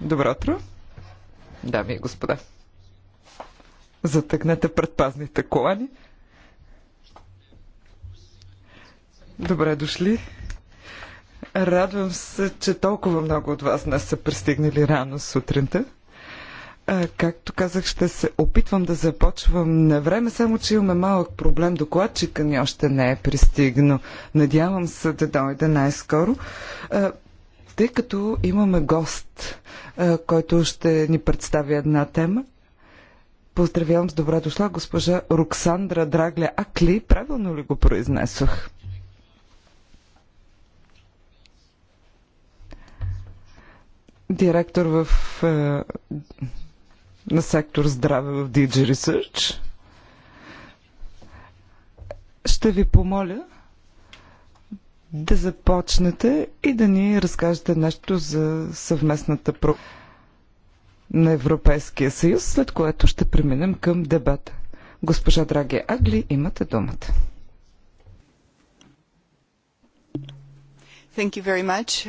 Добро утро, дами и господа. Затъкнете предпазните колани. Добре дошли. Радвам се, че толкова много от вас не са пристигнали рано сутринта. Както казах, ще се опитвам да започвам на време, само че имаме малък проблем. Докладчика ни още не е пристигнал. Надявам се да дойде най-скоро. Тъй като имаме гост, който ще ни представи една тема, поздравявам с добра дошла госпожа Роксандра Драгле Акли. Правилно ли го произнесох? Директор в, на сектор здраве в DG Research. Ще ви помоля да започнете и да ни разкажете нещо за съвместната про на Европейския съюз, след което ще преминем към дебата. Госпожа Драги Агли, имате думата. Thank you very much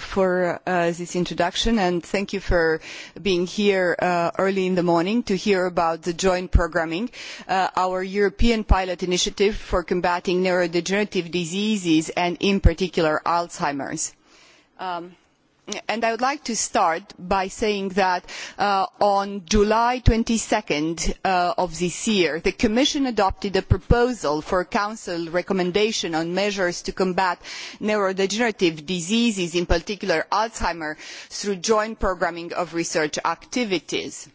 for this introduction, and thank you for being here early in the morning to hear about the joint programming, our European pilot initiative for combating neurodegenerative diseases and, in particular, Alzheimer's. Um, and I would like to start by saying that on July two july of this year, the Commission adopted a proposal for a Council recommendation on measures to combat neurodegenerative diseases, in particular Alzheimer's, through joint programming of research activities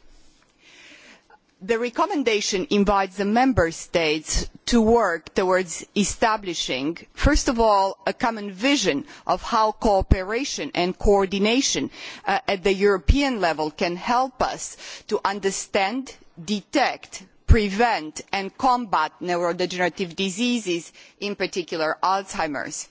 the recommendation invites the member states to work towards establishing first of all a common vision of how cooperation and coordination at the european level can help us to understand detect prevent and combat neurodegenerative diseases in particular alzheimer's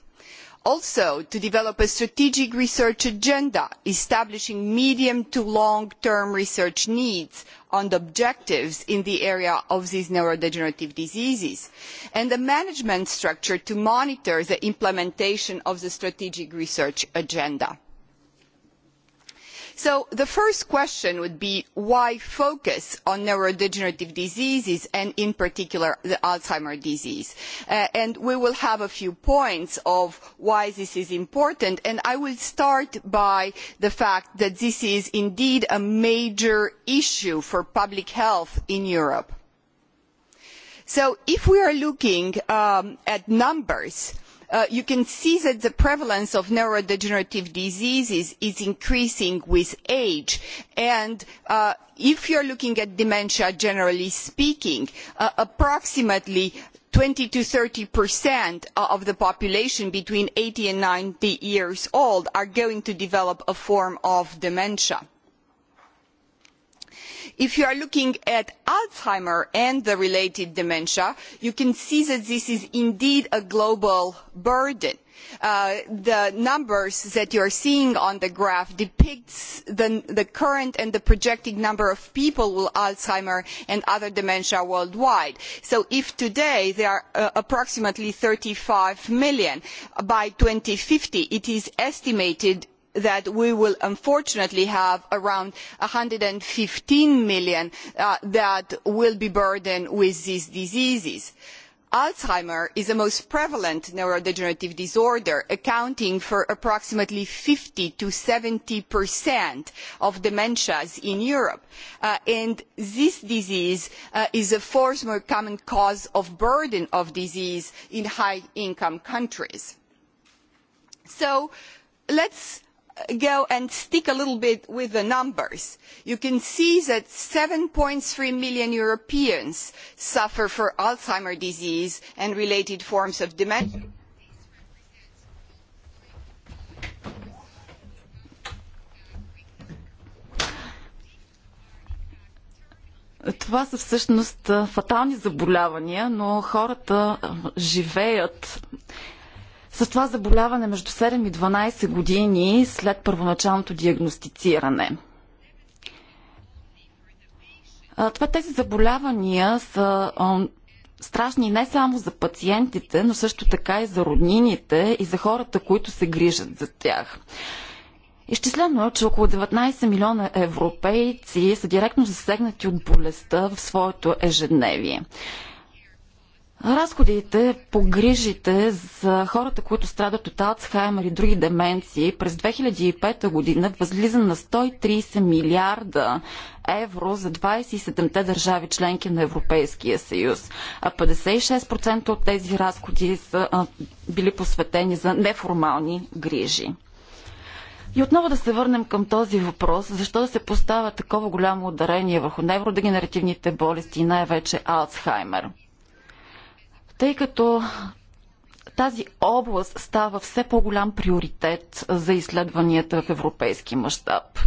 also to develop a strategic research agenda establishing medium to long term research needs and objectives in the area of these neurodegenerative diseases and a management structure to monitor the implementation of the strategic research agenda. So the first question would be why focus on neurodegenerative diseases and in particular the Alzheimer's disease? and we will have a few points of why this is important and I will start by the fact that this is indeed a major issue for public health in Europe. So if we are looking at numbers, you can see that the prevalence of neurodegenerative diseases is increasing with age. And if you are looking at dementia, generally speaking, approximately twenty to thirty of the population between eighty and ninety years old are going to develop a form of dementia if you are looking at alzheimer's and the related dementia you can see that this is indeed a global burden. the numbers that you are seeing on the graph depict the current and the projected number of people with alzheimer's and other dementia worldwide. so if today there are approximately thirty five million by two thousand and fifty it is estimated that we will unfortunately have around one hundred and fifteen million that will be burdened with these diseases. Alzheimer's is the most prevalent neurodegenerative disorder, accounting for approximately fifty to 70% of dementias in Europe. and this disease is the fourth most common cause of burden of disease in high-income countries. So us go and stick a little bit with the numbers. You can see that seven three million Europeans suffer from Alzheimer's disease and related forms of dementia. Това са всъщност фатални заболявания, но хората живеят с това заболяване между 7 и 12 години след първоначалното диагностициране. Това тези заболявания са страшни не само за пациентите, но също така и за роднините и за хората, които се грижат за тях. Изчислено е, че около 19 милиона европейци са директно засегнати от болестта в своето ежедневие. Разходите по грижите за хората, които страдат от Алцхаймер и други деменции през 2005 година възлиза на 130 милиарда евро за 27-те държави членки на Европейския съюз. А 56% от тези разходи са били посветени за неформални грижи. И отново да се върнем към този въпрос, защо да се поставя такова голямо ударение върху невродегенеративните болести и най-вече Алцхаймер. Тъй като тази област става все по-голям приоритет за изследванията в европейски мащаб.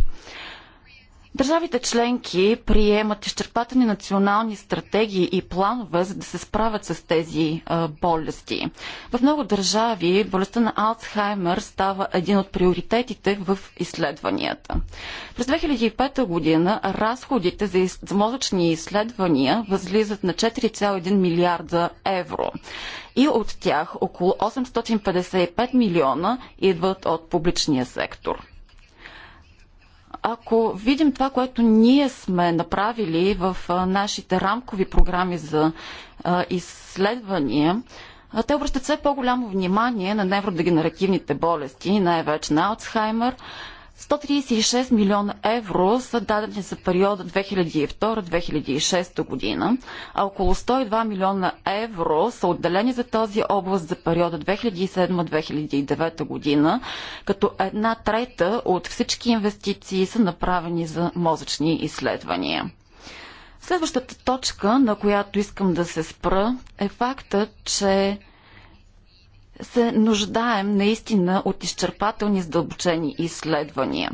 Държавите членки приемат изчерпателни национални стратегии и планове, за да се справят с тези а, болести. В много държави болестта на Алцхаймер става един от приоритетите в изследванията. През 2005 година разходите за, из... за мозъчни изследвания възлизат на 4,1 милиарда евро. И от тях около 855 милиона идват от публичния сектор ако видим това, което ние сме направили в нашите рамкови програми за изследвания, те обръщат все по-голямо внимание на невродегенеративните болести, най-вече на Алцхаймер, 136 милиона евро са дадени за периода 2002-2006 година, а около 102 милиона евро са отделени за този област за периода 2007-2009 година, като една трета от всички инвестиции са направени за мозъчни изследвания. Следващата точка, на която искам да се спра, е факта, че се нуждаем наистина от изчерпателни задълбочени изследвания.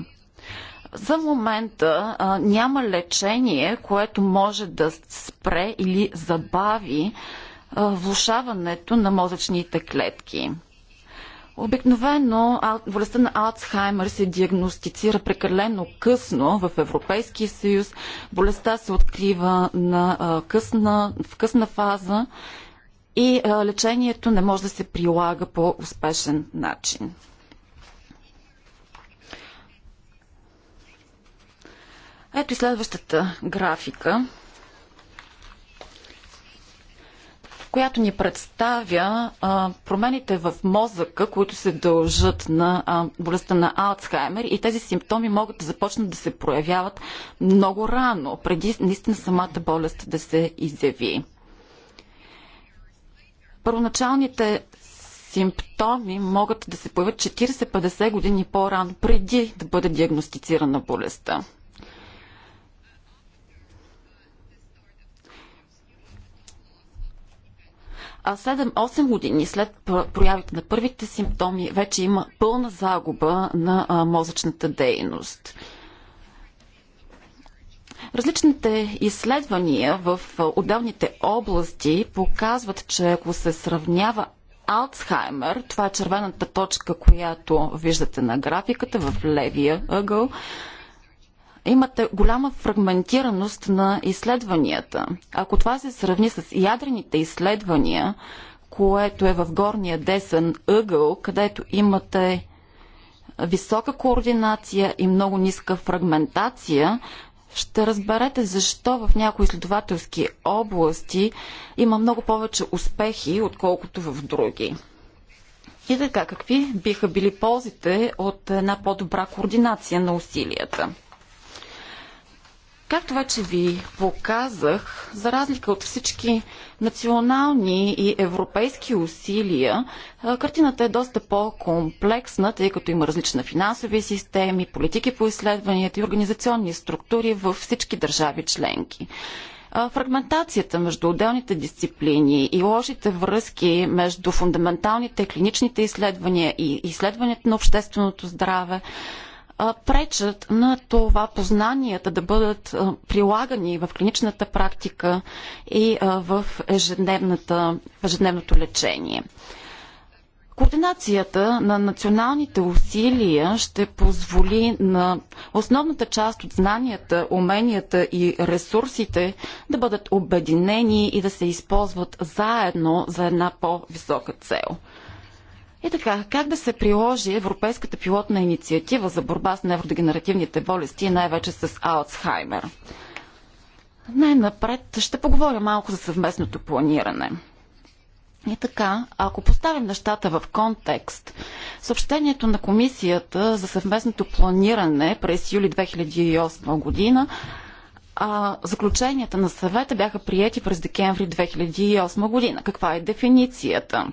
За момента а, няма лечение, което може да спре или забави а, влушаването на мозъчните клетки. Обикновено болестта на Алцхаймер се диагностицира прекалено късно в Европейския съюз. Болестта се открива на, а, късна, в късна фаза и лечението не може да се прилага по успешен начин. Ето и следващата графика, която ни представя промените в мозъка, които се дължат на болестта на Алцхаймер и тези симптоми могат да започнат да се проявяват много рано, преди наистина самата болест да се изяви. Първоначалните симптоми могат да се появят 40-50 години по-рано, преди да бъде диагностицирана болестта. А 7-8 години след проявите на първите симптоми вече има пълна загуба на мозъчната дейност. Различните изследвания в отделните области показват, че ако се сравнява Алцхаймер, това е червената точка, която виждате на графиката в левия ъгъл, имате голяма фрагментираност на изследванията. Ако това се сравни с ядрените изследвания, което е в горния десен ъгъл, където имате висока координация и много ниска фрагментация, ще разберете защо в някои изследователски области има много повече успехи, отколкото в други. И така, какви биха били ползите от една по-добра координация на усилията? Както вече ви показах, за разлика от всички национални и европейски усилия, картината е доста по-комплексна, тъй като има различни финансови системи, политики по изследванията и организационни структури във всички държави членки. Фрагментацията между отделните дисциплини и лошите връзки между фундаменталните клиничните изследвания и изследванията на общественото здраве – пречат на това познанията да бъдат прилагани в клиничната практика и в, ежедневната, в ежедневното лечение. Координацията на националните усилия ще позволи на основната част от знанията, уменията и ресурсите да бъдат обединени и да се използват заедно за една по-висока цел. И е така, как да се приложи Европейската пилотна инициатива за борба с невродегенеративните болести и най-вече с Алцхаймер? Най-напред ще поговоря малко за съвместното планиране. И така, ако поставим нещата в контекст, съобщението на Комисията за съвместното планиране през юли 2008 година, а, заключенията на съвета бяха приети през декември 2008 година. Каква е дефиницията?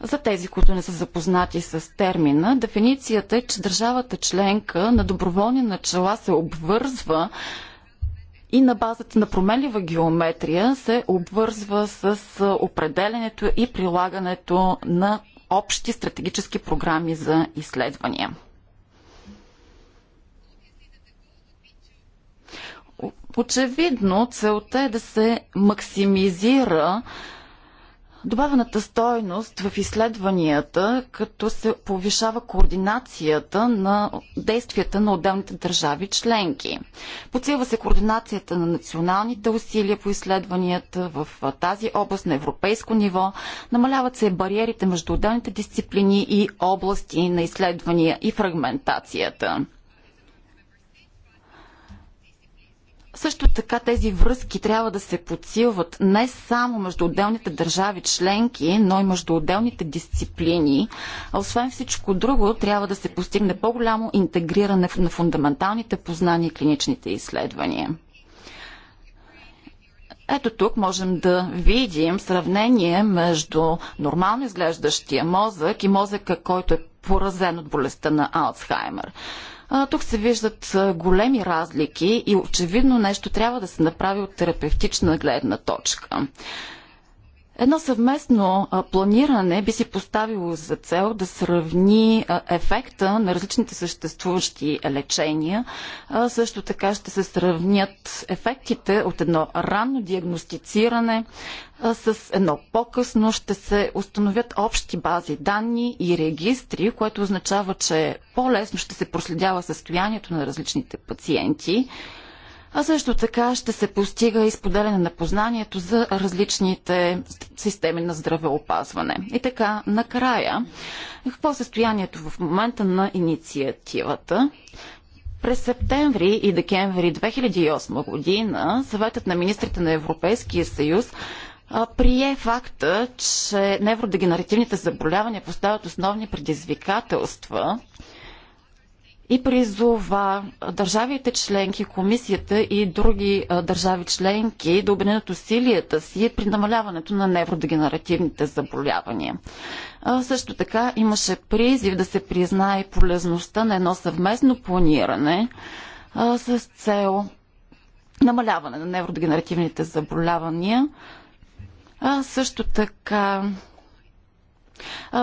За тези, които не са запознати с термина, дефиницията е, че държавата членка на доброволни начала се обвързва и на базата на променлива геометрия се обвързва с определенето и прилагането на общи стратегически програми за изследвания. Очевидно, целта е да се максимизира добавената стойност в изследванията, като се повишава координацията на действията на отделните държави членки. Подсилва се координацията на националните усилия по изследванията в тази област на европейско ниво, намаляват се бариерите между отделните дисциплини и области на изследвания и фрагментацията. Също така тези връзки трябва да се подсилват не само между отделните държави членки, но и между отделните дисциплини. А освен всичко друго, трябва да се постигне по-голямо интегриране на фундаменталните познания и клиничните изследвания. Ето тук можем да видим сравнение между нормално изглеждащия мозък и мозъка, който е поразен от болестта на Алцхаймер тук се виждат големи разлики и очевидно нещо трябва да се направи от терапевтична гледна точка. Едно съвместно планиране би си поставило за цел да сравни ефекта на различните съществуващи лечения. Също така ще се сравнят ефектите от едно ранно диагностициране с едно по-късно. Ще се установят общи бази данни и регистри, което означава, че по-лесно ще се проследява състоянието на различните пациенти. А също така ще се постига и споделяне на познанието за различните системи на здравеопазване. И така, накрая, какво е състоянието в момента на инициативата? През септември и декември 2008 година съветът на министрите на Европейския съюз прие факта, че невродегенеративните заболявания поставят основни предизвикателства и призова държавите членки, комисията и други държави членки да обединят усилията си при намаляването на невродегенеративните заболявания. Също така имаше призив да се признае полезността на едно съвместно планиране с цел намаляване на невродегенеративните заболявания, а също така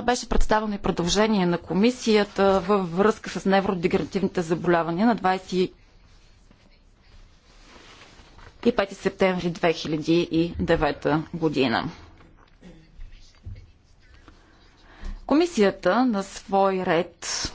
беше представено и продължение на комисията във връзка с невродегенеративните заболявания на 25 5 септември 2009 година. Комисията на свой ред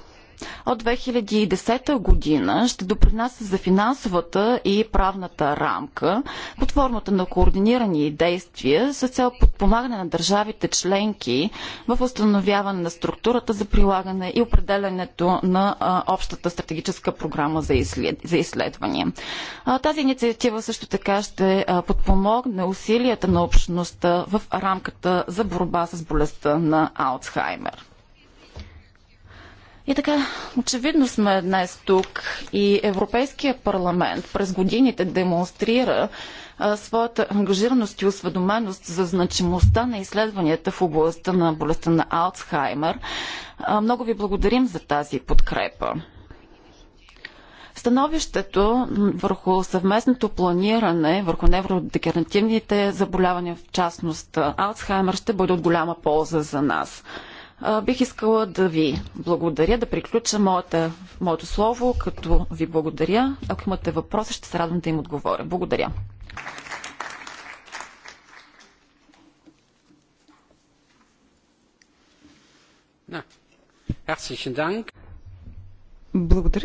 от 2010 година ще допринася за финансовата и правната рамка под формата на координирани действия с цел подпомагане на държавите членки в установяване на структурата за прилагане и определенето на общата стратегическа програма за, изслед... за изследвания. Тази инициатива също така ще подпомогне усилията на общността в рамката за борба с болестта на Алцхаймер. И така, очевидно сме днес тук и Европейския парламент през годините демонстрира а, своята ангажираност и осведоменост за значимостта на изследванията в областта на болестта на Алцхаймер. А, много ви благодарим за тази подкрепа. Становището върху съвместното планиране върху невродегенеративните заболявания, в частност Алцхаймер, ще бъде от голяма полза за нас. Бих искала да ви благодаря, да приключа моята, моето слово, като ви благодаря. Ако имате въпроси, ще се радвам да им отговоря. Благодаря. Благодаря.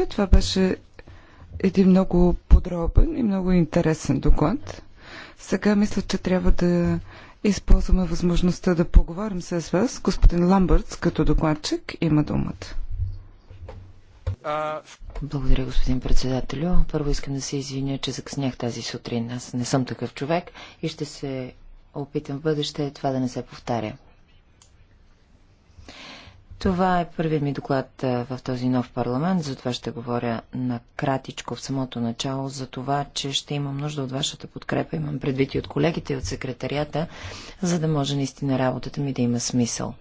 Това беше един много подробен и много интересен доклад. Сега мисля, че трябва да Използваме възможността да поговорим с вас. Господин Ламбъртс, като докладчик, има думата. Благодаря, господин председателю. Първо искам да се извиня, че закъснях тази сутрин. Аз не съм такъв човек и ще се опитам в бъдеще това да не се повтаря. Това е първият ми доклад в този нов парламент, затова ще говоря на кратичко в самото начало за това, че ще имам нужда от вашата подкрепа, имам предвид и от колегите и от секретарията, за да може наистина работата ми да има смисъл.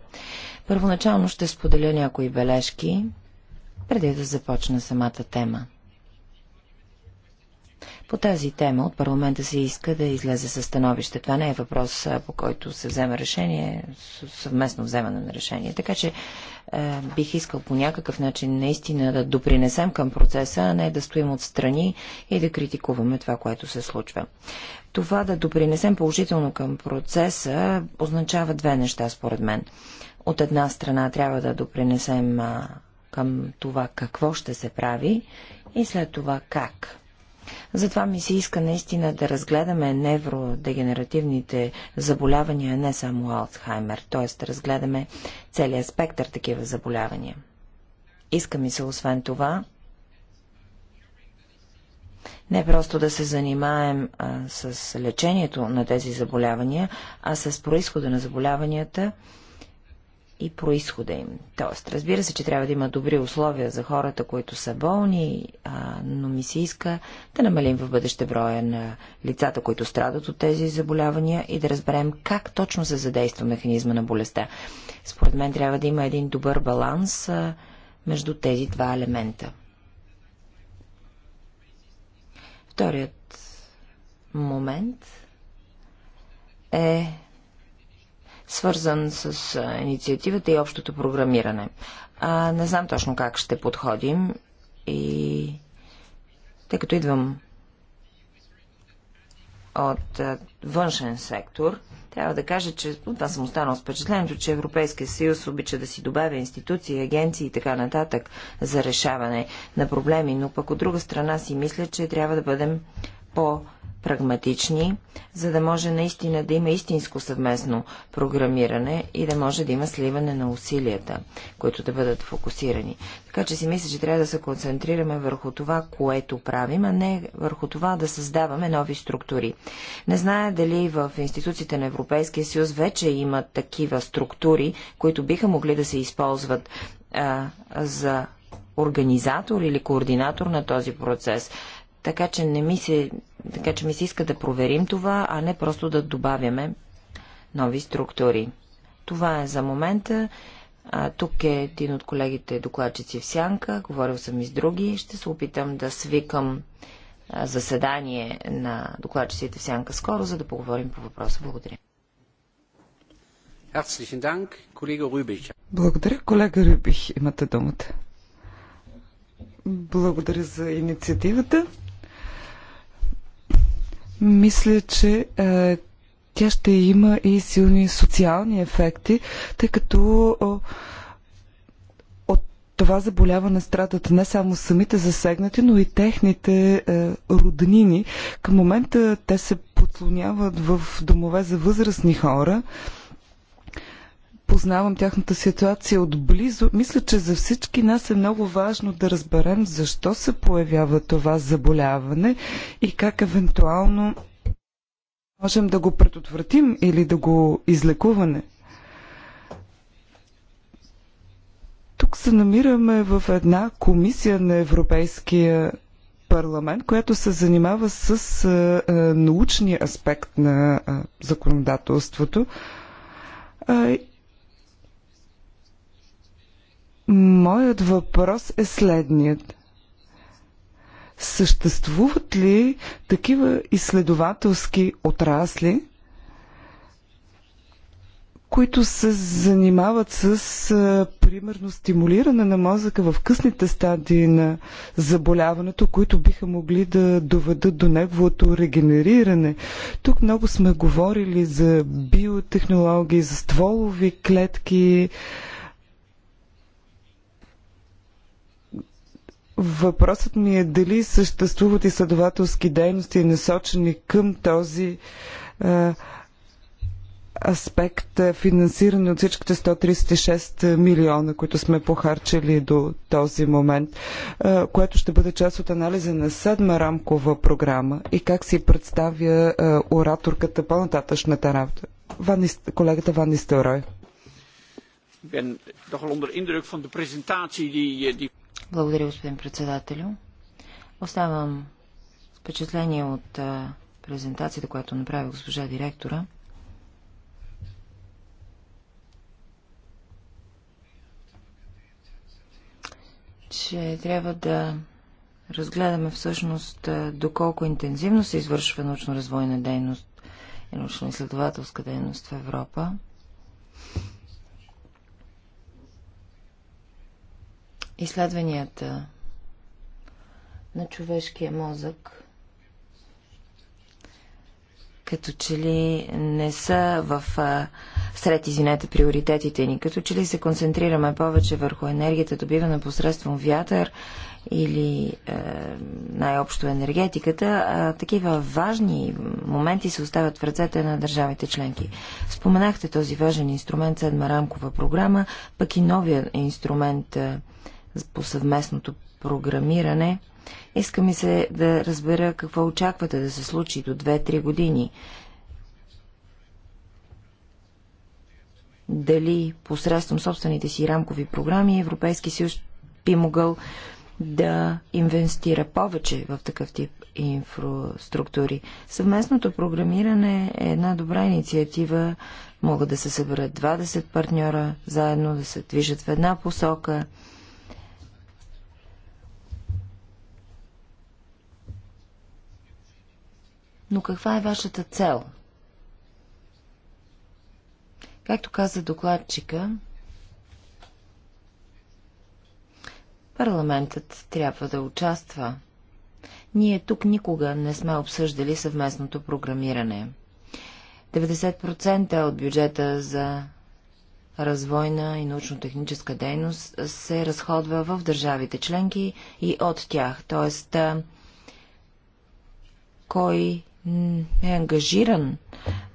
Първоначално ще споделя някои бележки, преди да започна самата тема. По тази тема от парламента се иска да излезе със становище. Това не е въпрос, по който се взема решение, съвместно вземане на решение. Така че е, бих искал по някакъв начин наистина да допринесем към процеса, а не да стоим отстрани и да критикуваме това, което се случва. Това да допринесем положително към процеса означава две неща, според мен. От една страна трябва да допринесем към това какво ще се прави и след това как. Затова ми се иска наистина да разгледаме невродегенеративните заболявания, не само Алцхаймер, т.е. да разгледаме целият спектър такива заболявания. Иска ми се освен това не просто да се занимаем а, с лечението на тези заболявания, а с происхода на заболяванията – и происхода им. Тоест, разбира се, че трябва да има добри условия за хората, които са болни, а, но ми се иска да намалим в бъдеще броя на лицата, които страдат от тези заболявания и да разберем как точно се задейства механизма на болестта. Според мен трябва да има един добър баланс а, между тези два елемента. Вторият момент е свързан с инициативата и общото програмиране. А, не знам точно как ще подходим и тъй като идвам от външен сектор, трябва да кажа, че от това съм останал с впечатлението, че Европейския съюз обича да си добавя институции, агенции и така нататък за решаване на проблеми, но пък от друга страна си мисля, че трябва да бъдем по- прагматични, за да може наистина да има истинско съвместно програмиране и да може да има сливане на усилията, които да бъдат фокусирани. Така че си мисля, че трябва да се концентрираме върху това, което правим, а не върху това да създаваме нови структури. Не зная дали в институциите на Европейския съюз вече има такива структури, които биха могли да се използват а, за организатор или координатор на този процес. Така че, не ми се, така че ми се иска да проверим това, а не просто да добавяме нови структури. Това е за момента. А, тук е един от колегите докладчици в Сянка, говорил съм и с други. Ще се опитам да свикам заседание на докладчиците в Сянка скоро, за да поговорим по въпроса. Благодаря. Благодаря, колега Рюбих. Имате думата. Благодаря за инициативата мисля, че е, тя ще има и силни социални ефекти, тъй като от това заболяване страдат не само самите засегнати, но и техните е, роднини. Към момента те се подслоняват в домове за възрастни хора познавам тяхната ситуация отблизо, мисля, че за всички нас е много важно да разберем защо се появява това заболяване и как евентуално можем да го предотвратим или да го излекуваме. Тук се намираме в една комисия на Европейския парламент, която се занимава с а, е, а, е, научния аспект на а, е, законодателството. А, Моят въпрос е следният. Съществуват ли такива изследователски отрасли, които се занимават с, примерно, стимулиране на мозъка в късните стадии на заболяването, които биха могли да доведат до неговото регенериране. Тук много сме говорили за биотехнологии, за стволови клетки, Въпросът ми е дали съществуват изследователски дейности, насочени към този а, е, аспект, е, финансиране от всичките 136 милиона, които сме похарчили до този момент, е, което ще бъде част от анализа на седма рамкова програма и как си представя ораторката по-нататъчната работа. Ван, колегата Ван Истерой. Ik ben nogal onder indruk van de presentatie die, die... Благодаря, господин председателю. Оставам впечатление от презентацията, която направи госпожа директора. че трябва да разгледаме всъщност доколко интензивно се извършва научно-развойна дейност и научно-изследователска дейност в Европа. изследванията на човешкия мозък като че ли не са в а, сред, извинете, приоритетите ни. Като че ли се концентрираме повече върху енергията, добивана посредством вятър или е, най-общо енергетиката, а такива важни моменти се остават в ръцете на държавите членки. Споменахте този важен инструмент, седма рамкова програма, пък и новия инструмент е, по съвместното програмиране. Иска ми се да разбера какво очаквате да се случи до 2-3 години. Дали посредством собствените си рамкови програми Европейски съюз би могъл да инвестира повече в такъв тип инфраструктури. Съвместното програмиране е една добра инициатива. Могат да се съберат 20 партньора, заедно да се движат в една посока – Но каква е вашата цел? Както каза докладчика, парламентът трябва да участва. Ние тук никога не сме обсъждали съвместното програмиране. 90% от бюджета за развойна и научно-техническа дейност се разходва в държавите членки и от тях, т.е. кой е ангажиран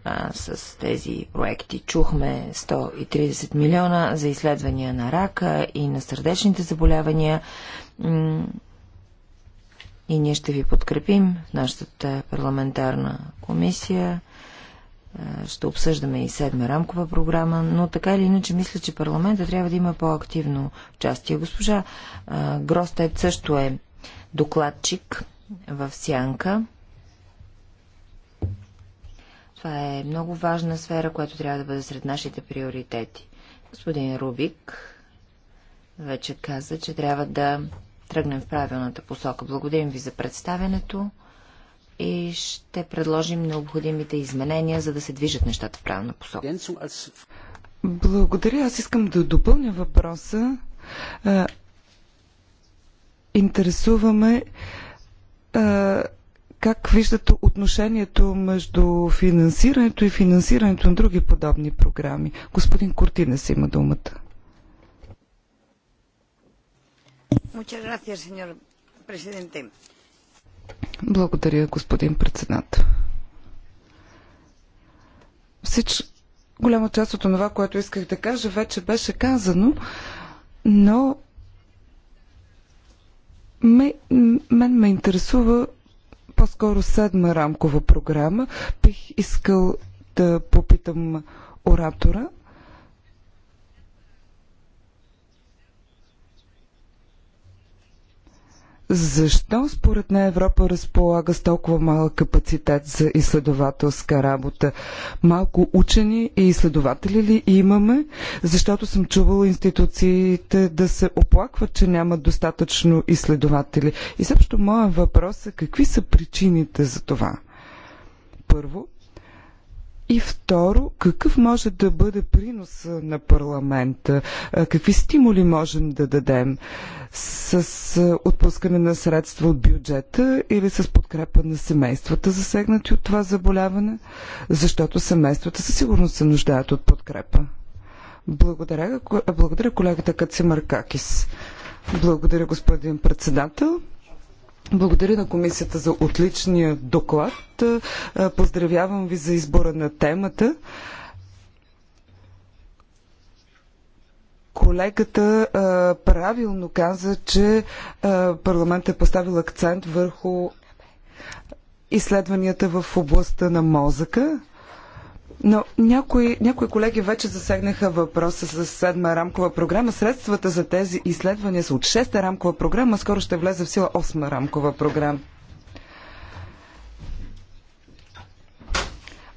а, с тези проекти. Чухме 130 милиона за изследвания на рака и на сърдечните заболявания. И ние ще ви подкрепим в нашата парламентарна комисия. Ще обсъждаме и седма рамкова програма, но така или иначе мисля, че парламента трябва да има по-активно участие. Госпожа Гростет също е докладчик в Сянка. Това е много важна сфера, която трябва да бъде сред нашите приоритети. Господин Рубик вече каза, че трябва да тръгнем в правилната посока. Благодарим ви за представенето и ще предложим необходимите изменения, за да се движат нещата в правилна посока. Благодаря. Аз искам да допълня въпроса. Е, интересуваме е, как виждате отношението между финансирането и финансирането на други подобни програми? Господин Куртинес има думата. Благодаря, господин председател. Всич... Голяма част от това, което исках да кажа, вече беше казано, но ме, мен ме интересува по-скоро седма рамкова програма. Бих искал да попитам оратора Защо според нея Европа разполага с толкова малък капацитет за изследователска работа? Малко учени и изследователи ли имаме? Защото съм чувала институциите да се оплакват, че няма достатъчно изследователи. И също моят въпрос е какви са причините за това? Първо, и второ, какъв може да бъде принос на парламента? Какви стимули можем да дадем? С отпускане на средства от бюджета или с подкрепа на семействата, засегнати от това заболяване? Защото семействата със сигурност се нуждаят от подкрепа. Благодаря, благодаря колегата Кацимаркакис. Благодаря, господин председател. Благодаря на комисията за отличния доклад. Е, е, поздравявам ви за избора на темата. колегата а, е, правилно каза, че а, парламент е поставил акцент върху изследванията в областта на мозъка. Но някои, някои колеги вече засегнаха въпроса с седма рамкова програма. Средствата за тези изследвания са от шеста рамкова програма, скоро ще влезе в сила осма рамкова програма.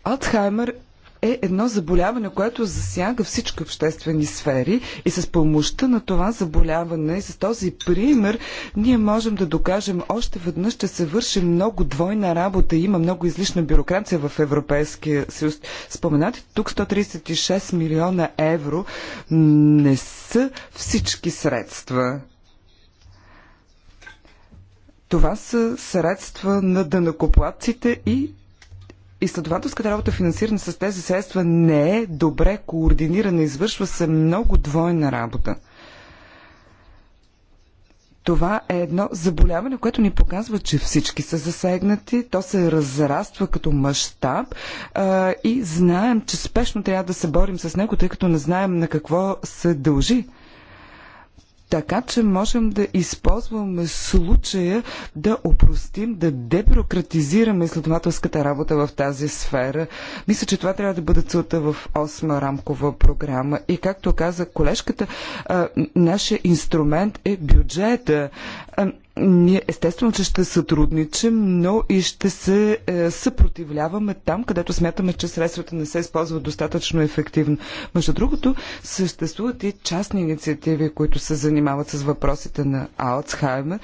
Алцхаймер е едно заболяване, което засяга всички обществени сфери и с помощта на това заболяване и с този пример ние можем да докажем още веднъж, че се върши много двойна работа и има много излишна бюрокрация в Европейския съюз. Споменати тук 136 милиона евро не са всички средства. Това са средства на дънакоплатците и изследователската работа, финансирана с тези средства, не е добре координирана. Извършва се много двойна работа. Това е едно заболяване, което ни показва, че всички са засегнати, то се разраства като мащаб и знаем, че спешно трябва да се борим с него, тъй като не знаем на какво се дължи така че можем да използваме случая да опростим, да дебюрократизираме изследователската работа в тази сфера. Мисля, че това трябва да бъде целта в осма рамкова програма. И както каза колежката, нашия инструмент е бюджета ние естествено, че ще сътрудничим, но и ще се е, съпротивляваме там, където смятаме, че средствата не се използват достатъчно ефективно. Между другото, съществуват и частни инициативи, които се занимават с въпросите на Алцхаймер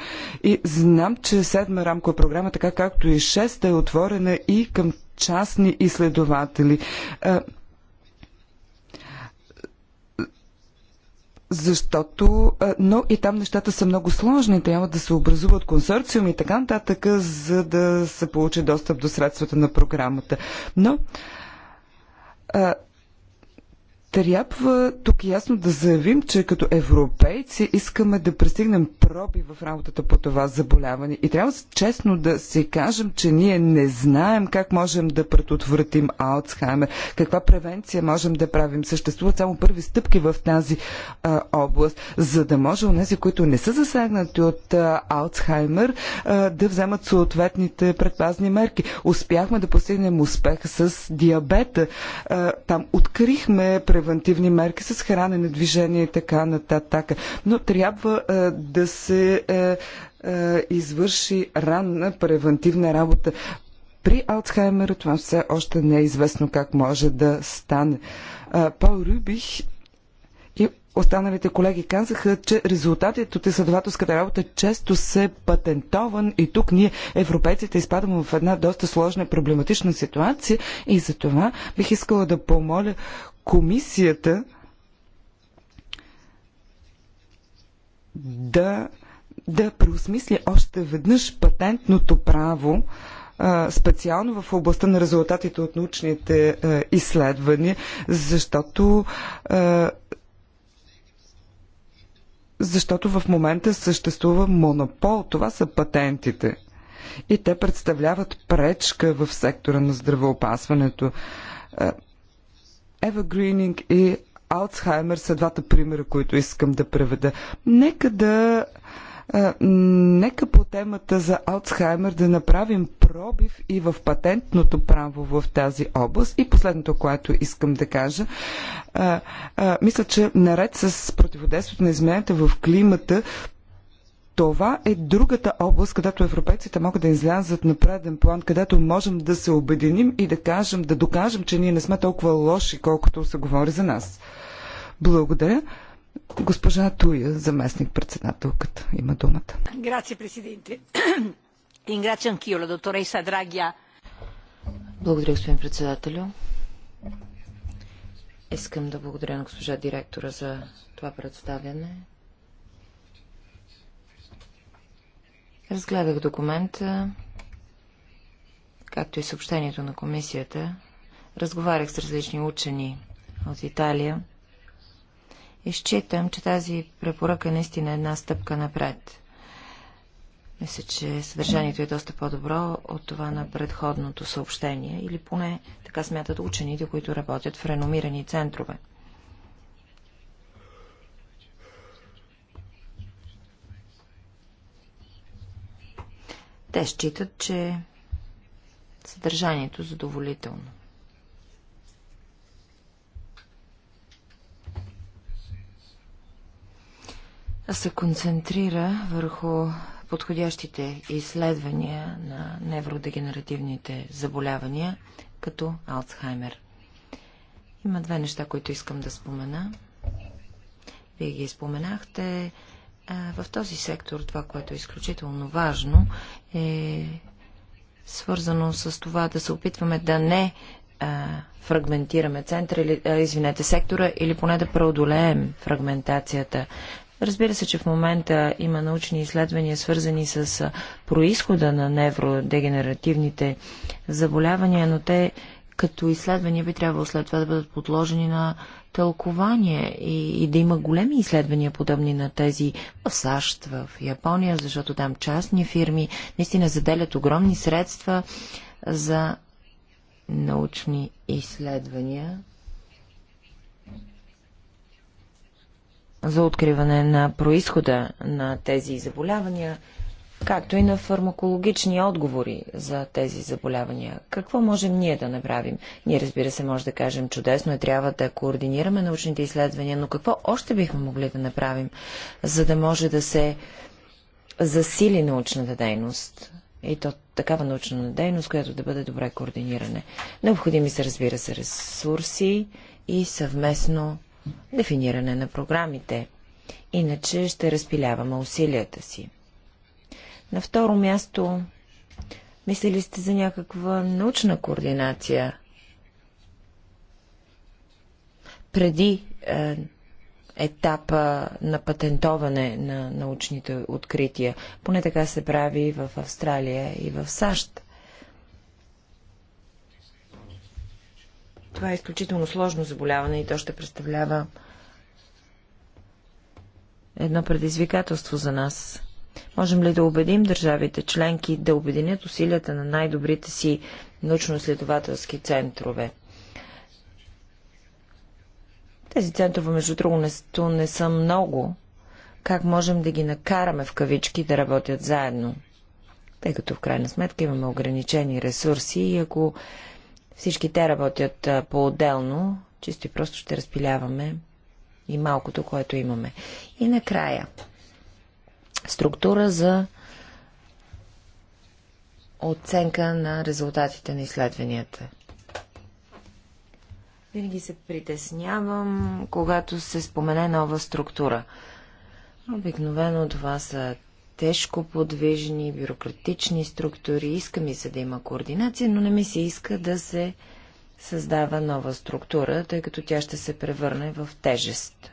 и знам, че седма рамкова програма, така както и шеста, е отворена и към частни изследователи. Е, защото, но и там нещата са много сложни, трябва да се образуват консорциуми и така нататък, за да се получи достъп до средствата на програмата. Но трябва тук ясно да заявим, че като европейци искаме да пристигнем проби в работата по това заболяване и трябва честно да си кажем, че ние не знаем как можем да предотвратим Алцхаймер, каква превенция можем да правим. Съществуват само първи стъпки в тази а, област, за да може онези, които не са засегнати от а, Алцхаймер, а, да вземат съответните предпазни мерки. Успяхме да постигнем успех с диабета. А, там открихме превенция превентивни мерки с хранене, движение и така нататък. Но трябва а, е, да се а, е, а, е, извърши ранна превентивна работа. При Алцхаймера това все още не е известно как може да стане. Пол Рюбих и останалите колеги казаха, че резултатите от изследователската работа често се патентован и тук ние, европейците, изпадаме в една доста сложна и проблематична ситуация и за това бих искала да помоля комисията да, да преосмисли още веднъж патентното право, специално в областта на резултатите от научните изследвания, защото защото в момента съществува монопол. Това са патентите. И те представляват пречка в сектора на здравеопасването. Evergreening и Алцхаймер са двата примера, които искам да преведа. Нека да нека по темата за Алцхаймер да направим пробив и в патентното право в тази област. И последното, което искам да кажа, а, а, мисля, че наред с противодействието на измененията в климата, това е другата област, където европейците могат да излязат на преден план, където можем да се обединим и да кажем, да докажем, че ние не сме толкова лоши, колкото се говори за нас. Благодаря. Госпожа Туя, заместник председателката, има думата. Грация, президенте. Благодаря, господин председателю. Искам да благодаря на госпожа директора за това представяне. Разгледах документа, както и съобщението на комисията. Разговарях с различни учени от Италия и считам, че тази препоръка наистина е една стъпка напред. Мисля, че съдържанието е доста по-добро от това на предходното съобщение, или поне така смятат учените, които работят в реномирани центрове. Те считат, че съдържанието е задоволително. се концентрира върху подходящите изследвания на невродегенеративните заболявания, като Алцхаймер. Има две неща, които искам да спомена. Вие ги споменахте. В този сектор това, което е изключително важно, е свързано с това да се опитваме да не а, фрагментираме центъра, или, а, извинете, сектора или поне да преодолеем фрагментацията. Разбира се, че в момента има научни изследвания, свързани с происхода на невродегенеративните заболявания, но те като изследвания би трябвало след това да бъдат подложени на тълкование и, и да има големи изследвания, подобни на тези в САЩ, в Япония, защото там частни фирми наистина заделят огромни средства за научни изследвания за откриване на происхода на тези заболявания както и на фармакологични отговори за тези заболявания. Какво можем ние да направим? Ние, разбира се, може да кажем чудесно и е, трябва да координираме научните изследвания, но какво още бихме могли да направим, за да може да се засили научната дейност? И то такава научна дейност, която да бъде добре координиране. Необходими са, разбира се, ресурси и съвместно дефиниране на програмите. Иначе ще разпиляваме усилията си. На второ място, мислили сте за някаква научна координация преди е, етапа на патентоване на научните открития. Поне така се прави в Австралия и в САЩ. Това е изключително сложно заболяване и то ще представлява едно предизвикателство за нас. Можем ли да убедим държавите членки да обединят усилията на най-добрите си научно-следователски центрове? Тези центрове, между другото, не са много. Как можем да ги накараме в кавички да работят заедно? Тъй като в крайна сметка имаме ограничени ресурси и ако всички те работят по-отделно, чисто и просто ще разпиляваме и малкото, което имаме. И накрая, структура за оценка на резултатите на изследванията. Винаги се притеснявам, когато се спомене нова структура. Обикновено това са тежко подвижни, бюрократични структури. Иска ми се да има координация, но не ми се иска да се създава нова структура, тъй като тя ще се превърне в тежест,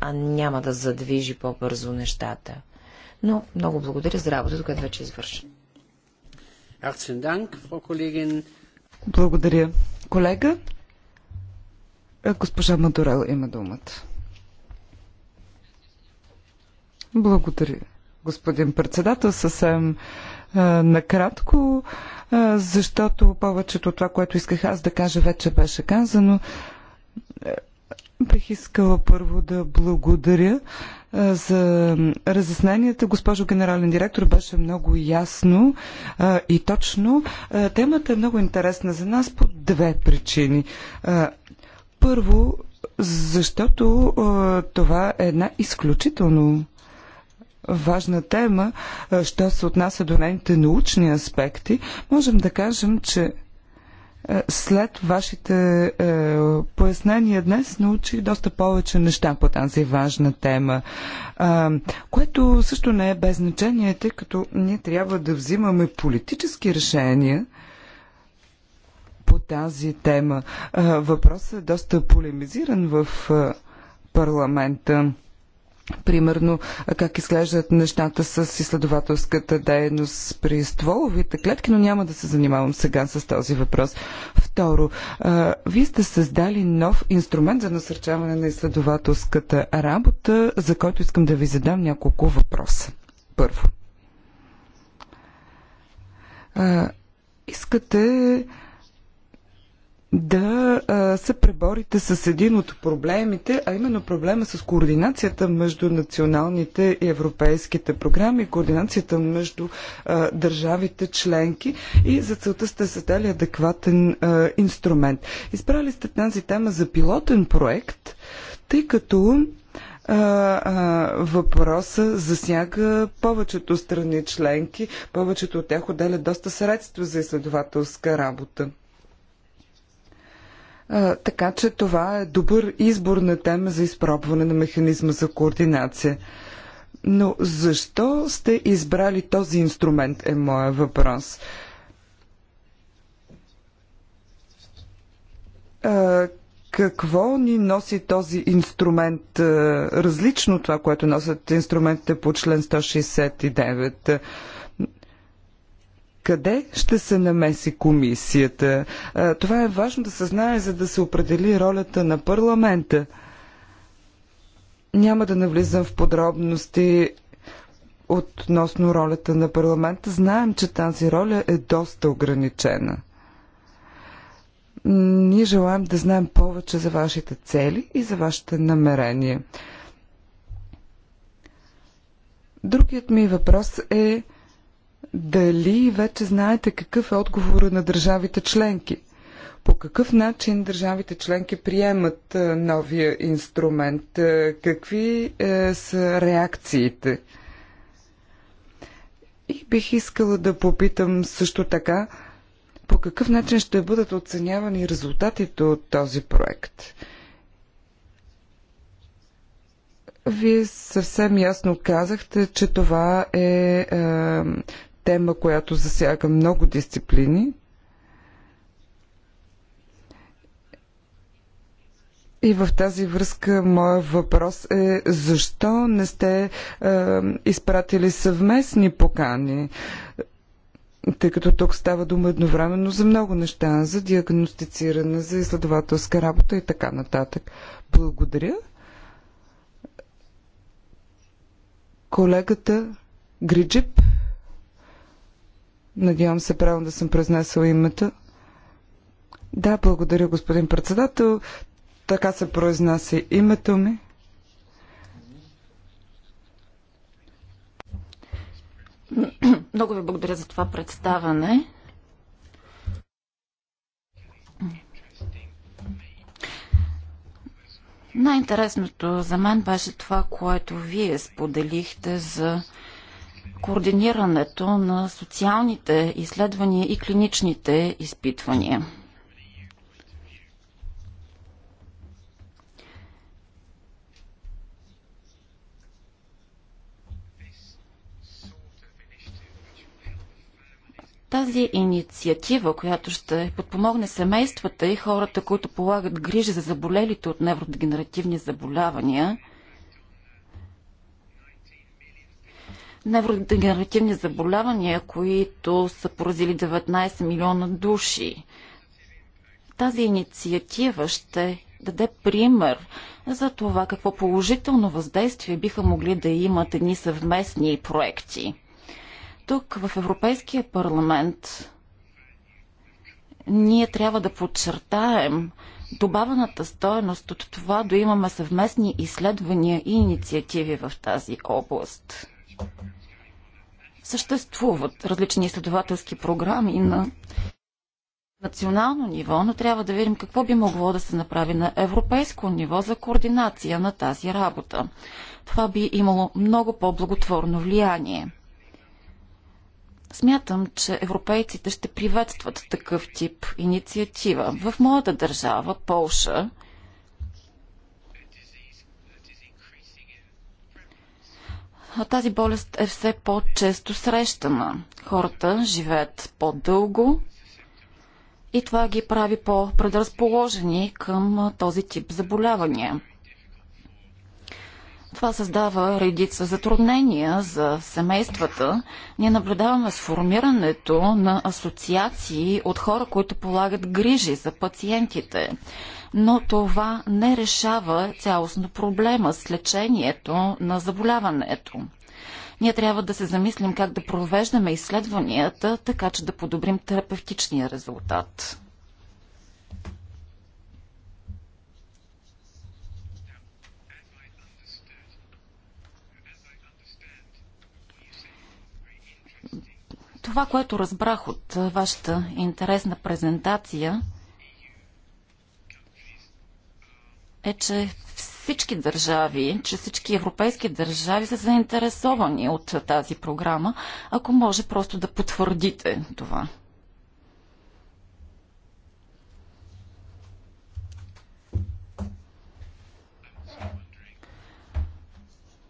а няма да задвижи по-бързо нещата но много благодаря за работата, която вече е извършена. Благодаря. Колега, е, госпожа Мадурел има думата. Благодаря, господин председател. Съвсем а, е, накратко, а, е, защото повечето от това, което исках аз да кажа, вече беше казано. Бих искала първо да благодаря за разясненията. Госпожо генерален директор, беше много ясно и точно. Темата е много интересна за нас по две причини. Първо, защото това е една изключително важна тема, що се отнася до нейните научни аспекти. Можем да кажем, че след вашите е, пояснения днес научих доста повече неща по тази важна тема, е, което също не е без значение, тъй като ние трябва да взимаме политически решения по тази тема. Е, въпросът е доста полемизиран в е, парламента примерно как изглеждат нещата с изследователската дейност при стволовите клетки, но няма да се занимавам сега с този въпрос. Второ, а, вие сте създали нов инструмент за насърчаване на изследователската работа, за който искам да ви задам няколко въпроса. Първо. А, искате да се преборите с един от проблемите, а именно проблема с координацията между националните и европейските програми, координацията между държавите членки и за целта сте създали адекватен инструмент. Изправили сте тази тема за пилотен проект, тъй като а, а, въпроса засяга повечето страни членки. Повечето от тях отделят доста средства за изследователска работа така че това е добър избор на тема за изпробване на механизма за координация. Но защо сте избрали този инструмент е моя въпрос. Какво ни носи този инструмент различно от това, което носят инструментите по член 169? къде ще се намеси комисията. Това е важно да се знае, за да се определи ролята на парламента. Няма да навлизам в подробности относно ролята на парламента. Знаем, че тази роля е доста ограничена. Ние желаем да знаем повече за вашите цели и за вашите намерения. Другият ми въпрос е дали вече знаете какъв е отговорът на държавите членки? По какъв начин държавите членки приемат е, новия инструмент? Е, какви е, са реакциите? И бих искала да попитам също така, по какъв начин ще бъдат оценявани резултатите от този проект? Вие съвсем ясно казахте, че това е, е тема, която засяга много дисциплини. И в тази връзка моят въпрос е защо не сте е, изпратили съвместни покани? Тъй като тук става дума едновременно за много неща, за диагностициране, за изследователска работа и така нататък. Благодаря. Колегата Гриджип. Надявам се правилно да съм произнесла името. Да, благодаря, господин председател. Така се произнася името ми. Много ви благодаря за това представане. Най-интересното за мен беше това, което вие споделихте за координирането на социалните изследвания и клиничните изпитвания. тази инициатива, която ще подпомогне семействата и хората, които полагат грижи за заболелите от невродегенеративни заболявания – невродегенеративни заболявания, които са поразили 19 милиона души. Тази инициатива ще даде пример за това какво положително въздействие биха могли да имат едни съвместни проекти. Тук в Европейския парламент ние трябва да подчертаем добавената стоеност от това да имаме съвместни изследвания и инициативи в тази област. Съществуват различни изследователски програми на национално ниво, но трябва да видим какво би могло да се направи на европейско ниво за координация на тази работа. Това би имало много по-благотворно влияние. Смятам, че европейците ще приветстват такъв тип инициатива. В моята държава, Полша, тази болест е все по-често срещана. Хората живеят по-дълго и това ги прави по-предразположени към този тип заболявания. Това създава редица затруднения за семействата. Ние наблюдаваме сформирането на асоциации от хора, които полагат грижи за пациентите но това не решава цялостно проблема с лечението на заболяването. Ние трябва да се замислим как да провеждаме изследванията, така че да подобрим терапевтичния резултат. Това, което разбрах от вашата интересна презентация – е, че всички държави, че всички европейски държави са заинтересовани от тази програма. Ако може просто да потвърдите това.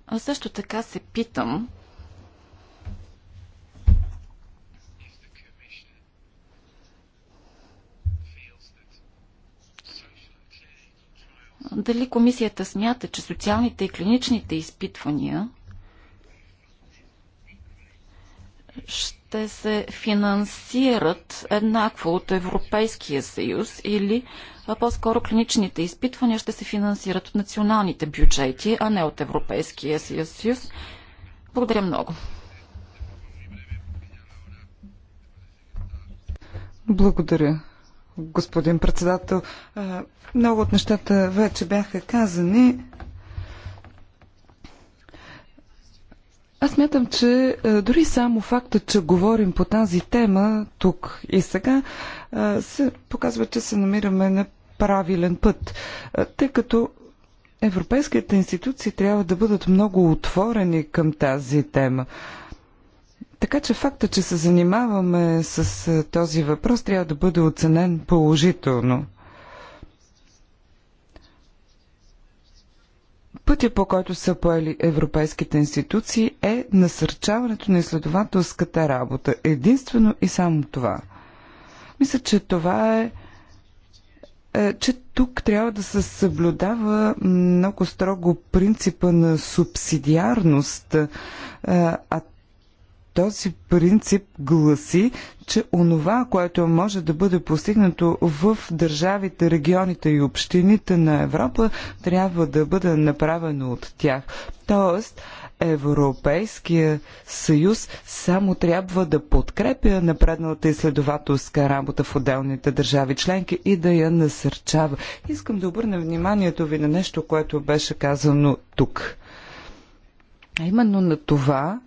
А също така се питам дали комисията смята, че социалните и клиничните изпитвания ще се финансират еднакво от Европейския съюз или по-скоро клиничните изпитвания ще се финансират от националните бюджети, а не от Европейския съюз. Благодаря много. Благодаря господин председател. Много от нещата вече бяха казани. Аз мятам, че дори само факта, че говорим по тази тема тук и сега, се показва, че се намираме на правилен път, тъй като европейските институции трябва да бъдат много отворени към тази тема. Така че факта, че се занимаваме с е, този въпрос, трябва да бъде оценен положително. Пътя, по който са поели европейските институции, е насърчаването на изследователската работа. Единствено и само това. Мисля, че това е, е че тук трябва да се съблюдава много строго принципа на субсидиарност, е, а този принцип гласи, че онова, което може да бъде постигнато в държавите, регионите и общините на Европа, трябва да бъде направено от тях. Тоест, Европейския съюз само трябва да подкрепя напредната изследователска работа в отделните държави членки и да я насърчава. Искам да обърна вниманието ви на нещо, което беше казано тук. А именно на това,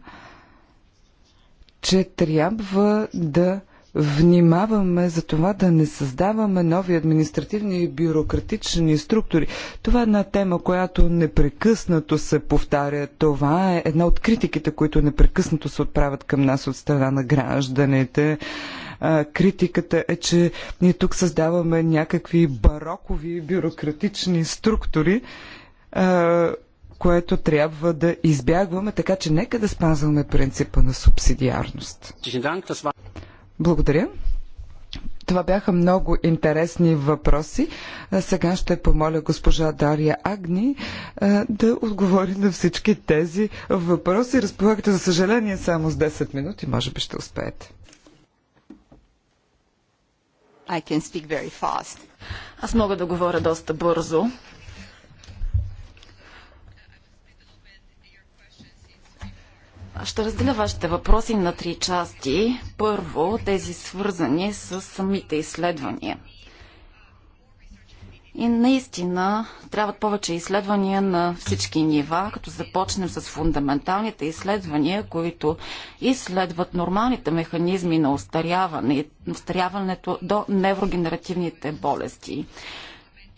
че трябва да внимаваме за това да не създаваме нови административни и бюрократични структури. Това е една тема, която непрекъснато се повтаря. Това е една от критиките, които непрекъснато се отправят към нас от страна на гражданите. Критиката е, че ние тук създаваме някакви барокови бюрократични структури, което трябва да избягваме, така че нека да спазваме принципа на субсидиарност. Благодаря. Това бяха много интересни въпроси. Сега ще помоля госпожа Дария Агни да отговори на всички тези въпроси. Разполагате, за съжаление, само с 10 минути. Може би ще успеете. Аз мога да говоря доста бързо. Ще разделя вашите въпроси на три части. Първо, тези свързани с самите изследвания. И наистина трябват повече изследвания на всички нива, като започнем с фундаменталните изследвания, които изследват нормалните механизми на устаряване, устаряването до неврогенеративните болести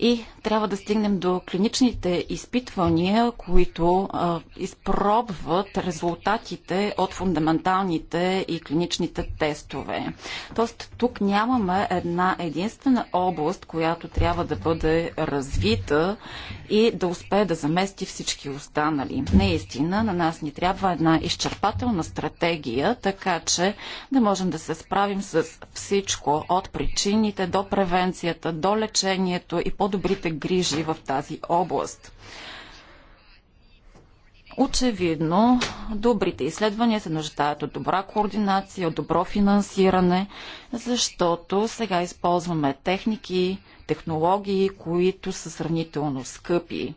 и трябва да стигнем до клиничните изпитвания, които а, изпробват резултатите от фундаменталните и клиничните тестове. Тоест, тук нямаме една единствена област, която трябва да бъде развита и да успее да замести всички останали. Наистина, на нас ни трябва една изчерпателна стратегия, така че да можем да се справим с всичко, от причините до превенцията, до лечението и по-добрите грижи в тази област. Очевидно, добрите изследвания се нуждаят от добра координация, от добро финансиране, защото сега използваме техники, технологии, които са сравнително скъпи.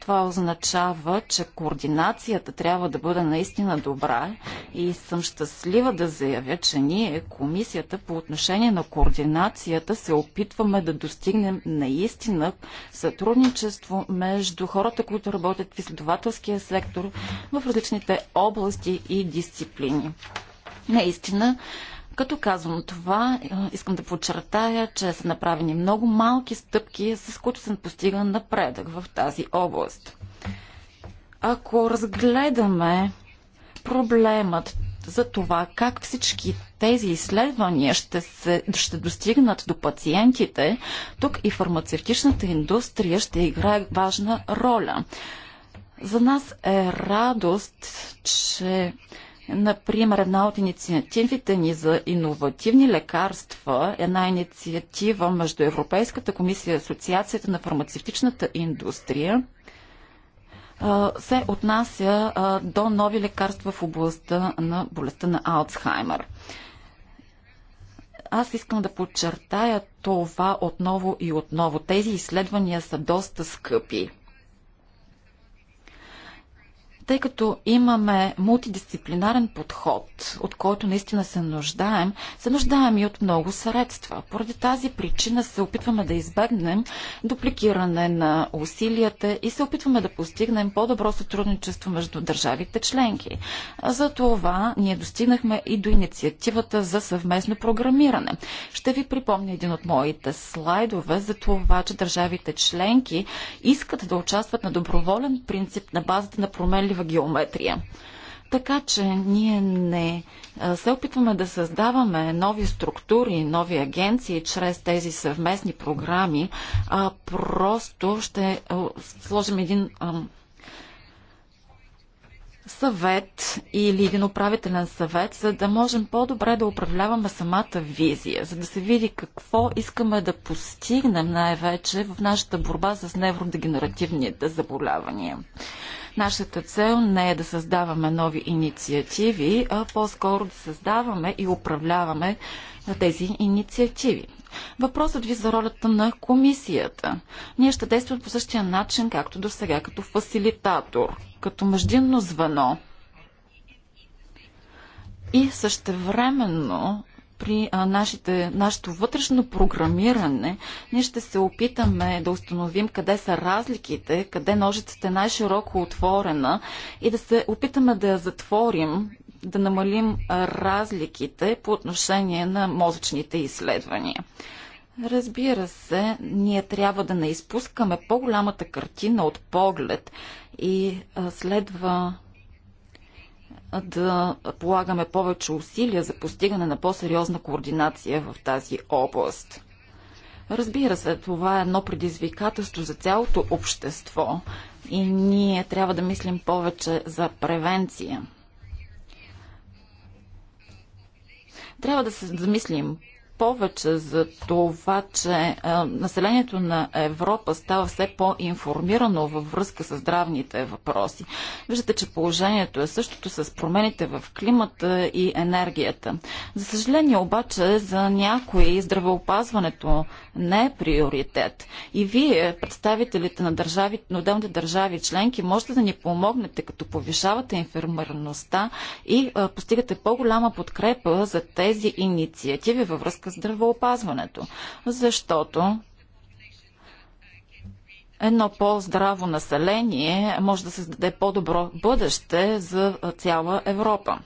Това означава, че координацията трябва да бъде наистина добра и съм щастлива да заявя, че ние, комисията, по отношение на координацията се опитваме да достигнем наистина сътрудничество между хората, които работят в изследователския сектор в различните области и дисциплини. Наистина, като казвам това, е, искам да подчертая, че са направени много малки стъпки, с които се постига напредък в тази област. Ако разгледаме проблемът за това как всички тези изследвания ще, се, ще достигнат до пациентите, тук и фармацевтичната индустрия ще играе важна роля. За нас е радост, че Например, една от инициативите ни за иновативни лекарства, е една инициатива между Европейската комисия и Асоциацията на фармацевтичната индустрия, се отнася до нови лекарства в областта на болестта на Алцхаймер. Аз искам да подчертая това отново и отново. Тези изследвания са доста скъпи. Тъй като имаме мултидисциплинарен подход, от който наистина се нуждаем, се нуждаем и от много средства. Поради тази причина се опитваме да избегнем дупликиране на усилията и се опитваме да постигнем по-добро сътрудничество между държавите членки. За това ние достигнахме и до инициативата за съвместно програмиране. Ще ви припомня един от моите слайдове за това, че държавите членки искат да участват на доброволен принцип на базата на променливи такива геометрия. Така че ние не се опитваме да създаваме нови структури, нови агенции чрез тези съвместни програми, а просто ще сложим един съвет или един управителен съвет, за да можем по-добре да управляваме самата визия, за да се види какво искаме да постигнем най-вече в нашата борба с невродегенеративните заболявания. Нашата цел не е да създаваме нови инициативи, а по-скоро да създаваме и управляваме тези инициативи. Въпросът ви за ролята на комисията. Ние ще действаме по същия начин, както до сега, като фасилитатор, като междинно звено. И същевременно при нашите, нашето вътрешно програмиране, ние ще се опитаме да установим къде са разликите, къде ножицата е най-широко отворена и да се опитаме да я затворим, да намалим разликите по отношение на мозъчните изследвания. Разбира се, ние трябва да не изпускаме по-голямата картина от поглед и следва да полагаме повече усилия за постигане на по-сериозна координация в тази област. Разбира се, това е едно предизвикателство за цялото общество и ние трябва да мислим повече за превенция. Трябва да се замислим повече за това, че населението на Европа става все по-информирано във връзка с здравните въпроси. Виждате, че положението е същото с промените в климата и енергията. За съжаление обаче за някои здравеопазването не е приоритет. И вие, представителите на, държави, на отделните държави членки, можете да ни помогнете, като повишавате информираността и постигате по-голяма подкрепа за тези инициативи във връзка връзка с здравеопазването, защото едно по-здраво население може да създаде по-добро бъдеще за цяла Европа.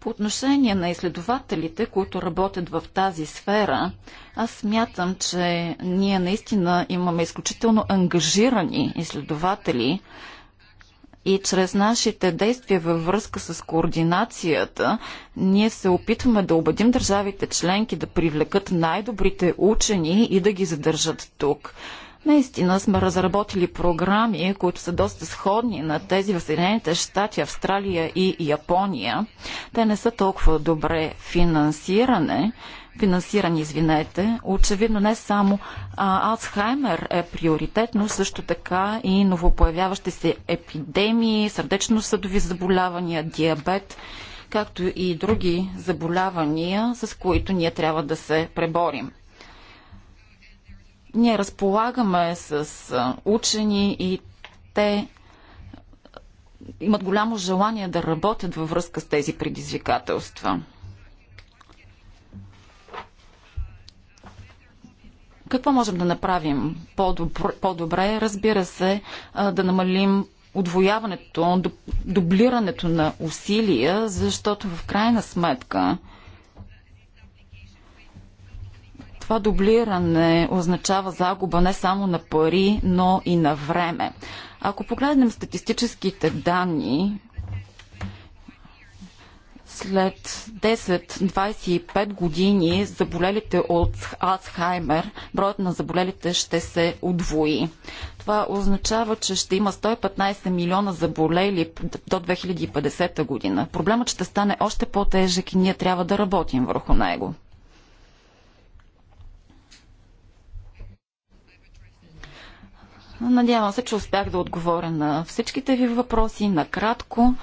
По отношение на изследователите, които работят в тази сфера, аз смятам, че ние наистина имаме изключително ангажирани изследователи, и чрез нашите действия във връзка с координацията, ние се опитваме да убедим държавите членки да привлекат най-добрите учени и да ги задържат тук. Наистина сме разработили програми, които са доста сходни на тези в Съединените щати, Австралия и Япония. Те не са толкова добре финансиране, финансирани, извинете. Очевидно не само а, Алцхаймер е приоритет, но също така и новопоявяващи се епидемии, сърдечно-съдови заболявания, диабет, както и други заболявания, с които ние трябва да се преборим. Ние разполагаме с учени и те имат голямо желание да работят във връзка с тези предизвикателства. Какво можем да направим по-добре? Разбира се, да намалим отвояването, дублирането на усилия, защото в крайна сметка това дублиране означава загуба не само на пари, но и на време. Ако погледнем статистическите данни, след 10-25 години заболелите от Алцхаймер, броят на заболелите ще се удвои. Това означава, че ще има 115 милиона заболели до 2050 година. Проблемът ще стане още по-тежък и ние трябва да работим върху него. Надявам се, че успях да отговоря на всичките ви въпроси накратко.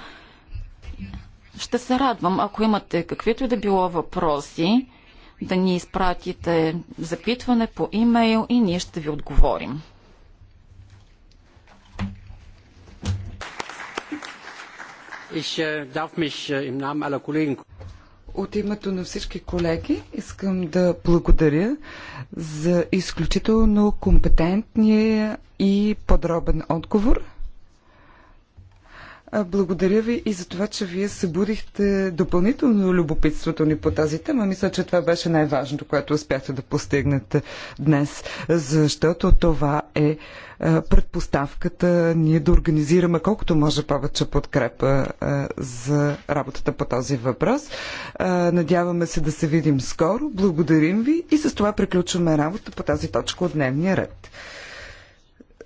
Ще се радвам, ако имате каквито и да било въпроси, да ни изпратите запитване по имейл и ние ще ви отговорим. Äh, äh, От името на всички колеги искам да благодаря за изключително компетентния и подробен отговор. Благодаря ви и за това, че вие събудихте допълнително любопитството ни по тази тема. Мисля, че това беше най-важното, което успяхте да постигнете днес, защото това е предпоставката ние да организираме колкото може повече подкрепа за работата по този въпрос. Надяваме се да се видим скоро. Благодарим ви и с това приключваме работа по тази точка от дневния ред.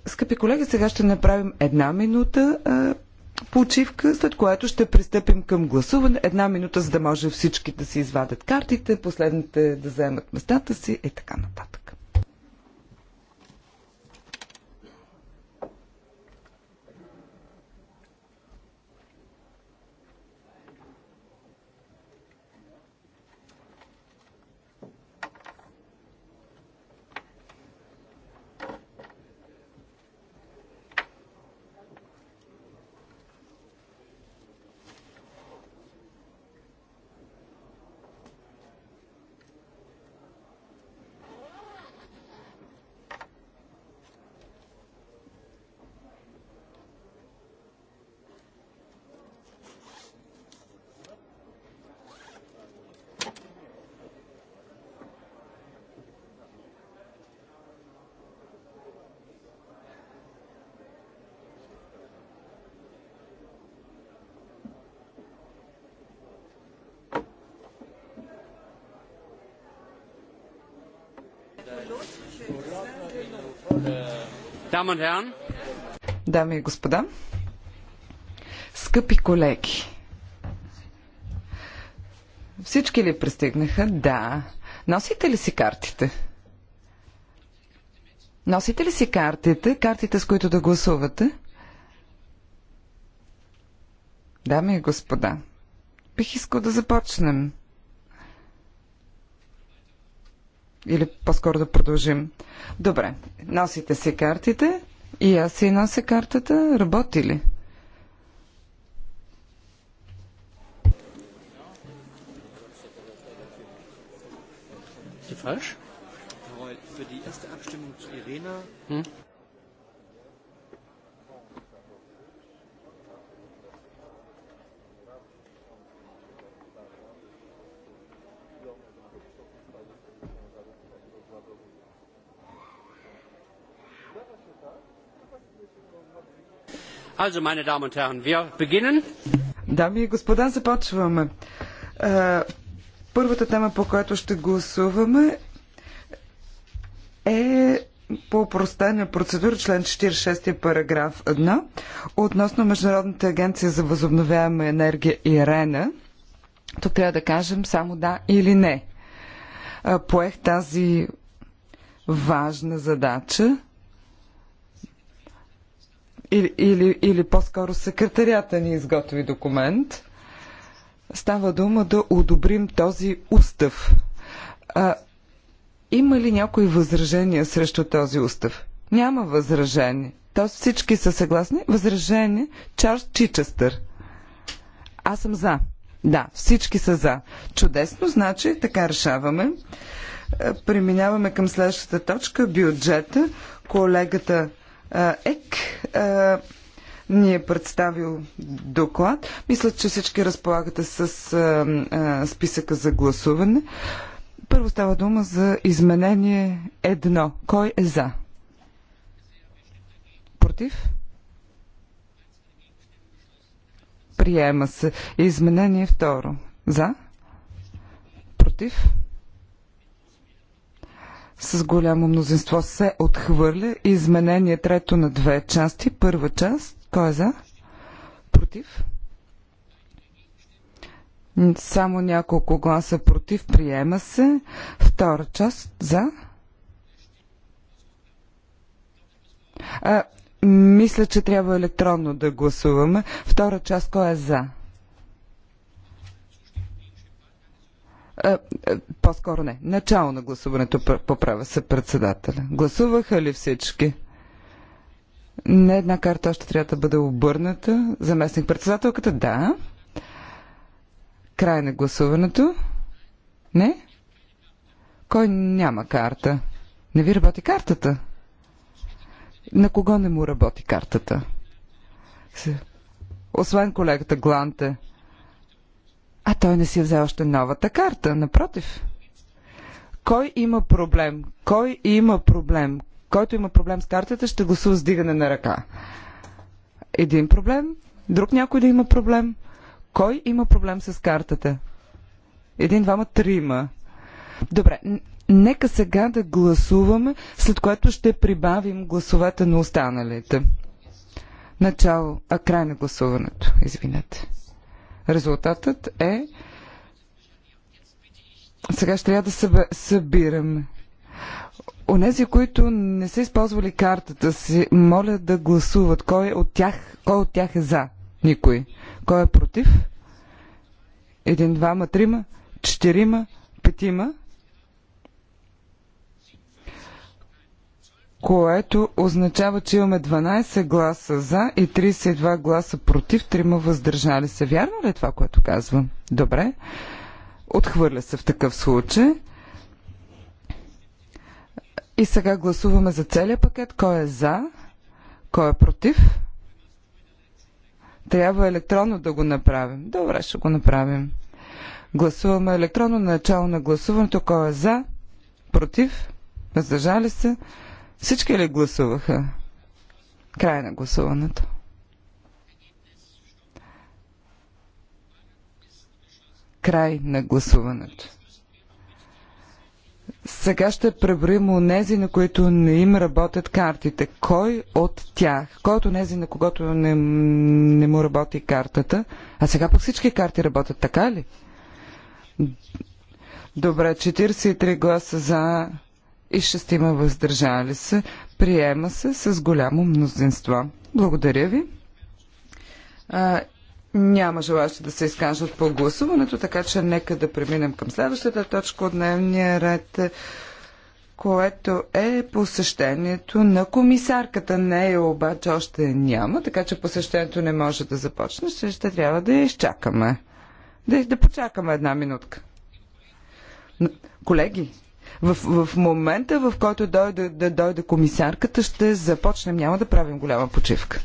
Скъпи колеги, сега ще направим една минута почивка, след което ще пристъпим към гласуване. Една минута, за да може всички да си извадят картите, последните да вземат местата си и така нататък. Дами и господа, скъпи колеги, всички ли пристигнаха? Да. Носите ли си картите? Носите ли си картите, картите с които да гласувате? Дами и господа, бих искал да започнем. Или по-скоро да продължим. Добре, носите си картите. И аз си нося картата. Работи ли? Falsch? Für die erste Abstimmung zu Irena hm? Also, meine Damen und Herren, wir beginnen. Дами и господа, започваме. Е, първата тема, по която ще гласуваме е по простена процедура, член 46, параграф 1, относно Международната агенция за възобновяема енергия Ирена. Тук трябва да кажем само да или не. Е, поех тази важна задача или, или, или по-скоро секретарията ни изготви документ. Става дума да одобрим този устав. А, има ли някои възражения срещу този устав? Няма възражение. Тоест всички са съгласни. Възражение Чарлз Чичестър. Аз съм за. Да, всички са за. Чудесно, значи така решаваме. Е, преминаваме към следващата точка бюджета. Колегата е, ЕК е, ни е представил доклад. Мисля, че всички разполагате с е, списъка за гласуване. Първо става дума за изменение едно. Кой е за? Против? Приема се. Изменение второ. За? Против? с голямо мнозинство се отхвърля изменение трето на две части. Първа част, кой е за? Против? Само няколко гласа против, приема се. Втора част, за? А, мисля, че трябва електронно да гласуваме. Втора част, кой е за? По-скоро не. Начало на гласуването поправя се председателя. Гласуваха ли всички? Не една карта още трябва да бъде обърната. Заместник председателката? Да. Край на гласуването? Не? Кой няма карта? Не ви работи картата? На кого не му работи картата? Освен колегата Гланте. А той не си взе още новата карта, напротив. Кой има проблем? Кой има проблем? Който има проблем с картата, ще гласува с дигане на ръка. Един проблем, друг някой да има проблем. Кой има проблем с картата? Един, двама, трима. Добре, нека сега да гласуваме, след което ще прибавим гласовете на останалите. Начало, а край на гласуването, извинете. Резултатът е сега ще трябва да събираме. Онези, които не са използвали картата си, моля да гласуват. Кой от тях, кой от тях е за? Никой. Кой е против? Един, двама, трима, четирима, петима. което означава, че имаме 12 гласа за и 32 гласа против, 3 въздържали се. Вярно ли е това, което казвам? Добре. Отхвърля се в такъв случай. И сега гласуваме за целият пакет. Кой е за? Кой е против? Трябва електронно да го направим. Добре, ще го направим. Гласуваме електронно начало на гласуването. Кой е за? Против? Въздържали се? Всички ли гласуваха? Край на гласуването. Край на гласуването. Сега ще преброим онези, на които не им работят картите. Кой от тях, кой от онези, на когото не, не му работи картата, а сега пък всички карти работят, така ли? Добре, 43 гласа за, и шестима въздържали се. Приема се с голямо мнозинство. Благодаря ви. А, няма желащи да се изкажат по гласуването, така че нека да преминем към следващата точка от дневния ред, което е посещението на комисарката. Не е обаче още няма, така че посещението не може да започне. Ще, ще трябва да я изчакаме. Да, да почакаме една минутка. Колеги, в, в момента, в който дойде, да дойде комисарката, ще започнем. Няма да правим голяма почивка.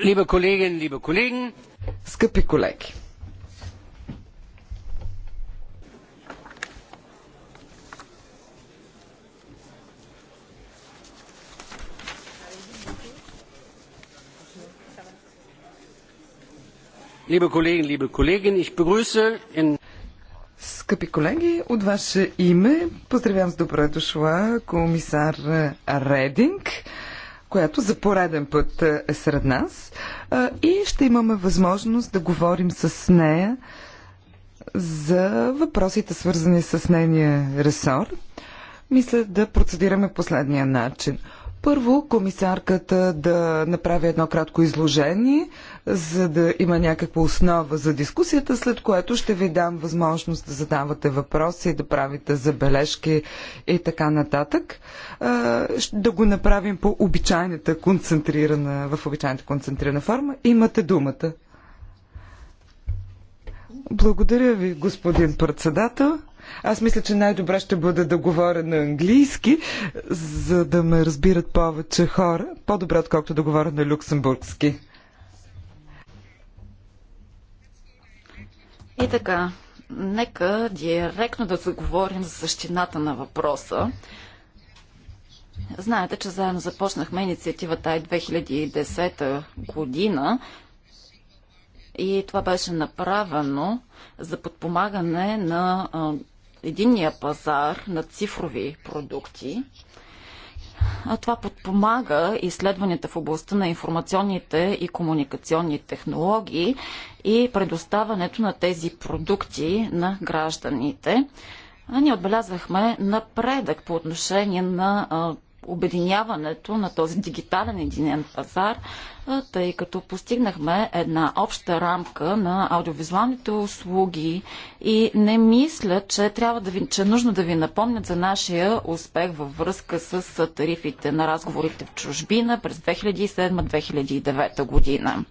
Liebe Kolleginnen, liebe Kollegen. Скъпи колеги. Liebe Kolleginnen, liebe Kollegen, ich begrüße in Скъпи колеги, от ваше име поздравявам с добре дошла комисар Рединг която за пореден път е, е сред нас е, и ще имаме възможност да говорим с нея за въпросите, свързани с нейния ресор. Мисля да процедираме последния начин. Първо, комисарката да направи едно кратко изложение за да има някаква основа за дискусията, след което ще ви дам възможност да задавате въпроси, да правите забележки и така нататък. Да го направим по обичайната концентрирана, в обичайната концентрирана форма. Имате думата. Благодаря ви, господин председател. Аз мисля, че най-добре ще бъде да говоря на английски, за да ме разбират повече хора. По-добре, отколкото да говоря на люксембургски. И така, нека директно да заговорим за същината на въпроса. Знаете, че заедно започнахме инициативата Ай 2010 година и това беше направено за подпомагане на единния пазар на цифрови продукти това подпомага изследванията в областта на информационните и комуникационни технологии и предоставането на тези продукти на гражданите. А ние отбелязахме напредък по отношение на обединяването на този дигитален единен пазар, тъй като постигнахме една обща рамка на аудиовизуалните услуги и не мисля, че трябва да ви, че е нужно да ви напомнят за нашия успех във връзка с тарифите на разговорите в чужбина през 2007-2009 година.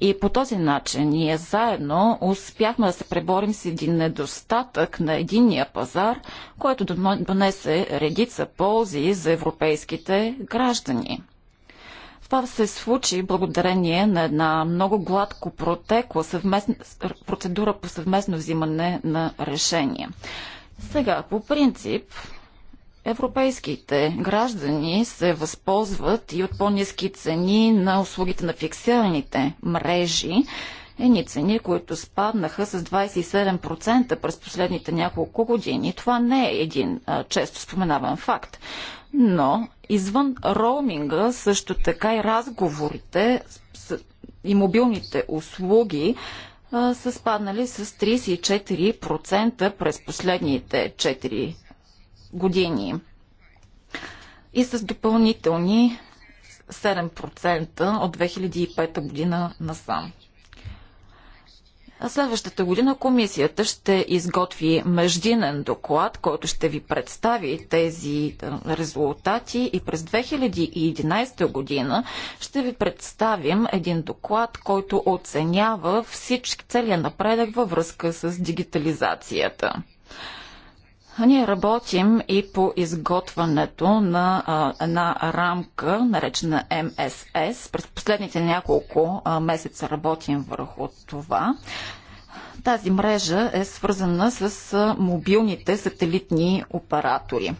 И по този начин ние заедно успяхме да се преборим с един недостатък на единния пазар, който донесе редица ползи за европейските граждани. Това се случи благодарение на една много гладко протекла съвместна, процедура по съвместно взимане на решения. Сега, по принцип, Европейските граждани се възползват и от по-низки цени на услугите на фиксираните мрежи, едни цени, които спаднаха с 27% през последните няколко години. Това не е един а, често споменаван факт. Но извън роуминга, също така и разговорите с, и мобилните услуги а, са спаднали с 34% през последните 4 години и с допълнителни 7% от 2005 година насам. Следващата година комисията ще изготви междинен доклад, който ще ви представи тези е, резултати и през 2011 година ще ви представим един доклад, който оценява всички целият напредък във връзка с дигитализацията. Ние работим и по изготвянето на една рамка, наречена МСС. През последните няколко месеца работим върху това. Тази мрежа е свързана с мобилните сателитни оператори.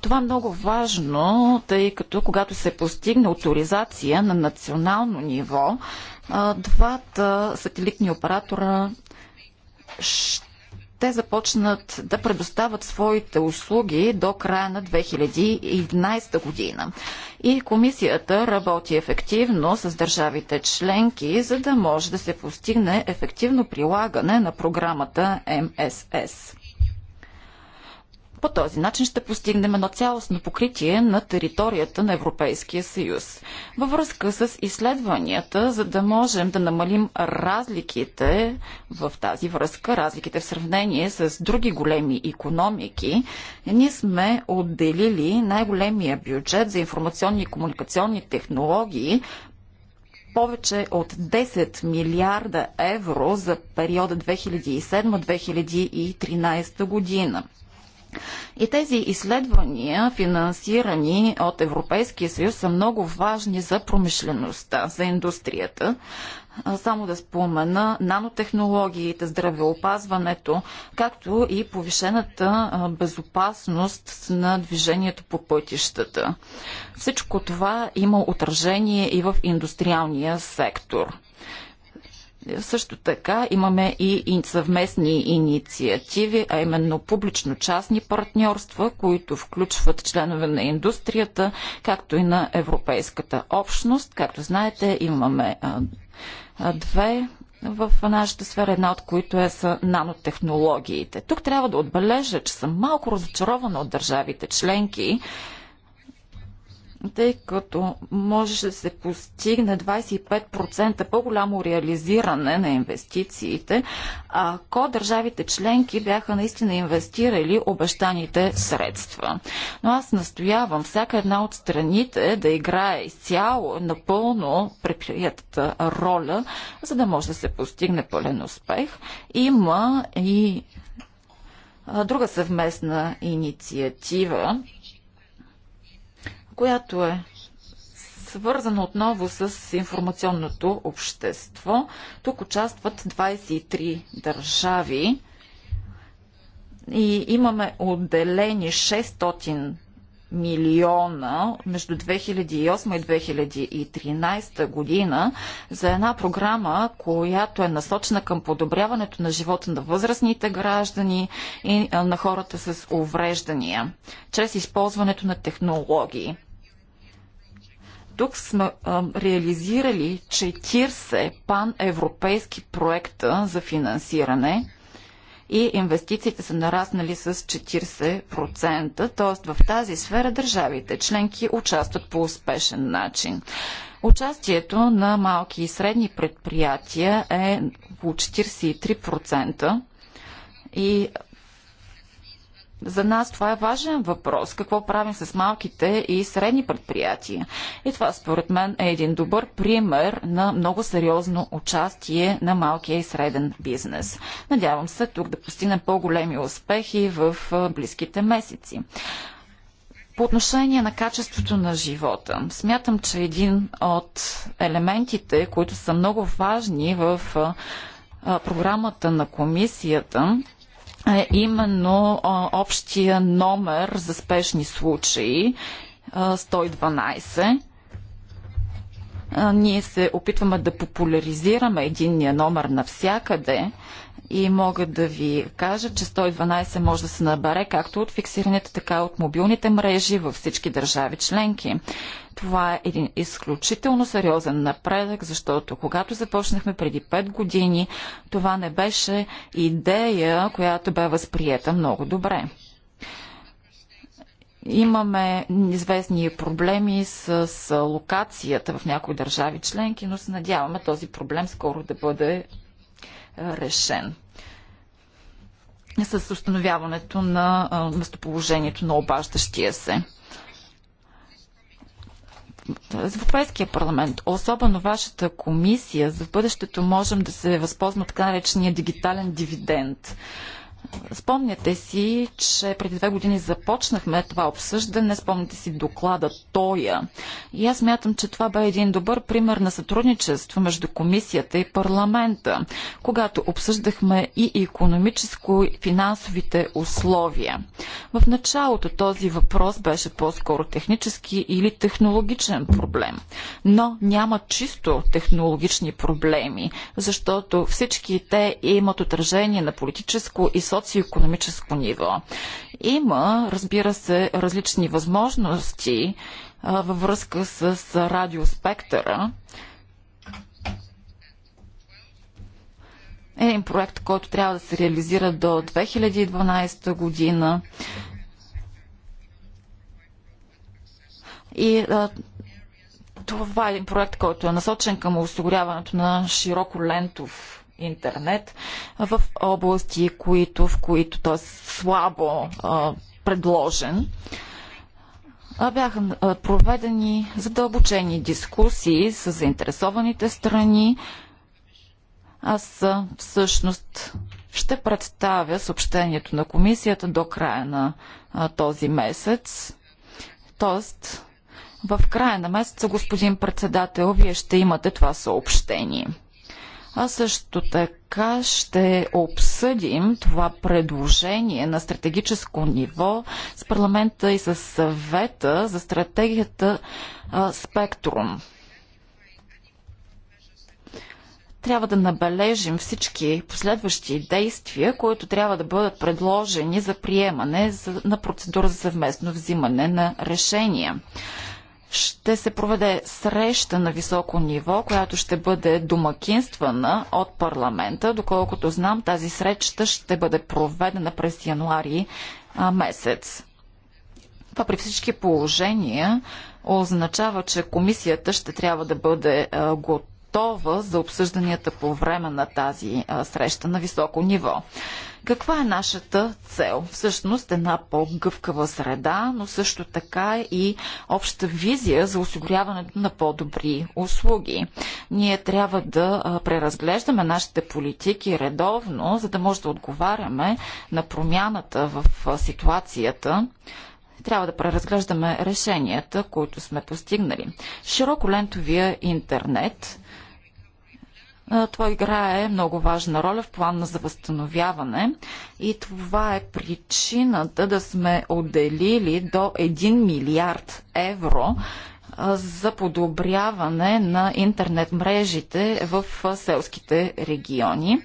Това е много важно, тъй като когато се постигне авторизация на национално ниво, двата сателитни оператора ще започнат да предоставят своите услуги до края на 2011 година. И комисията работи ефективно с държавите членки, за да може да се постигне ефективно прилагане на програмата МСС. По този начин ще постигнем едно цялостно покритие на територията на Европейския съюз. Във връзка с изследванията, за да можем да намалим разликите в тази връзка, разликите в сравнение с други големи економики, ние сме отделили най-големия бюджет за информационни и комуникационни технологии повече от 10 милиарда евро за периода 2007-2013 година. И тези изследвания, финансирани от Европейския съюз, са много важни за промишлеността, за индустрията. Само да спомена нанотехнологиите, здравеопазването, както и повишената безопасност на движението по пътищата. Всичко това има отражение и в индустриалния сектор. Също така имаме и съвместни инициативи, а именно публично-частни партньорства, които включват членове на индустрията, както и на Европейската общност. Както знаете, имаме две в нашата сфера, една от които е са нанотехнологиите. Тук трябва да отбележа, че съм малко разочарована от държавите членки, тъй като можеше да се постигне 25% по-голямо реализиране на инвестициите, ако държавите членки бяха наистина инвестирали обещаните средства. Но аз настоявам всяка една от страните да играе изцяло, напълно предприятата роля, за да може да се постигне пълен успех. Има и друга съвместна инициатива, която е свързана отново с информационното общество. Тук участват 23 държави и имаме отделени 600 милиона между 2008 и 2013 година за една програма, която е насочена към подобряването на живота на възрастните граждани и на хората с увреждания, чрез използването на технологии тук сме а, реализирали 40 е пан-европейски проекта за финансиране и инвестициите са нараснали с 40%, т.е. в тази сфера държавите членки участват по успешен начин. Участието на малки и средни предприятия е около 43% и за нас това е важен въпрос. Какво правим с малките и средни предприятия? И това според мен е един добър пример на много сериозно участие на малкия и среден бизнес. Надявам се тук да постигнем по-големи успехи в близките месеци. По отношение на качеството на живота, смятам, че един от елементите, които са много важни в програмата на комисията, е именно общия номер за спешни случаи 112 ние се опитваме да популяризираме единния номер навсякъде, и мога да ви кажа, че 112 може да се набере както от фиксираните, така и от мобилните мрежи във всички държави членки. Това е един изключително сериозен напредък, защото когато започнахме преди 5 години, това не беше идея, която бе възприета много добре имаме известни проблеми с, локацията в някои държави членки, но се надяваме този проблем скоро да бъде решен с установяването на местоположението на обаждащия се. В Европейския парламент, особено вашата комисия, за бъдещето можем да се възползваме така наречения дигитален дивиденд. Спомняте си, че преди две години започнахме това обсъждане, спомняте си доклада Тоя. И аз мятам, че това бе един добър пример на сътрудничество между комисията и парламента, когато обсъждахме и економическо и финансовите условия. В началото този въпрос беше по-скоро технически или технологичен проблем, но няма чисто технологични проблеми, защото всички те имат отражение на политическо и социално социо-економическо ниво. Има, разбира се, различни възможности а, във връзка с радиоспектъра. Е един проект, който трябва да се реализира до 2012 година. И а, това е един проект, който е насочен към осигуряването на широко лентов интернет в области, които, в които той е слабо а, предложен. Бяха проведени задълбочени дискусии с заинтересованите страни. Аз всъщност ще представя съобщението на комисията до края на а, този месец. Тоест, в края на месеца, господин председател, вие ще имате това съобщение. А също така ще обсъдим това предложение на стратегическо ниво с парламента и с съвета за стратегията Спектрум. Трябва да набележим всички последващи действия, които трябва да бъдат предложени за приемане на процедура за съвместно взимане на решения ще се проведе среща на високо ниво, която ще бъде домакинствана от парламента. Доколкото знам, тази среща ще бъде проведена през януари а, месец. Това при всички положения означава, че комисията ще трябва да бъде а, готова за обсъжданията по време на тази а, среща на високо ниво. Каква е нашата цел? Всъщност една по-гъвкава среда, но също така и обща визия за осигуряването на по-добри услуги. Ние трябва да преразглеждаме нашите политики редовно, за да може да отговаряме на промяната в ситуацията трябва да преразглеждаме решенията, които сме постигнали. Широколентовия интернет той играе много важна роля в плана за възстановяване и това е причината да сме отделили до 1 милиард евро за подобряване на интернет мрежите в селските региони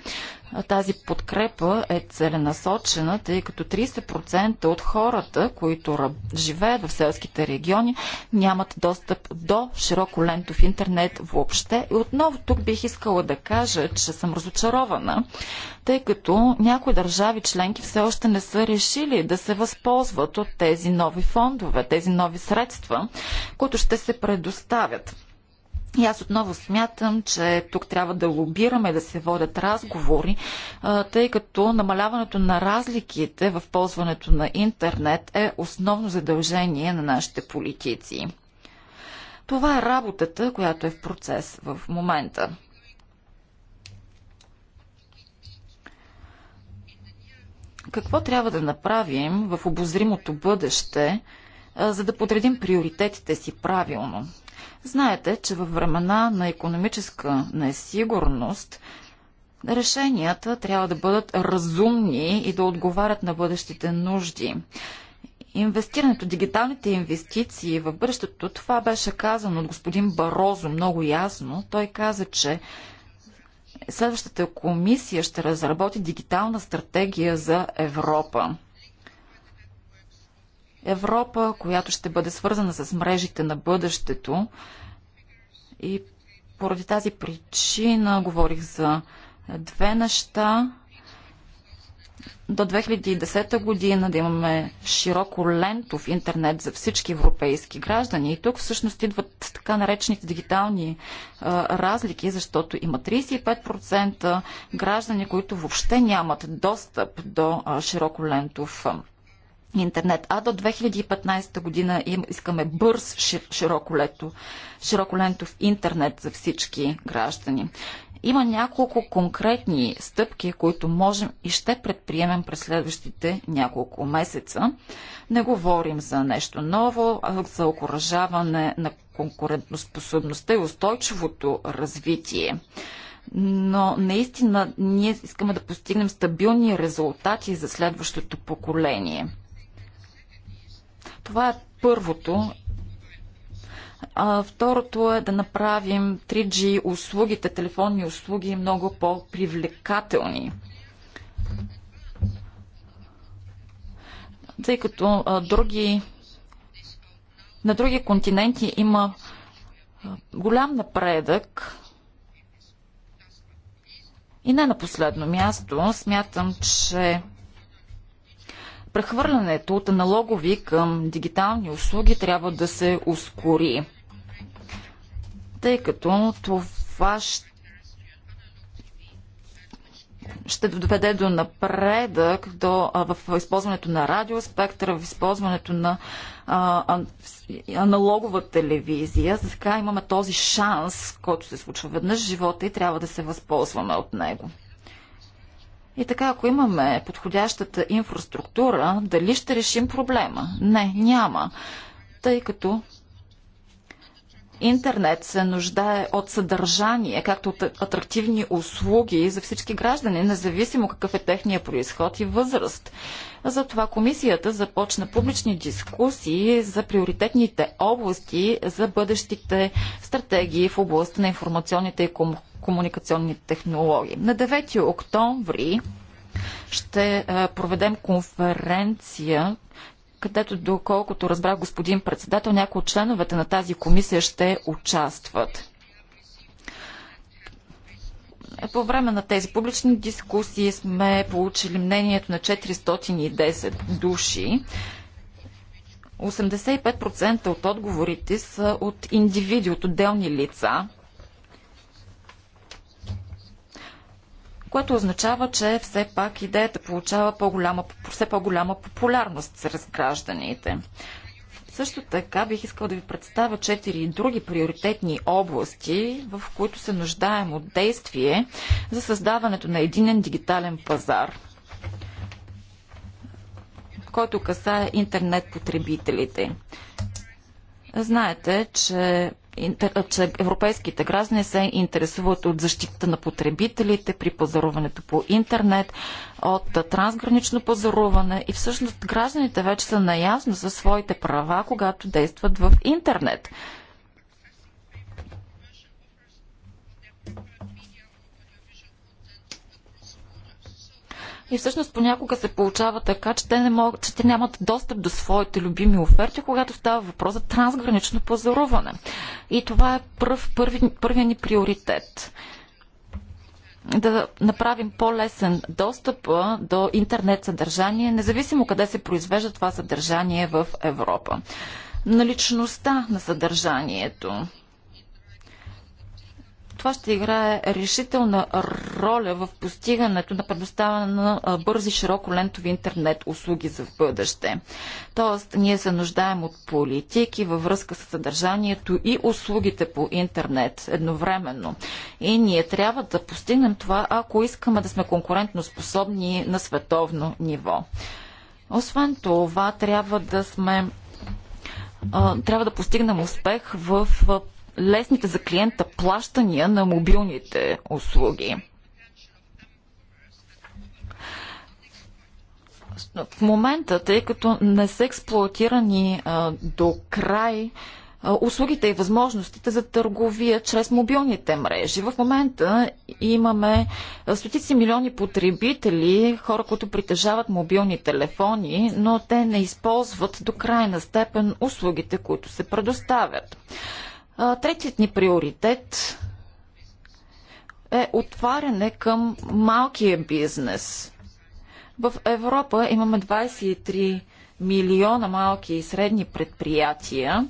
тази подкрепа е целенасочена, тъй като 30% от хората, които живеят в селските региони, нямат достъп до широко лентов интернет въобще. И отново тук бих искала да кажа, че съм разочарована, тъй като някои държави членки все още не са решили да се възползват от тези нови фондове, тези нови средства, които ще се предоставят. И аз отново смятам, че тук трябва да лобираме, да се водят разговори, тъй като намаляването на разликите в ползването на интернет е основно задължение на нашите политици. Това е работата, която е в процес в момента. Какво трябва да направим в обозримото бъдеще, за да подредим приоритетите си правилно? Знаете, че във времена на економическа несигурност решенията трябва да бъдат разумни и да отговарят на бъдещите нужди. Инвестирането, дигиталните инвестиции в бъдещето, това беше казано от господин Барозо много ясно. Той каза, че следващата комисия ще разработи дигитална стратегия за Европа. Европа, която ще бъде свързана с мрежите на бъдещето. И поради тази причина говорих за две неща. До 2010 година да имаме широко лентов интернет за всички европейски граждани. И тук всъщност идват така наречените дигитални а, разлики, защото има 35% граждани, които въобще нямат достъп до а, широко лентов интернет. А до 2015 година искаме бърз широколето, широколентов интернет за всички граждани. Има няколко конкретни стъпки, които можем и ще предприемем през следващите няколко месеца. Не говорим за нещо ново, а за окоръжаване на конкурентоспособността и устойчивото развитие но наистина ние искаме да постигнем стабилни резултати за следващото поколение. Това е първото. А, второто е да направим 3G услугите, телефонни услуги много по-привлекателни. Тъй като а, други, на други континенти има а, голям напредък и не на последно място, смятам, че Прехвърлянето от аналогови към дигитални услуги трябва да се ускори, тъй като това ще доведе до напредък до, а, в използването на радиоспектъра, в използването на а, аналогова телевизия. За така имаме този шанс, който се случва веднъж в живота и трябва да се възползваме от него. И така, ако имаме подходящата инфраструктура, дали ще решим проблема? Не, няма. Тъй като интернет се нуждае от съдържание, както от атрактивни услуги за всички граждани, независимо какъв е техния происход и възраст. Затова комисията започна публични дискусии за приоритетните области за бъдещите стратегии в областта на информационните и комуникационни технологии. На 9 октомври ще е, проведем конференция, където, доколкото разбрах господин председател, някои от членовете на тази комисия ще участват. По време на тези публични дискусии сме получили мнението на 410 души. 85% от отговорите са от индивиди, от отделни лица – което означава, че все пак идеята получава по-голяма, все по-голяма популярност сред гражданите. Също така бих искал да ви представя четири други приоритетни области, в които се нуждаем от действие за създаването на единен дигитален пазар който касае интернет потребителите. Знаете, че че европейските граждани се интересуват от защита на потребителите при пазаруването по интернет, от трансгранично пазаруване и всъщност гражданите вече са наясно за своите права, когато действат в интернет. И всъщност понякога се получава така, че те, не могат, че те нямат достъп до своите любими оферти, когато става въпрос за трансгранично пазаруване. И това е пръв, първи, първият ни приоритет да направим по-лесен достъп до интернет съдържание, независимо къде се произвежда това съдържание в Европа. Наличността на съдържанието това ще играе решителна роля в постигането на предоставяне на бързи широко лентови интернет услуги за в бъдеще. Тоест, ние се нуждаем от политики във връзка с съдържанието и услугите по интернет едновременно. И ние трябва да постигнем това, ако искаме да сме конкурентно способни на световно ниво. Освен това, трябва да сме трябва да постигнем успех в лесните за клиента плащания на мобилните услуги. В момента, тъй като не са експлуатирани а, до край а, услугите и възможностите за търговия чрез мобилните мрежи, в момента имаме стотици милиони потребители, хора, които притежават мобилни телефони, но те не използват до крайна степен услугите, които се предоставят. Третият ни приоритет е отваряне към малкия бизнес. В Европа имаме 23 милиона малки и средни предприятия,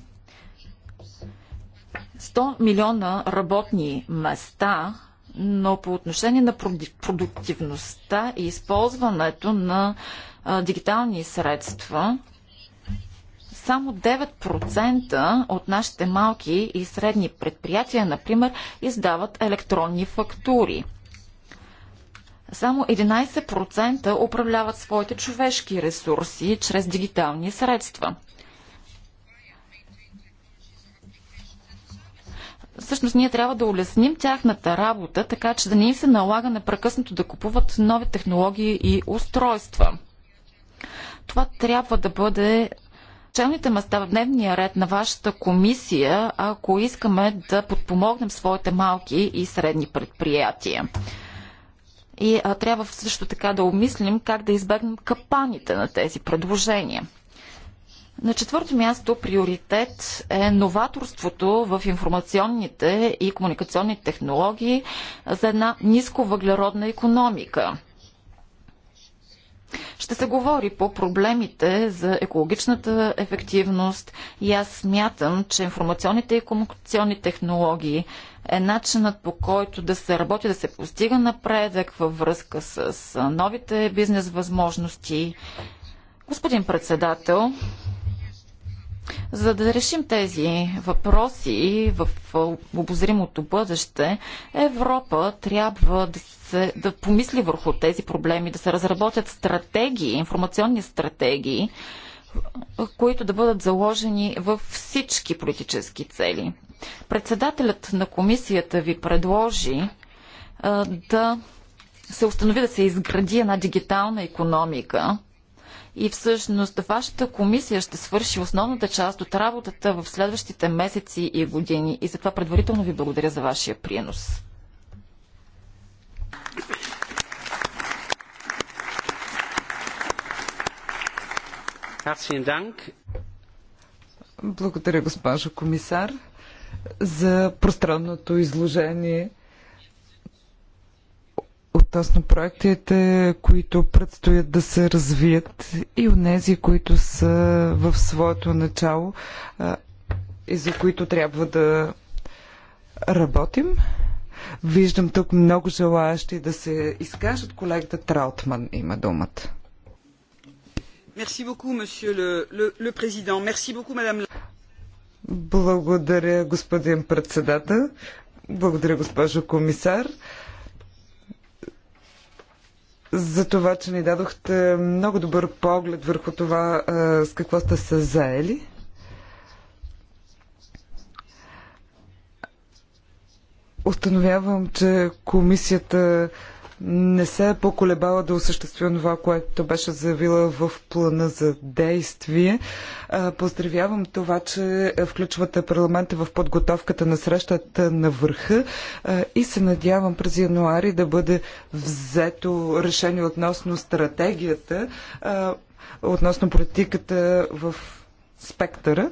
100 милиона работни места, но по отношение на продуктивността и използването на дигитални средства, само 9% от нашите малки и средни предприятия, например, издават електронни фактури. Само 11% управляват своите човешки ресурси чрез дигитални средства. всъщност ние трябва да улесним тяхната работа, така че да не им се налага непрекъснато да купуват нови технологии и устройства. Това трябва да бъде челните места в дневния ред на вашата комисия, ако искаме да подпомогнем своите малки и средни предприятия. И а, трябва също така да обмислим как да избегнем капаните на тези предложения. На четвърто място приоритет е новаторството в информационните и комуникационни технологии за една нисковъглеродна економика. Ще се говори по проблемите за екологичната ефективност и аз смятам, че информационните и комуникационни технологии е начинът по който да се работи, да се постига напредък във връзка с новите бизнес възможности. Господин председател, за да решим тези въпроси в обозримото бъдеще, Европа трябва да, се, да помисли върху тези проблеми, да се разработят стратегии, информационни стратегии, които да бъдат заложени във всички политически цели. Председателят на комисията ви предложи а, да се установи да се изгради една дигитална економика, и всъщност вашата комисия ще свърши основната част от работата в следващите месеци и години. И затова предварително ви благодаря за вашия принос. Благодаря, госпожо комисар, за пространното изложение относно проектите, които предстоят да се развият и от тези, които са в своето начало и за които трябва да работим. Виждам тук много желаящи да се изкажат. Колегата Траутман има думата. Благодаря, господин председател. Благодаря, госпожо комисар за това, че ни дадохте много добър поглед върху това с какво сте се заели. Установявам, че комисията не се е поколебала да осъществи това, което беше заявила в плана за действие. Поздравявам това, че включвате парламента в подготовката на срещата на върха и се надявам през януари да бъде взето решение относно стратегията, относно политиката в спектъра.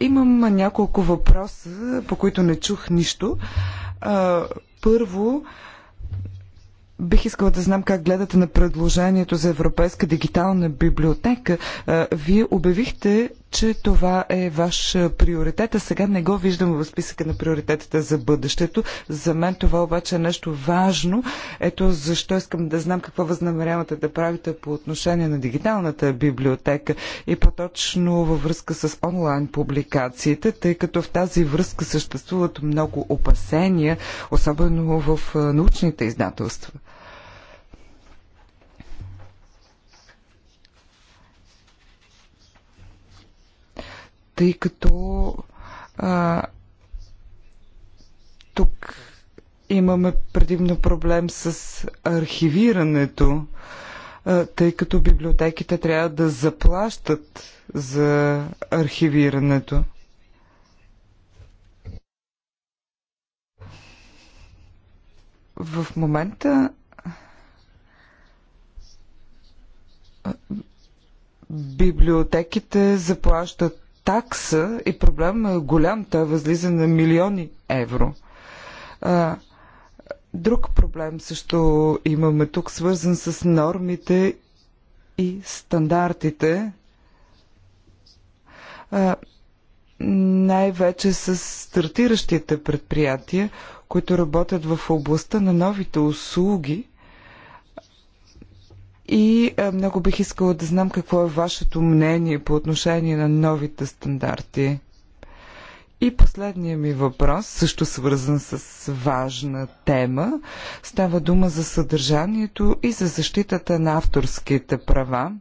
Имам няколко въпроса, по които не чух нищо. Първо, Бих искала да знам как гледате на предложението за Европейска дигитална библиотека. Вие обявихте че това е ваш приоритет, а сега не го виждам в списъка на приоритетите за бъдещето. За мен това обаче е нещо важно. Ето защо искам да знам какво възнамерявате да правите по отношение на дигиталната библиотека и по-точно във връзка с онлайн публикациите, тъй като в тази връзка съществуват много опасения, особено в научните издателства. тъй като а, тук имаме предимно проблем с архивирането, а, тъй като библиотеките трябва да заплащат за архивирането. В момента библиотеките заплащат такса и проблем е голям. Той възлиза на милиони евро. Друг проблем също имаме тук, свързан с нормите и стандартите. Най-вече с стартиращите предприятия, които работят в областта на новите услуги и е, много бих искала да знам какво е вашето мнение по отношение на новите стандарти. И последния ми въпрос, също свързан с важна тема, става дума за съдържанието и за защитата на авторските права.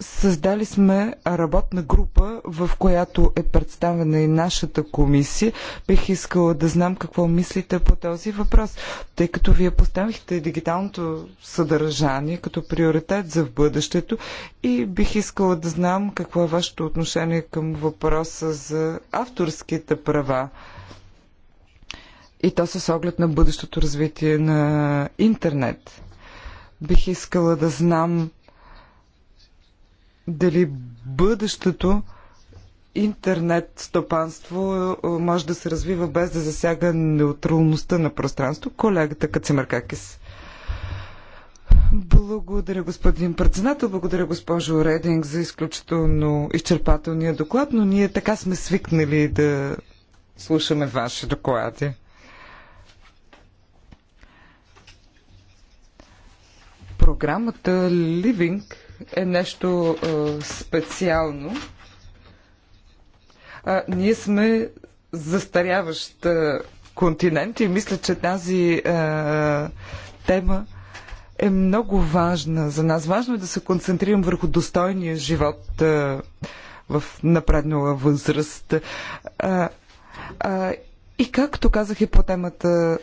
Създали сме работна група, в която е представена и нашата комисия. Бих искала да знам какво мислите по този въпрос, тъй като вие поставихте дигиталното съдържание като приоритет за в бъдещето и бих искала да знам какво е вашето отношение към въпроса за авторските права. И то с оглед на бъдещото развитие на интернет. Бих искала да знам дали бъдещето интернет стопанство е, може да се развива без да засяга неутралността на пространство. Колегата Кацимаркакис. Благодаря, господин председател. Благодаря, госпожо Рединг, за изключително изчерпателния доклад, но ние така сме свикнали да слушаме ваши доклади. Програмата Living е нещо е, специално. А, ние сме застаряващ е, континент и мисля, че тази е, тема е много важна за нас. Важно е да се концентрирам върху достойния живот е, в напреднала възраст. А, а, и както казах и по темата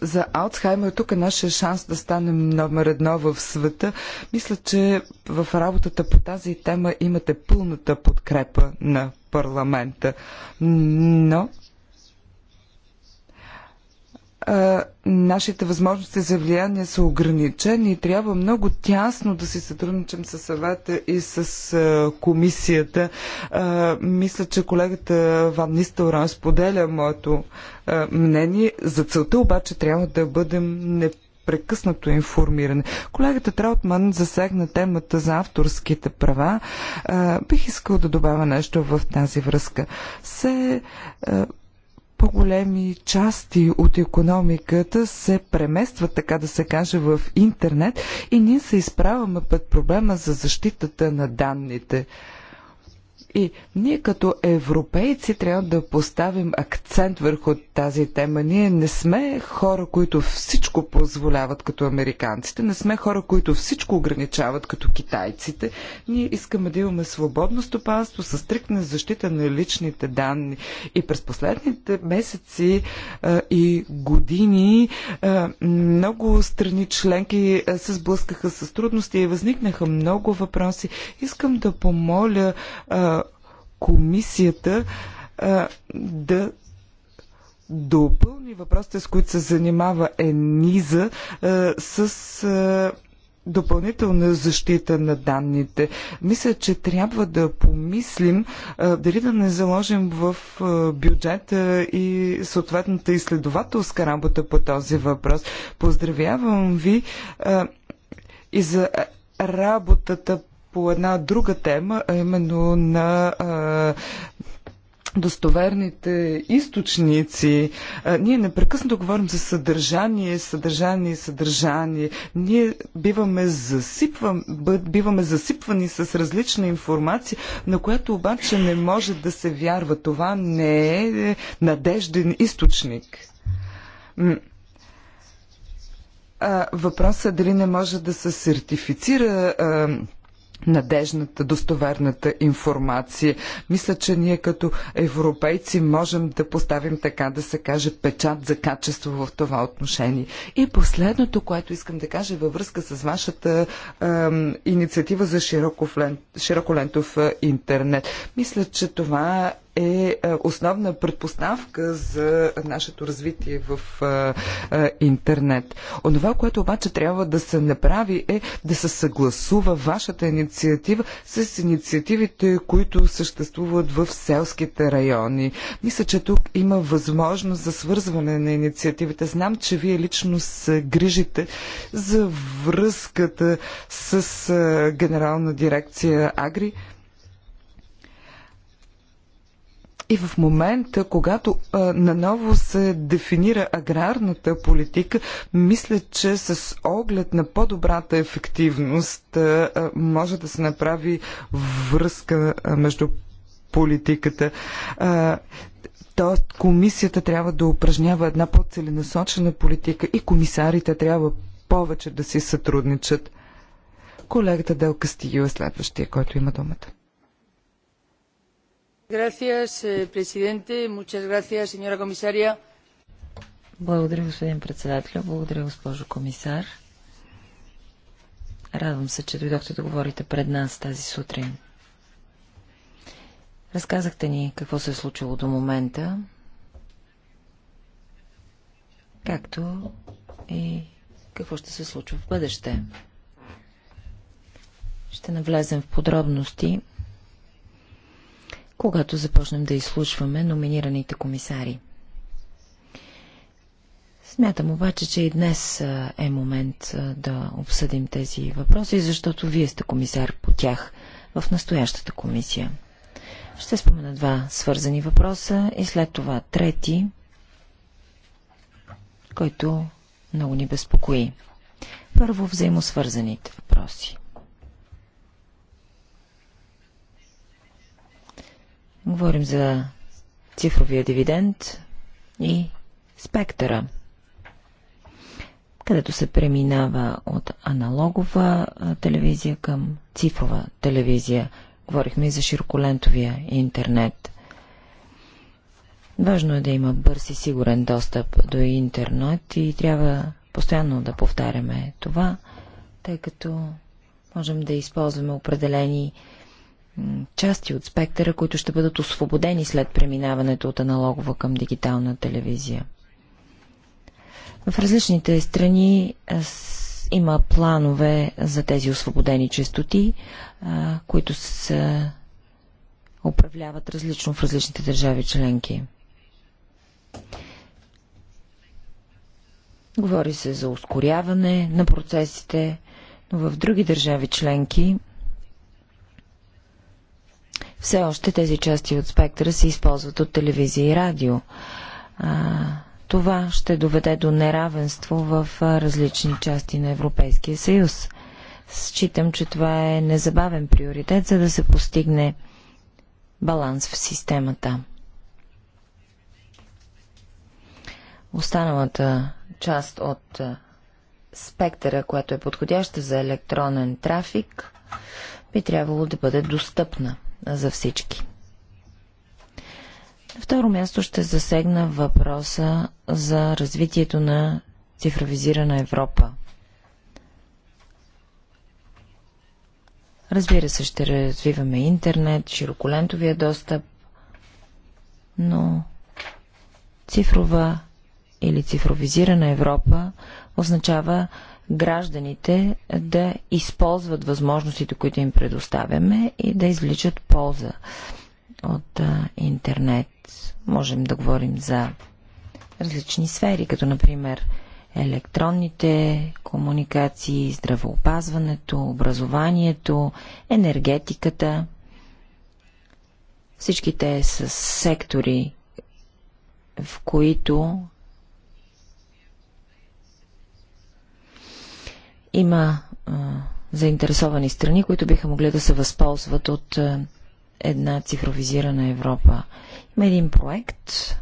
за Алцхаймер тук е нашия шанс да станем номер едно в света. Мисля, че в работата по тази тема имате пълната подкрепа на парламента. Но нашите възможности за влияние са ограничени и трябва много тясно да си сътрудничим с съвета и с комисията. мисля, че колегата Ван Нистелран споделя моето мнение. За целта обаче трябва да бъдем непрекъснато информиране. Колегата Траутман засегна темата за авторските права. бих искал да добавя нещо в тази връзка. Се по-големи части от економиката се преместват, така да се каже, в интернет и ние се изправяме пред проблема за защитата на данните. И ние като европейци трябва да поставим акцент върху тази тема. Ние не сме хора, които всичко позволяват като американците, не сме хора, които всичко ограничават като китайците. Ние искаме да имаме свободно стопанство с стриктна защита на личните данни. И през последните месеци а, и години а, много страни членки а, се сблъскаха с трудности и възникнаха много въпроси. Искам да помоля а, комисията а, да допълни въпросите, с които се занимава ЕНИЗА, с а, допълнителна защита на данните. Мисля, че трябва да помислим а, дали да не заложим в а, бюджета и съответната изследователска работа по този въпрос. Поздравявам ви а, и за работата по една друга тема, а именно на достоверните източници. А, ние непрекъснато говорим за съдържание, съдържание, съдържание. Ние биваме, засипвам, биваме засипвани с различна информация, на която обаче не може да се вярва. Това не е надежден източник. Въпросът е дали не може да се сертифицира надежната, достоверната информация. Мисля, че ние като европейци можем да поставим така да се каже печат за качество в това отношение. И последното, което искам да кажа във връзка с вашата е, инициатива за широколентов интернет. Мисля, че това е, е основна предпоставка за нашето развитие в е, е, интернет. Онова, което обаче трябва да се направи е да се съгласува вашата инициатива с инициативите, които съществуват в селските райони. Мисля, че тук има възможност за свързване на инициативите. Знам, че вие лично се грижите за връзката с Генерална дирекция Агри. И в момента, когато а, наново се дефинира аграрната политика, мисля, че с оглед на по-добрата ефективност а, може да се направи връзка а, между политиката. А, Тоест, комисията трябва да упражнява една по-целенасочена политика и комисарите трябва повече да си сътрудничат. Колегата Дел Кастигил е следващия, който има думата президенте. Eh, señora комисария. Благодаря, господин председател. Благодаря, госпожо комисар. Радвам се, че дойдохте да говорите пред нас тази сутрин. Разказахте ни какво се е случило до момента, както и какво ще се случва в бъдеще. Ще навлезем в подробности когато започнем да изслушваме номинираните комисари. Смятам обаче, че и днес е момент да обсъдим тези въпроси, защото вие сте комисар по тях в настоящата комисия. Ще спомена два свързани въпроса и след това трети, който много ни безпокои. Първо взаимосвързаните въпроси. Говорим за цифровия дивиденд и спектъра, където се преминава от аналогова телевизия към цифрова телевизия. Говорихме и за широколентовия интернет. Важно е да има бърз и сигурен достъп до интернет и трябва постоянно да повтаряме това, тъй като можем да използваме определени части от спектъра, които ще бъдат освободени след преминаването от аналогова към дигитална телевизия. В различните страни има планове за тези освободени частоти, които се управляват различно в различните държави членки. Говори се за ускоряване на процесите, но в други държави членки все още тези части от спектъра се използват от телевизия и радио. А, това ще доведе до неравенство в различни части на Европейския съюз. Считам, че това е незабавен приоритет, за да се постигне баланс в системата. Останалата част от спектъра, която е подходяща за електронен трафик, би трябвало да бъде достъпна за всички. На второ място ще засегна въпроса за развитието на цифровизирана Европа. Разбира се, ще развиваме интернет, широколентовия достъп, но цифрова или цифровизирана Европа означава гражданите да използват възможностите, които им предоставяме и да извличат полза от а, интернет. Можем да говорим за различни сфери, като например електронните комуникации, здравеопазването, образованието, енергетиката. Всичките са сектори, в които Има а, заинтересовани страни, които биха могли да се възползват от а, една цифровизирана Европа. Има един проект,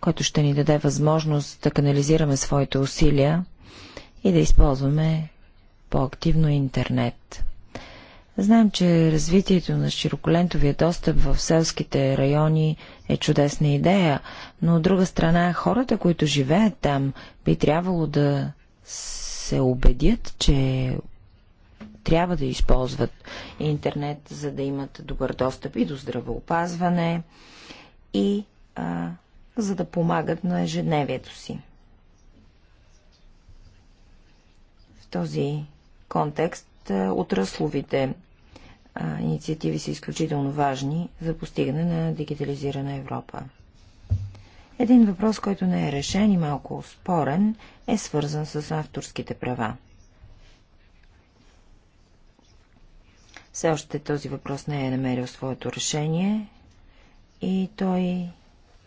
който ще ни даде възможност да канализираме своите усилия и да използваме по-активно интернет. Знаем, че развитието на широколентовия достъп в селските райони е чудесна идея, но от друга страна хората, които живеят там, би трябвало да се убедят, че трябва да използват интернет, за да имат добър достъп и до здравеопазване и а, за да помагат на ежедневието си. В този контекст отрасловите а, инициативи са изключително важни за постигане на дигитализирана Европа. Един въпрос, който не е решен и малко спорен, е свързан с авторските права. Все още този въпрос не е намерил своето решение и той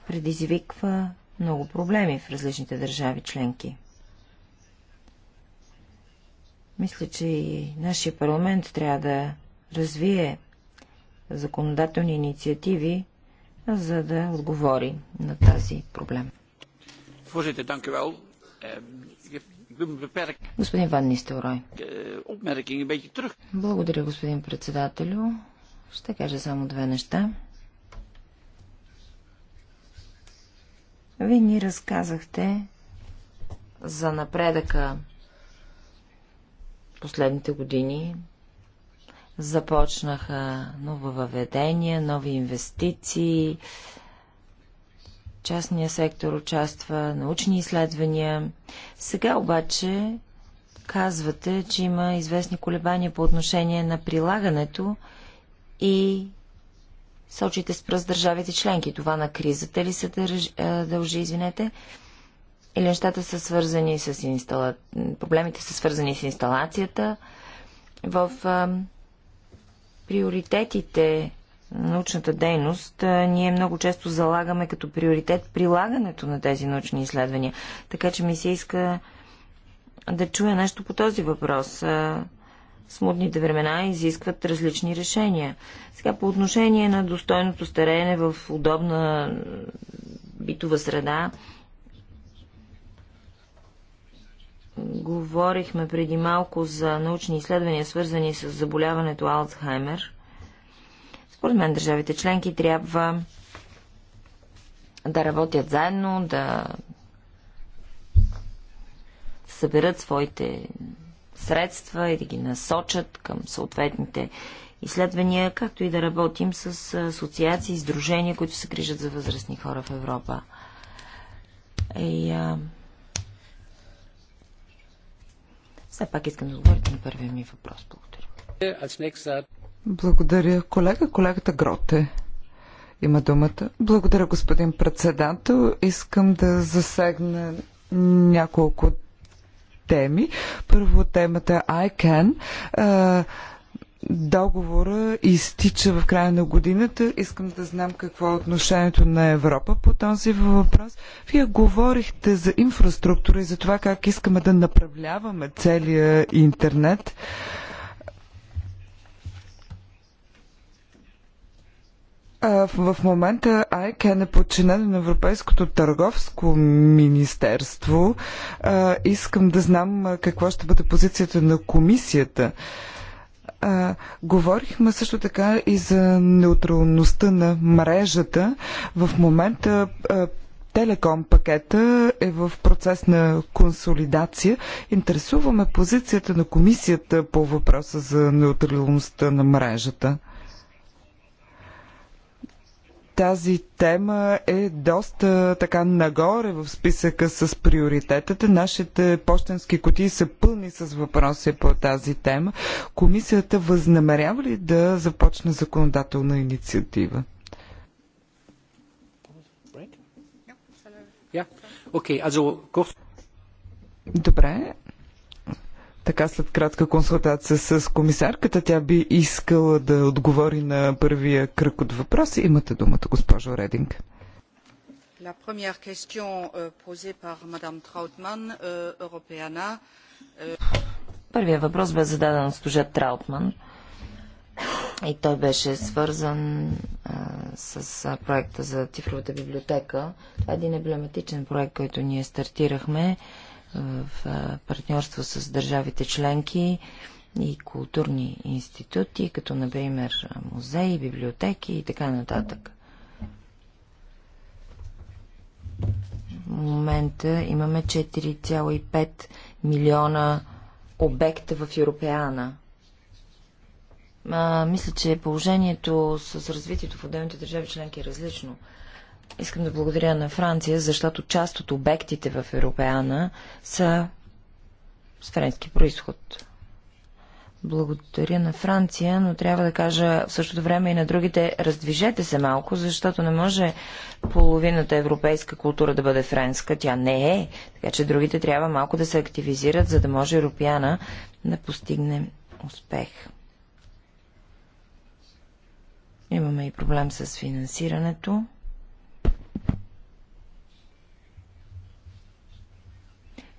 предизвиква много проблеми в различните държави членки. Мисля, че и нашия парламент трябва да развие законодателни инициативи, за да отговори на тази проблем. Ehm, господин Ван Нистелрой. Ehm, Благодаря, господин председателю. Ще кажа само две неща. Вие ни разказахте за напредъка последните години Започнаха ново въведение, нови инвестиции, частния сектор участва, научни изследвания. Сега обаче казвате, че има известни колебания по отношение на прилагането и сочите с пръст държавите членки. Това на кризата ли се дължи, извинете? Или нещата са свързани с инсталацията? проблемите са свързани с инсталацията в приоритетите на научната дейност, ние много често залагаме като приоритет прилагането на тези научни изследвания. Така че ми се иска да чуя нещо по този въпрос. Смутните времена изискват различни решения. Сега по отношение на достойното стареене в удобна битова среда, Говорихме преди малко за научни изследвания, свързани с заболяването Алцхаймер. Според мен държавите членки трябва да работят заедно, да съберат своите средства и да ги насочат към съответните изследвания, както и да работим с асоциации, издружения, които се грижат за възрастни хора в Европа. И, а... Все пак искам да отговорите на първия ми въпрос. Благодаря. Благодаря, колега. Колегата Гроте има думата. Благодаря, господин председател. Искам да засегна няколко теми. Първо темата ICANN договора изтича в края на годината. Искам да знам какво е отношението на Европа по този въпрос. Вие говорихте за инфраструктура и за това как искаме да направляваме целия интернет. В момента ICANN е подчинен на Европейското търговско министерство. Искам да знам каква ще бъде позицията на комисията. А, говорихме също така и за неутралността на мрежата. В момента а, Телеком пакета е в процес на консолидация. Интересуваме позицията на комисията по въпроса за неутралността на мрежата тази тема е доста така нагоре в списъка с приоритетите. Нашите почтенски кутии са пълни с въпроси по тази тема. Комисията възнамерява ли да започне законодателна инициатива? Добре, така след кратка консултация с комисарката, тя би искала да отговори на първия кръг от въпроси. Имате думата, госпожо Рединг. La première question euh, posée par Madame Trautmann, euh, Europeana. Euh, Първият въпрос бе зададен от служа Траутман и той беше свързан а, с а, проекта за цифровата библиотека. Това е един емблематичен проект, който ние стартирахме в партньорство с държавите членки и културни институти, като например музеи, библиотеки и така нататък. В момента имаме 4,5 милиона обекта в Европеана. А, мисля, че положението с развитието в отделните държави членки е различно. Искам да благодаря на Франция, защото част от обектите в Европеана са с френски происход. Благодаря на Франция, но трябва да кажа в същото време и на другите, раздвижете се малко, защото не може половината европейска култура да бъде френска. Тя не е. Така че другите трябва малко да се активизират, за да може Европеана да постигне успех. Имаме и проблем с финансирането.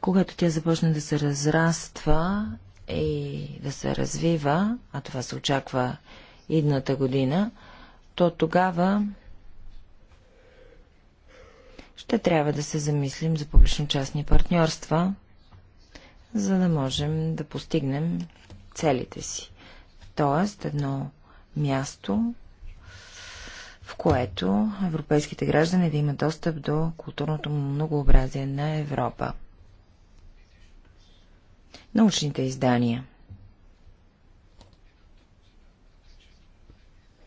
Когато тя започне да се разраства и да се развива, а това се очаква идната година, то тогава ще трябва да се замислим за публично-частни партньорства, за да можем да постигнем целите си. Тоест едно място, в което европейските граждани да имат достъп до културното многообразие на Европа научните издания.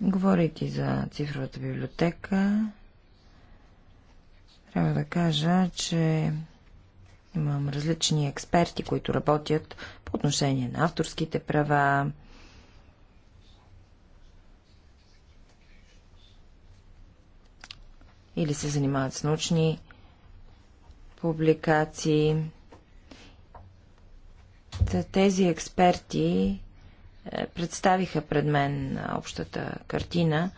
Говорейки за цифровата библиотека, трябва да кажа, че имам различни експерти, които работят по отношение на авторските права, или се занимават с научни публикации. Тези експерти е, представиха пред мен общата картина,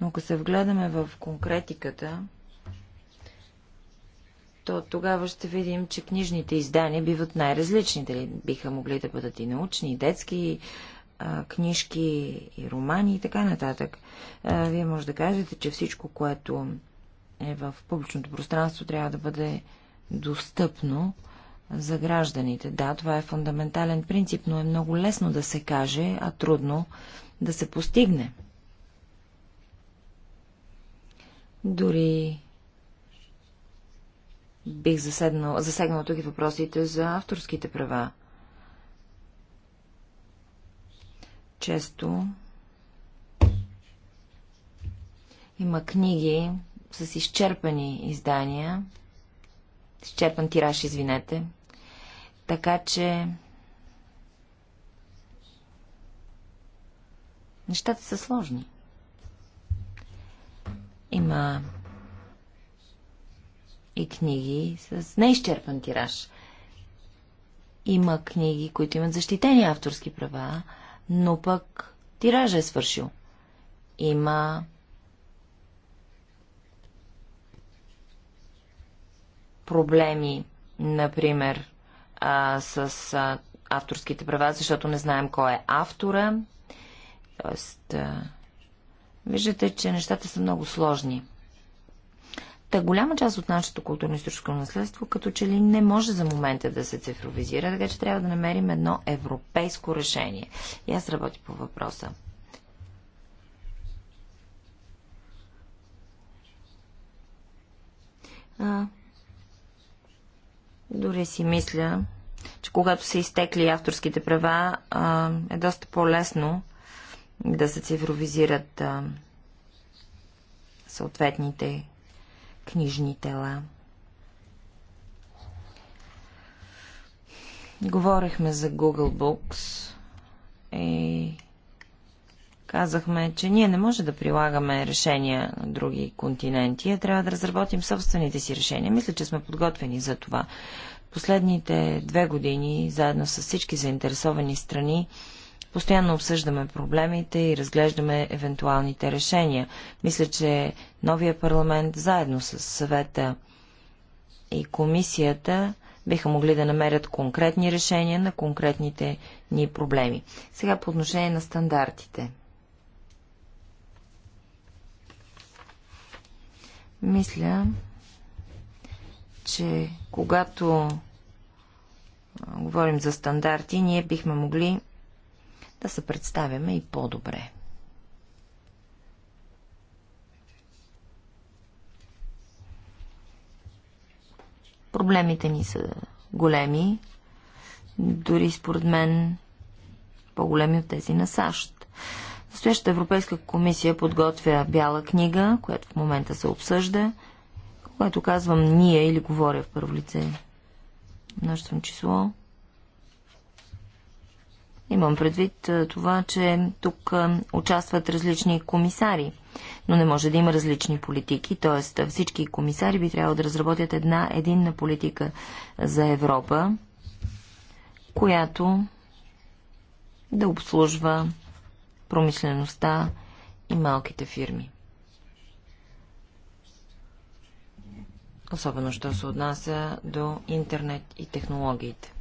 но ако се вгледаме в конкретиката, то тогава ще видим, че книжните издания биват най-различни. Дали биха могли да бъдат и научни, и детски, и, а, книжки, и романи и така нататък. А, вие може да кажете, че всичко, което е в публичното пространство, трябва да бъде достъпно за гражданите. Да, това е фундаментален принцип, но е много лесно да се каже, а трудно да се постигне. Дори бих заседнал, засегнал тук и въпросите за авторските права. Често има книги с изчерпани издания, изчерпан тираж, извинете. Така че нещата са сложни. Има и книги с неизчерпан тираж. Има книги, които имат защитени авторски права, но пък тиража е свършил. Има проблеми, например, а, с а, авторските права, защото не знаем кой е автора. Тоест, а, виждате, че нещата са много сложни. Та голяма част от нашето културно-историческо наследство като че ли не може за момента да се цифровизира, така че трябва да намерим едно европейско решение. И аз работя по въпроса. А, дори си мисля, че когато са изтекли авторските права, е доста по-лесно да се цифровизират съответните книжни тела. Говорихме за Google Books и казахме, че ние не може да прилагаме решения на други континенти, а трябва да разработим собствените си решения. Мисля, че сме подготвени за това. Последните две години, заедно с всички заинтересовани страни, постоянно обсъждаме проблемите и разглеждаме евентуалните решения. Мисля, че новия парламент, заедно с съвета и комисията, биха могли да намерят конкретни решения на конкретните ни проблеми. Сега по отношение на стандартите. Мисля, че когато говорим за стандарти, ние бихме могли да се представяме и по-добре. Проблемите ни са големи, дори според мен по-големи от тези на САЩ. Настоящата Европейска комисия подготвя бяла книга, която в момента се обсъжда. Когато казвам ние или говоря в първо лице множествено число, имам предвид това, че тук участват различни комисари, но не може да има различни политики, т.е. всички комисари би трябвало да разработят една единна политика за Европа, която да обслужва промишлеността и малките фирми. Особено, що се отнася до интернет и технологиите.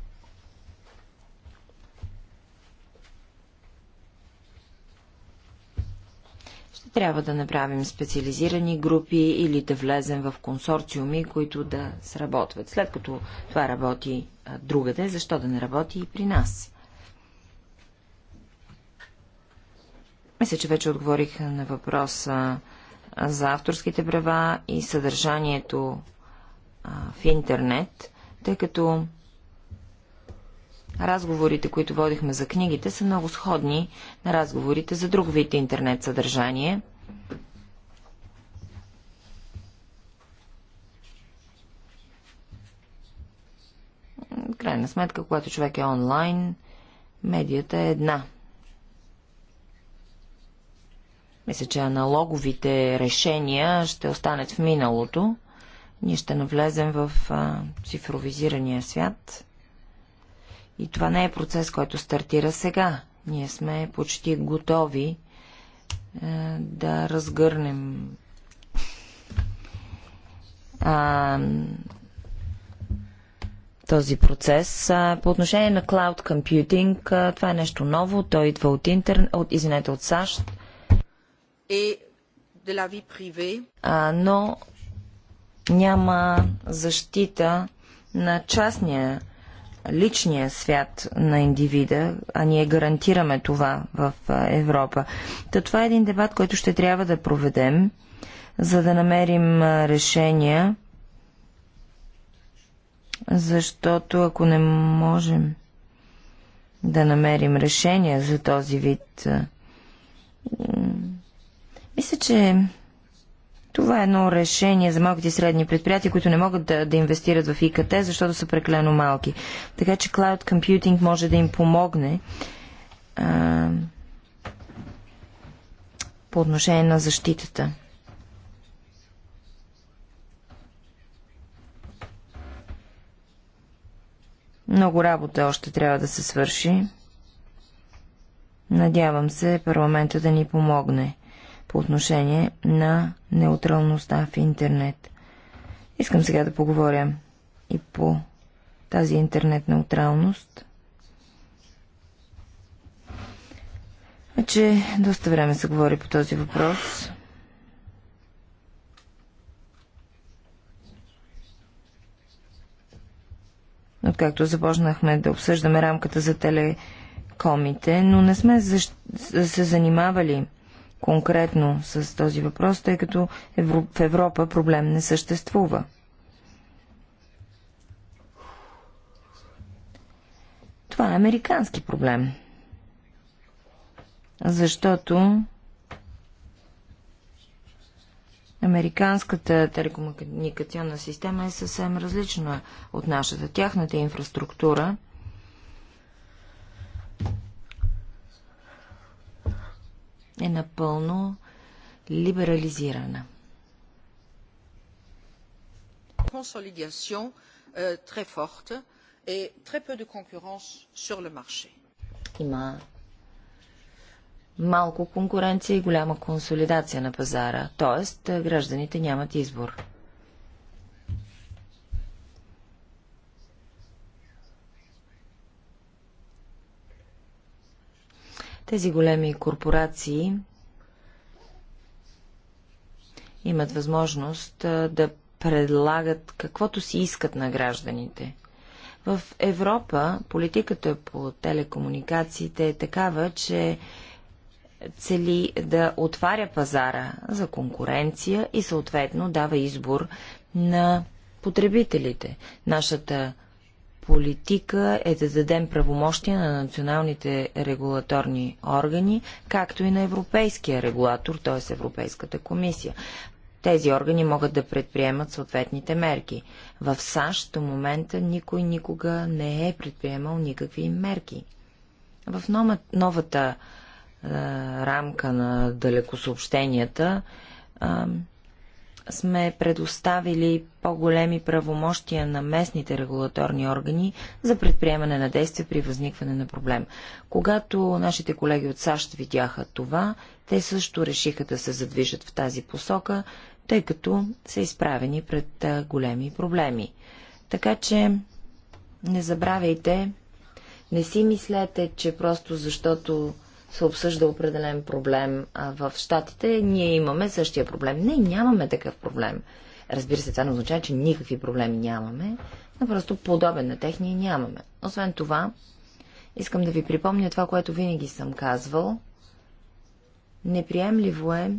Ще трябва да направим специализирани групи или да влезем в консорциуми, които да сработват. След като това работи другаде, защо да не работи и при нас? Мисля, че вече отговорих на въпроса за авторските права и съдържанието в интернет, тъй като разговорите, които водихме за книгите, са много сходни на разговорите за друг вид интернет съдържание. крайна сметка, когато човек е онлайн, медията е една – мисля, че аналоговите решения ще останат в миналото. Ние ще навлезем в а, цифровизирания свят. И това не е процес, който стартира сега. Ние сме почти готови а, е, да разгърнем а, този процес. А, по отношение на Cloud Computing, а, това е нещо ново. Той идва от, интер... от, извинете, от САЩ е но няма защита на частния личния свят на индивида, а ние гарантираме това в Европа. Та това е един дебат, който ще трябва да проведем, за да намерим решения, защото ако не можем да намерим решения за този вид мисля, че това е едно решение за малките и средни предприятия, които не могат да, да инвестират в ИКТ, защото са преклено малки. Така че Cloud Computing може да им помогне а, по отношение на защитата. Много работа още трябва да се свърши. Надявам се парламента да ни помогне по отношение на неутралността в интернет. Искам сега да поговоря и по тази интернет неутралност. Вече доста време се говори по този въпрос. Откакто започнахме да обсъждаме рамката за телекомите, но не сме защ... се занимавали конкретно с този въпрос, тъй като в Европа проблем не съществува. Това е американски проблем. Защото Американската телекомуникационна система е съвсем различна от нашата. Тяхната инфраструктура е напълно либерализирана. Консолидация е, Има малко конкуренция и голяма консолидация на пазара, т.е. гражданите нямат избор. Тези големи корпорации имат възможност да предлагат каквото си искат на гражданите. В Европа политиката по телекомуникациите е такава, че цели да отваря пазара за конкуренция и съответно дава избор на потребителите. Нашата политика е да дадем правомощия на националните регулаторни органи, както и на европейския регулатор, т.е. Европейската комисия. Тези органи могат да предприемат съответните мерки. В САЩ до момента никой никога не е предприемал никакви мерки. В новата е, рамка на далекосъобщенията е, сме предоставили по-големи правомощия на местните регулаторни органи за предприемане на действия при възникване на проблем. Когато нашите колеги от САЩ видяха това, те също решиха да се задвижат в тази посока, тъй като са изправени пред големи проблеми. Така че не забравяйте, не си мислете, че просто защото се обсъжда определен проблем в Штатите, ние имаме същия проблем. Не, нямаме такъв проблем. Разбира се, това не означава, че никакви проблеми нямаме, но просто подобен на техния нямаме. Освен това, искам да ви припомня това, което винаги съм казвал. Неприемливо е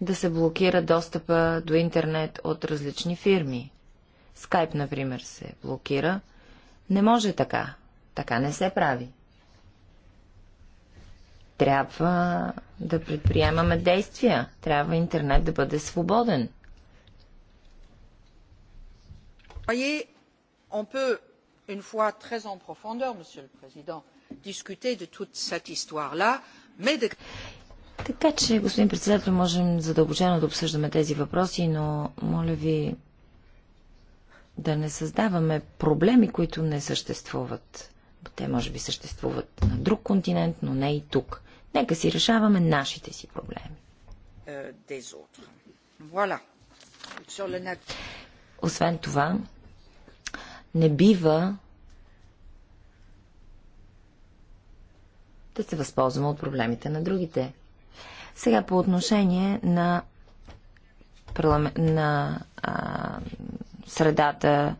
да се блокира достъпа до интернет от различни фирми. Скайп, например, се блокира. Не може така. Така не се прави. Трябва да предприемаме действия. Трябва интернет да бъде свободен. Voyez, on peut, une fois très en profondeur, Monsieur le Président, discuter de toute cette histoire-là, mais de... Така че, господин председател, можем задълбочено да обсъждаме тези въпроси, но моля ви да не създаваме проблеми, които не съществуват. Те може би съществуват на друг континент, но не и тук. Нека си решаваме нашите си проблеми. Освен това, не бива да се възползваме от проблемите на другите. Сега по отношение на, на а, средата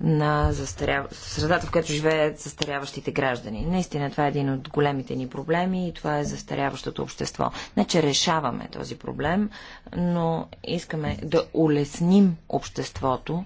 на застаря... средата, в която живеят застаряващите граждани. Наистина това е един от големите ни проблеми и това е застаряващото общество. Не, че решаваме този проблем, но искаме да улесним обществото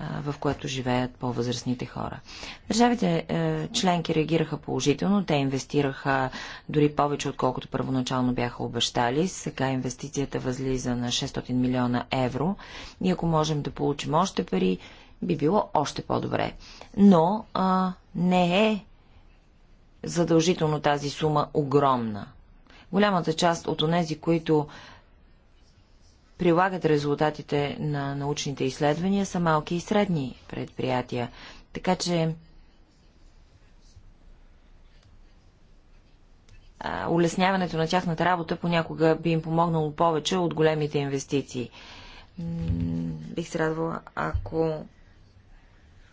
в което живеят по-възрастните хора. Държавите е, членки реагираха положително, те инвестираха дори повече, отколкото първоначално бяха обещали. Сега инвестицията възлиза на 600 милиона евро и ако можем да получим още пари, би било още по-добре. Но а, не е задължително тази сума огромна. Голямата част от онези, които прилагат резултатите на научните изследвания, са малки и средни предприятия. Така че улесняването на тяхната работа понякога би им помогнало повече от големите инвестиции. Бих се радвала, ако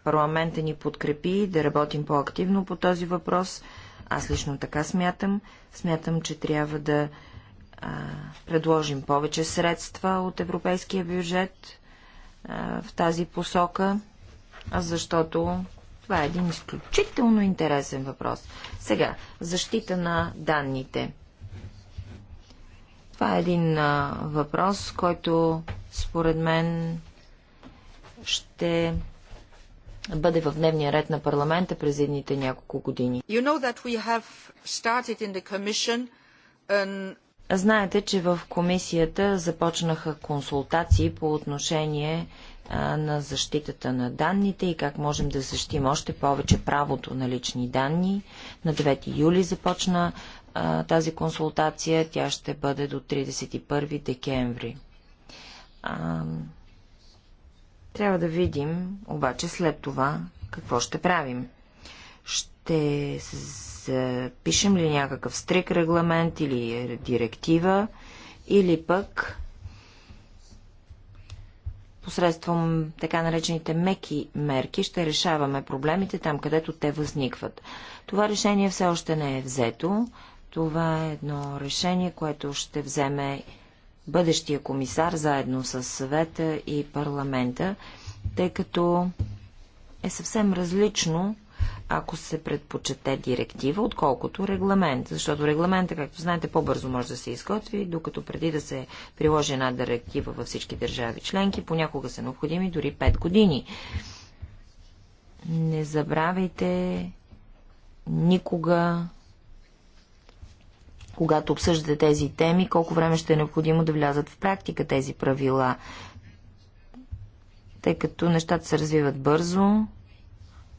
парламента ни подкрепи да работим по-активно по този въпрос. Аз лично така смятам. Смятам, че трябва да предложим повече средства от европейския бюджет в тази посока, защото това е един изключително интересен въпрос. Сега, защита на данните. Това е един а, въпрос, който според мен ще бъде в дневния ред на парламента през едните няколко години. You know that we have started in the commission an Знаете, че в комисията започнаха консултации по отношение на защитата на данните и как можем да защитим още повече правото на лични данни. На 9 юли започна тази консултация. Тя ще бъде до 31 декември. трябва да видим обаче след това какво ще правим. Ще ще запишем ли някакъв стрик регламент или директива, или пък посредством така наречените меки мерки ще решаваме проблемите там, където те възникват. Това решение все още не е взето. Това е едно решение, което ще вземе бъдещия комисар заедно с съвета и парламента, тъй като е съвсем различно ако се предпочете директива, отколкото регламент. Защото регламента, както знаете, по-бързо може да се изготви, докато преди да се приложи една директива във всички държави членки, понякога са необходими дори 5 години. Не забравяйте никога когато обсъждате тези теми, колко време ще е необходимо да влязат в практика тези правила, тъй като нещата се развиват бързо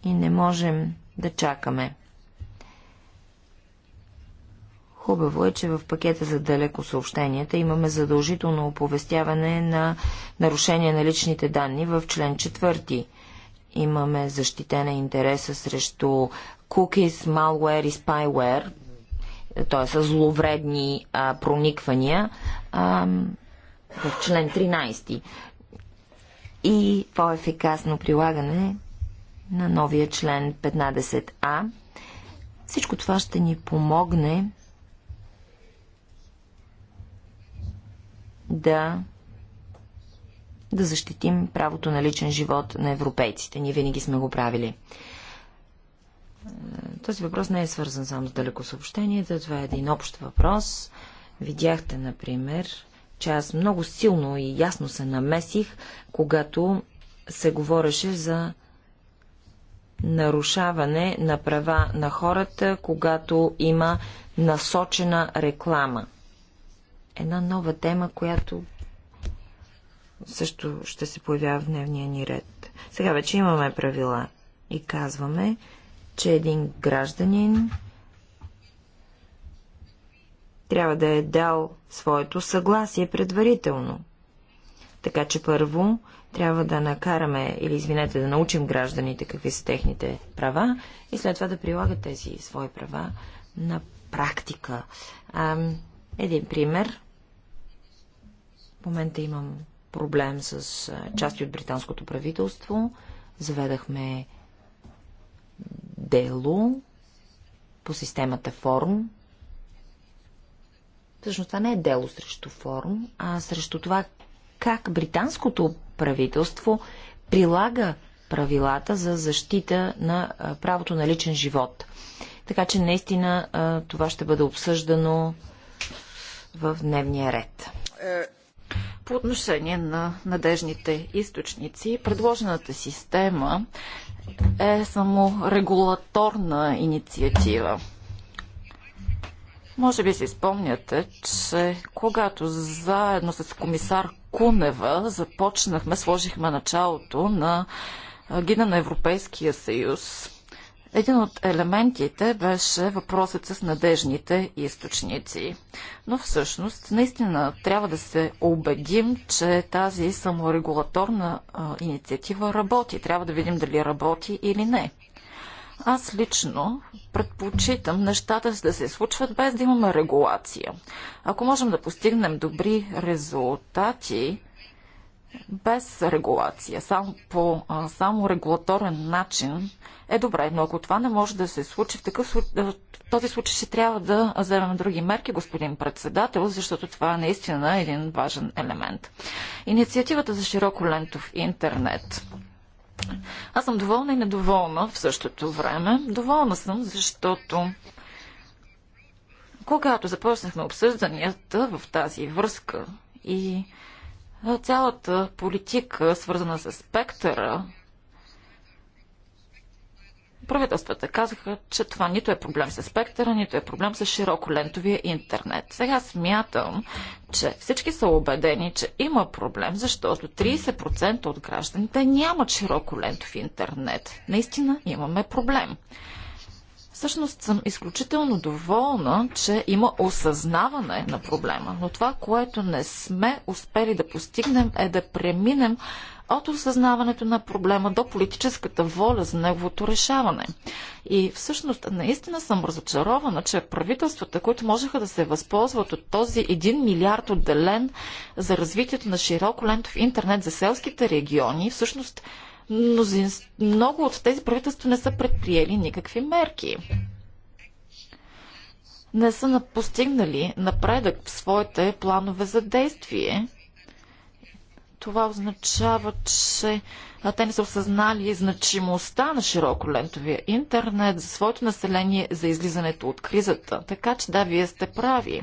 и не можем да чакаме. Хубаво е, че в пакета за далеко съобщенията имаме задължително оповестяване на нарушение на личните данни в член 4. Имаме защитена интереса срещу cookies, malware и spyware, т.е. зловредни а, прониквания а, в член 13. И по-ефикасно прилагане на новия член 15а. Всичко това ще ни помогне да да защитим правото на личен живот на европейците. Ние винаги сме го правили. Този въпрос не е свързан само с далекосъобщенията. Това е един общ въпрос. Видяхте, например, че аз много силно и ясно се намесих, когато се говореше за нарушаване на права на хората, когато има насочена реклама. Една нова тема, която също ще се появява в дневния ни ред. Сега вече имаме правила и казваме, че един гражданин трябва да е дал своето съгласие предварително. Така че първо трябва да накараме, или извинете, да научим гражданите какви са техните права и след това да прилагат тези свои права на практика. Ам, един пример. В момента имам проблем с части от британското правителство. Заведахме дело по системата форм. Всъщност това не е дело срещу форм, а срещу това как британското правителство прилага правилата за защита на правото на личен живот. Така че наистина това ще бъде обсъждано в дневния ред. Е, по отношение на надежните източници, предложената система е само регулаторна инициатива. Може би си спомняте, че когато заедно с комисар Кунева започнахме, сложихме началото на гида на Европейския съюз. Един от елементите беше въпросът с надежните източници. Но всъщност, наистина, трябва да се убедим, че тази саморегулаторна а, инициатива работи. Трябва да видим дали работи или не. Аз лично предпочитам нещата да се случват без да имаме регулация. Ако можем да постигнем добри резултати без регулация, само по само регулаторен начин, е добре, но ако това не може да се случи, в такъв в този случай ще трябва да вземем други мерки, господин председател, защото това е наистина един важен елемент. Инициативата за широко лентов интернет. Аз съм доволна и недоволна в същото време. Доволна съм, защото когато започнахме обсъжданията в тази връзка и цялата политика, свързана с спектъра Правителствата казаха, че това нито е проблем с спектъра, нито е проблем с широколентовия интернет. Сега смятам, че всички са убедени, че има проблем, защото 30% от гражданите нямат широколентов интернет. Наистина имаме проблем. Всъщност съм изключително доволна, че има осъзнаване на проблема, но това, което не сме успели да постигнем е да преминем от осъзнаването на проблема до политическата воля за неговото решаване. И всъщност наистина съм разочарована, че правителствата, които можеха да се възползват от този 1 милиард отделен за развитието на широко лентов интернет за селските региони, всъщност много от тези правителства не са предприели никакви мерки не са постигнали напредък в своите планове за действие това означава, че те не са осъзнали значимостта на широколентовия интернет за своето население, за излизането от кризата. Така че да, вие сте прави.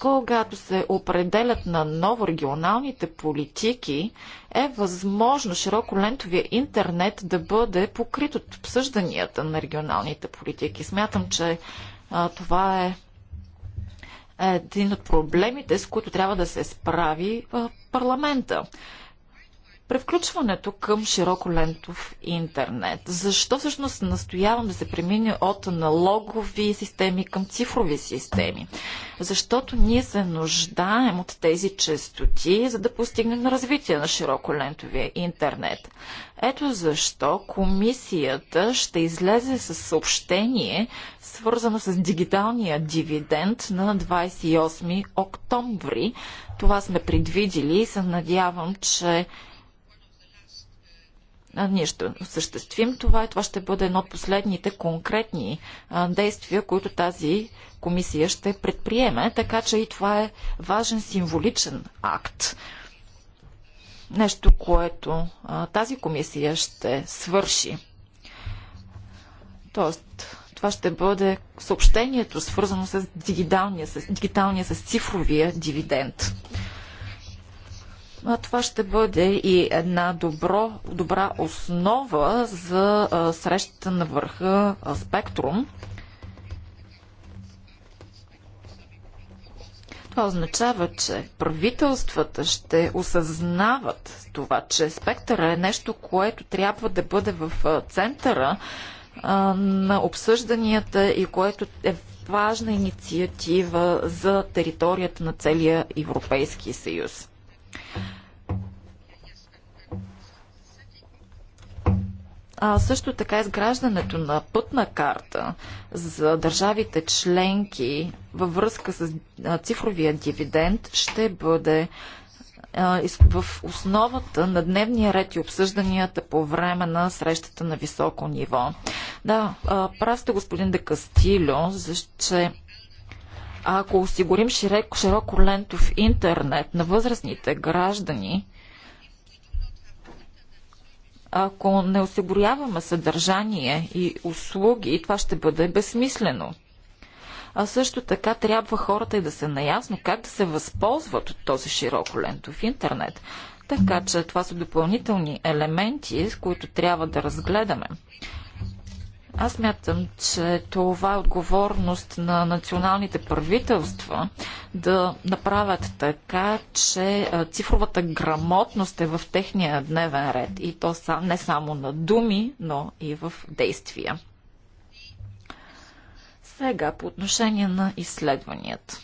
Когато се определят на ново регионалните политики, е възможно широколентовия интернет да бъде покрит от обсъжданията на регионалните политики. Смятам, че а, това е един от проблемите, с които трябва да се справи парламента. Превключването към широколентов интернет. Защо всъщност настоявам да се премине от аналогови системи към цифрови системи? Защото ние се нуждаем от тези частоти, за да постигнем развитие на широколентовия интернет. Ето защо комисията ще излезе с съобщение, свързано с дигиталния дивиденд на 28 октомври. Това сме предвидили и се надявам, че ние ще осъществим това и това ще бъде едно от последните конкретни действия, които тази комисия ще предприеме, така че и това е важен символичен акт. Нещо, което тази комисия ще свърши. Тоест, това ще бъде съобщението, свързано с дигиталния, с, дигиталния, с цифровия дивиденд. А това ще бъде и една добро, добра основа за а, срещата на върха а, Спектрум. Това означава, че правителствата ще осъзнават това, че спектъра е нещо, което трябва да бъде в центъра на обсъжданията и което е важна инициатива за територията на целия Европейски съюз. а, също така изграждането на пътна карта за държавите членки във връзка с цифровия дивиденд ще бъде в основата на дневния ред и обсъжданията по време на срещата на високо ниво. Да, прав сте господин Декастилю, защото ако осигурим широко лентов интернет на възрастните граждани, ако не осигуряваме съдържание и услуги, това ще бъде безсмислено. А също така трябва хората и да са наясно как да се възползват от този широко лентов интернет. Така че това са допълнителни елементи, с които трябва да разгледаме. Аз мятам, че това е отговорност на националните правителства да направят така, че цифровата грамотност е в техния дневен ред и то не само на думи, но и в действия. Сега по отношение на изследванията.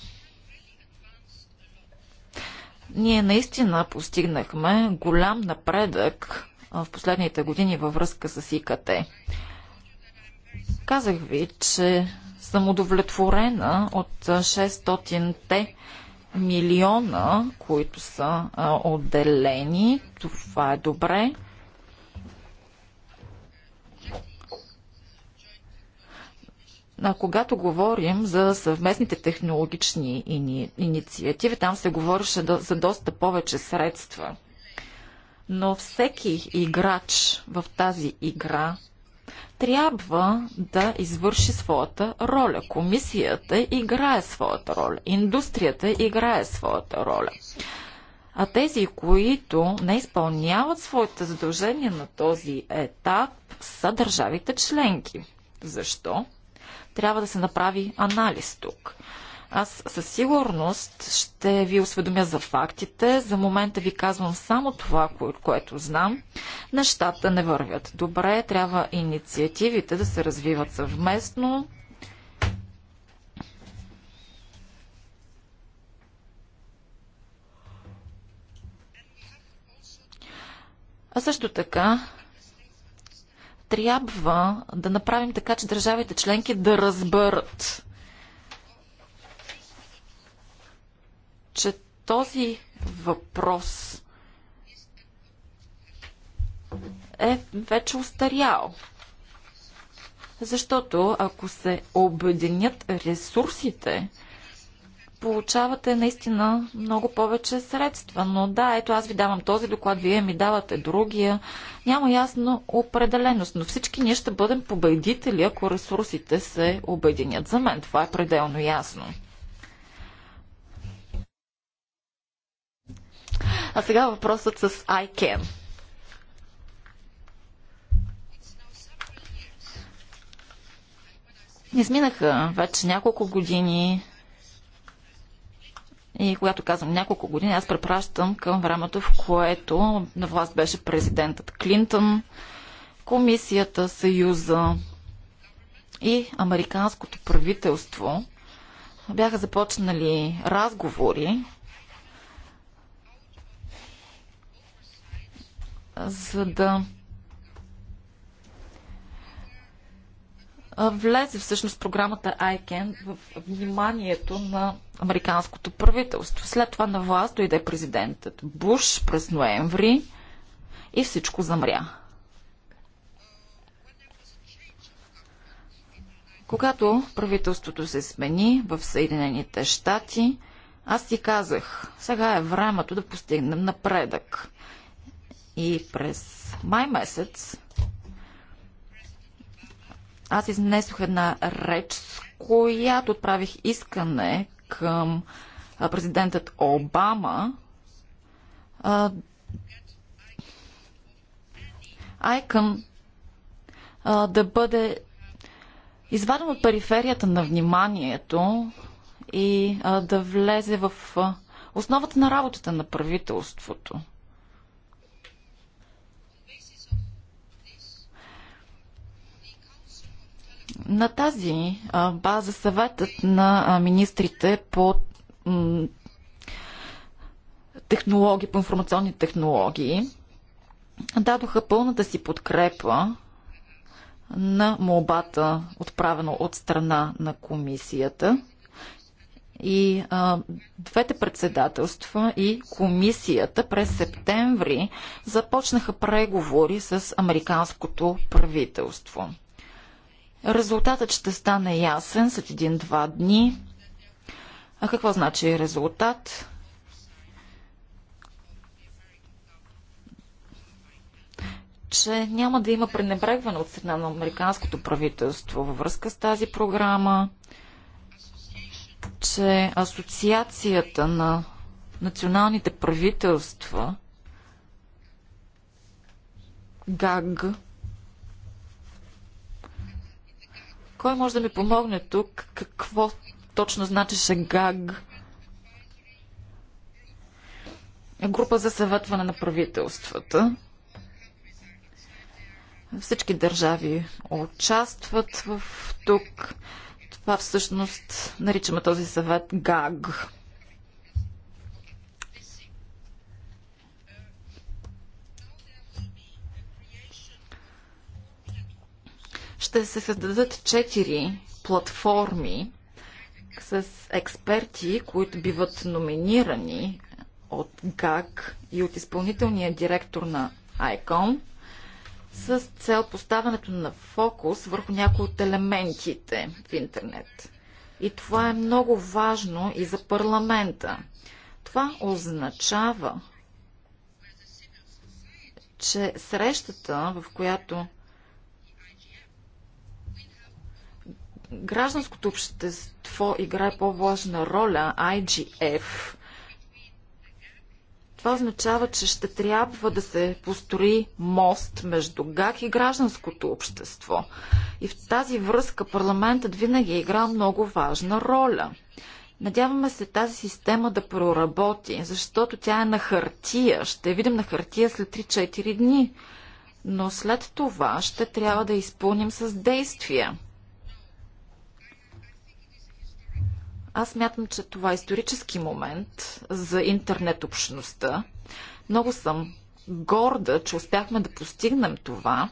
Ние наистина постигнахме голям напредък в последните години във връзка с ИКТ. Казах ви, че съм удовлетворена от 600-те милиона, които са а, отделени. Това е добре. А когато говорим за съвместните технологични ини... инициативи, там се говореше до... за доста повече средства. Но всеки играч в тази игра трябва да извърши своята роля. Комисията играе своята роля. Индустрията играе своята роля. А тези, които не изпълняват своите задължения на този етап, са държавите членки. Защо? Трябва да се направи анализ тук. Аз със сигурност ще ви осведомя за фактите. За момента ви казвам само това, кое, което знам. Нещата не вървят добре. Трябва инициативите да се развиват съвместно. А също така трябва да направим така, че държавите членки да разберат че този въпрос е вече устарял. Защото ако се обединят ресурсите, получавате наистина много повече средства. Но да, ето аз ви давам този доклад, вие ми давате другия. Няма ясно определеност, но всички ние ще бъдем победители, ако ресурсите се обединят. За мен това е пределно ясно. А сега въпросът с ICANN. Изминаха вече няколко години и когато казвам няколко години, аз препращам към времето, в което на власт беше президентът Клинтън, комисията, съюза и американското правителство бяха започнали разговори за да влезе всъщност програмата ICANN в вниманието на американското правителство. След това на власт дойде президентът Буш през ноември и всичко замря. Когато правителството се смени в Съединените щати, аз ти казах, сега е времето да постигнем напредък. И през май месец аз изнесох една реч, с която отправих искане към президентът Обама Айкън да бъде изваден от периферията на вниманието и да влезе в основата на работата на правителството. На тази база съветът на министрите по технологии, по информационни технологии дадоха пълната си подкрепа на молбата, отправена от страна на комисията. И а, двете председателства и комисията през септември започнаха преговори с американското правителство. Резултатът ще стане ясен след един-два дни. А какво значи резултат? че няма да има пренебрегване от страна на американското правителство във връзка с тази програма, че асоциацията на националните правителства ГАГ Кой може да ми помогне тук? Какво точно значише ГАГ? Група за съветване на правителствата. Всички държави участват в тук. Това всъщност наричаме този съвет ГАГ. ще се създадат четири платформи с експерти, които биват номинирани от ГАК и от изпълнителния директор на ICON с цел поставянето на фокус върху някои от елементите в интернет. И това е много важно и за парламента. Това означава, че срещата, в която гражданското общество играе по-важна роля, IGF, това означава, че ще трябва да се построи мост между ГАК и гражданското общество. И в тази връзка парламентът винаги е играл много важна роля. Надяваме се тази система да проработи, защото тя е на хартия. Ще видим на хартия след 3-4 дни. Но след това ще трябва да изпълним с действия. Аз мятам, че това е исторически момент за интернет общността. Много съм горда, че успяхме да постигнем това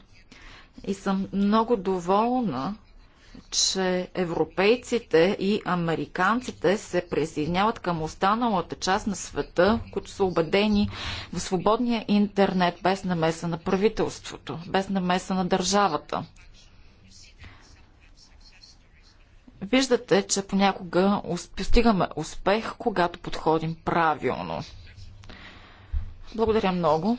и съм много доволна, че европейците и американците се присъединяват към останалата част на света, които са убедени в свободния интернет без намеса на правителството, без намеса на държавата. Виждате, че понякога постигаме успех, когато подходим правилно. Благодаря много.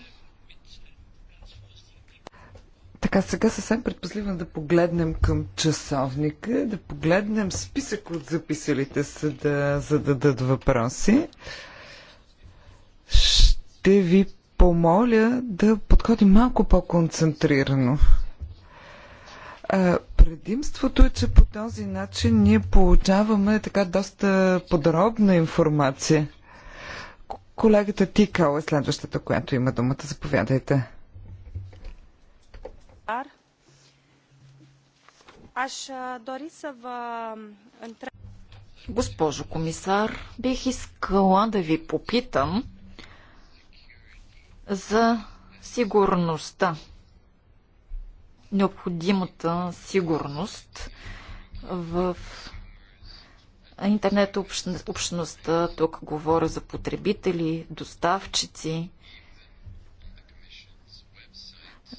Така, сега съвсем предпазливам да погледнем към часовника, да погледнем списък от записалите се да зададат въпроси. Ще ви помоля да подходим малко по-концентрирано. Предимството е, че по този начин ние получаваме така доста подробна информация. Колегата Тикал е следващата, която има думата. Заповядайте. Госпожо комисар, бих искала да ви попитам за сигурността необходимата сигурност в интернет общността. Тук говоря за потребители, доставчици.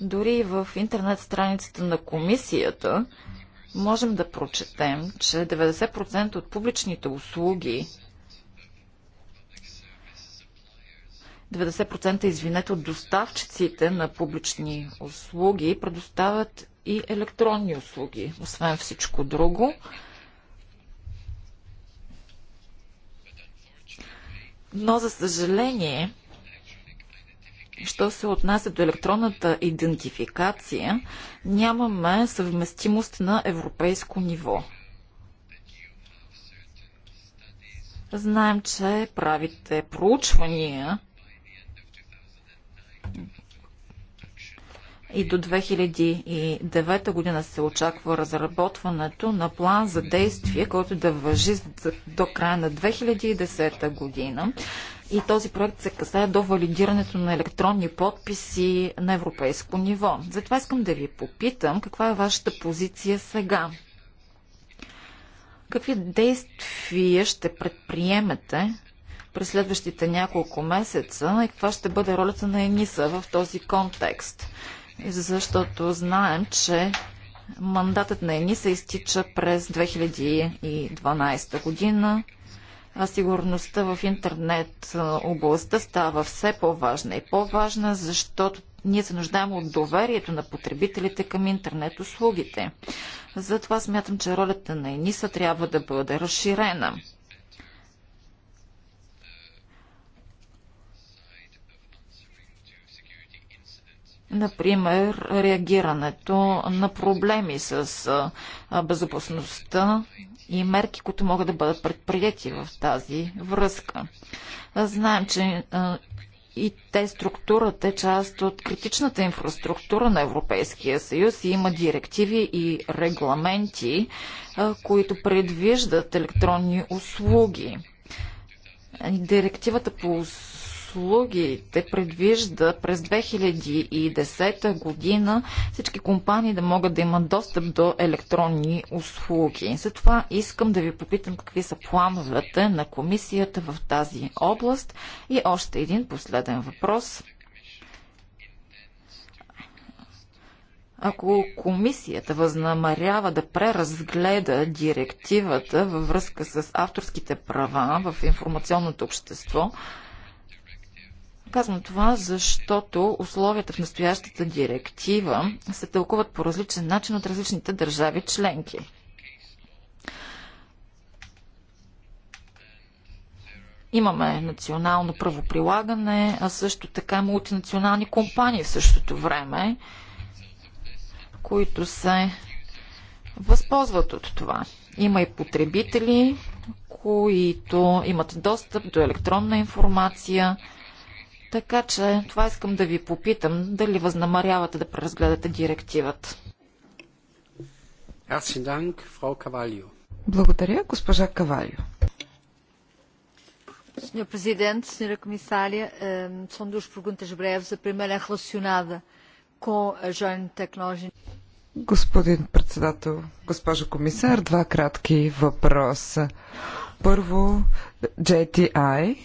Дори в интернет страницата на комисията можем да прочетем, че 90% от публичните услуги 90% извинете от доставчиците на публични услуги предоставят и електронни услуги, освен всичко друго. Но, за съжаление, що се отнася до електронната идентификация, нямаме съвместимост на европейско ниво. Знаем, че правите проучвания и до 2009 година се очаква разработването на план за действие, който да въжи до края на 2010 година. И този проект се касае до валидирането на електронни подписи на европейско ниво. Затова искам да ви попитам каква е вашата позиция сега. Какви действия ще предприемете през следващите няколко месеца и каква ще бъде ролята на ЕНИСА в този контекст? защото знаем, че мандатът на ЕНИ се изтича през 2012 година. А сигурността в интернет областта става все по-важна и по-важна, защото ние се нуждаем от доверието на потребителите към интернет услугите. Затова смятам, че ролята на ЕНИСА трябва да бъде разширена. Например, реагирането на проблеми с безопасността и мерки, които могат да бъдат предприяти в тази връзка. Знаем, че и те структурата е част от критичната инфраструктура на Европейския съюз и има директиви и регламенти, които предвиждат електронни услуги. Директивата по услугите предвижда през 2010 година всички компании да могат да имат достъп до електронни услуги. Затова искам да ви попитам какви са плановете на комисията в тази област. И още един последен въпрос. Ако комисията възнамарява да преразгледа директивата във връзка с авторските права в информационното общество, Казвам това, защото условията в настоящата директива се тълкуват по различен начин от различните държави членки. Имаме национално правоприлагане, а също така мултинационални компании в същото време, които се възползват от това. Има и потребители, които имат достъп до електронна информация – така че това искам да ви попитам. Дали възнамарявате да преразгледате директивата? Благодаря, госпожа Кавалио. Senhor Presidente, Senhora Comissária, são duas perguntas breves. A primeira é relacionada com a Joint Technology. Господин председател, госпожа комисар, два кратки въпроса. Първо, JTI,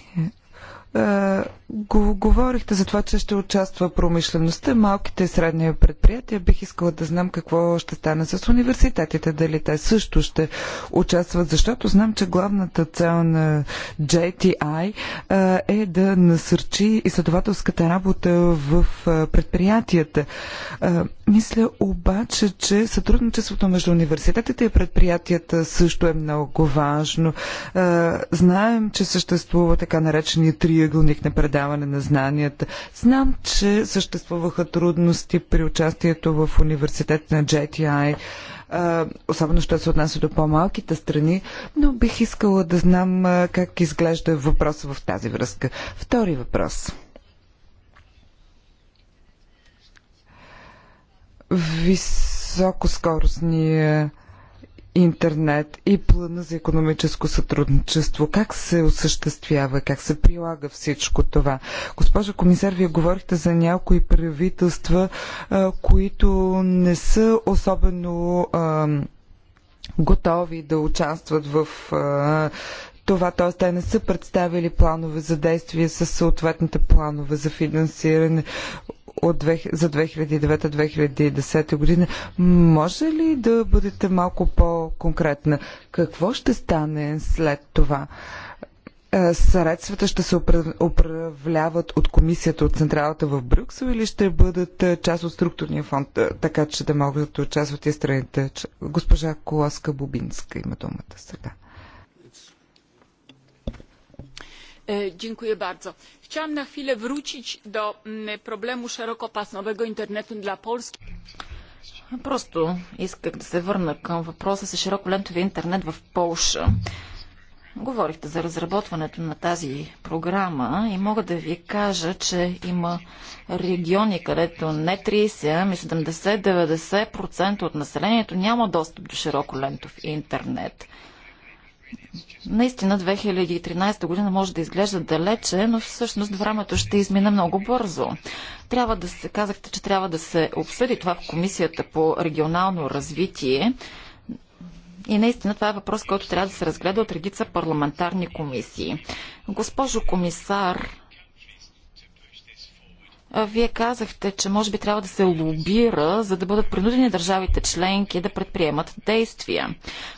е, го, говорихте за това, че ще участва промишлеността, малките и средни предприятия. Бих искала да знам какво ще стане с университетите, дали те също ще участват, защото знам, че главната цел на JTI е, е да насърчи изследователската работа в е, предприятията. Мисля обаче, че сътрудничеството между университетите и предприятията също е много важно. Знаем, че съществува така наречени три триъгълник на предаване на знанията. Знам, че съществуваха трудности при участието в университет на JTI, особено що се отнася до по-малките страни, но бих искала да знам как изглежда въпроса в тази връзка. Втори въпрос. Високоскоростния интернет и плана за економическо сътрудничество. Как се осъществява, как се прилага всичко това? Госпожа комисар, вие говорихте за някои правителства, които не са особено готови да участват в това, т.е. те не са представили планове за действие с съответните планове за финансиране от, за 2009-2010 година. Може ли да бъдете малко по-конкретна? Какво ще стане след това? Е, средствата ще се управляват от комисията от централата в Брюксел или ще бъдат е, част от структурния фонд, е, така че да могат да участват и страните? Госпожа Коласка Бубинска има думата сега. E, chciałam na chwilę wrócić do mm, problemu szerokopasmowego интернету dla Polski. Просто исках да се върна към въпроса с широколентовия интернет в Полша. Говорихте за разработването на тази програма и мога да ви кажа, че има региони, където не 30, ами 70-90% от населението няма достъп до широколентов интернет. интернет Наистина 2013 година може да изглежда далече, но всъщност времето ще измина много бързо. Трябва да се, казахте, че трябва да се обсъди това в Комисията по регионално развитие. И наистина това е въпрос, който трябва да се разгледа от редица парламентарни комисии. Госпожо комисар, вие казахте, че може би трябва да се лобира, за да бъдат принудени държавите членки да предприемат действия.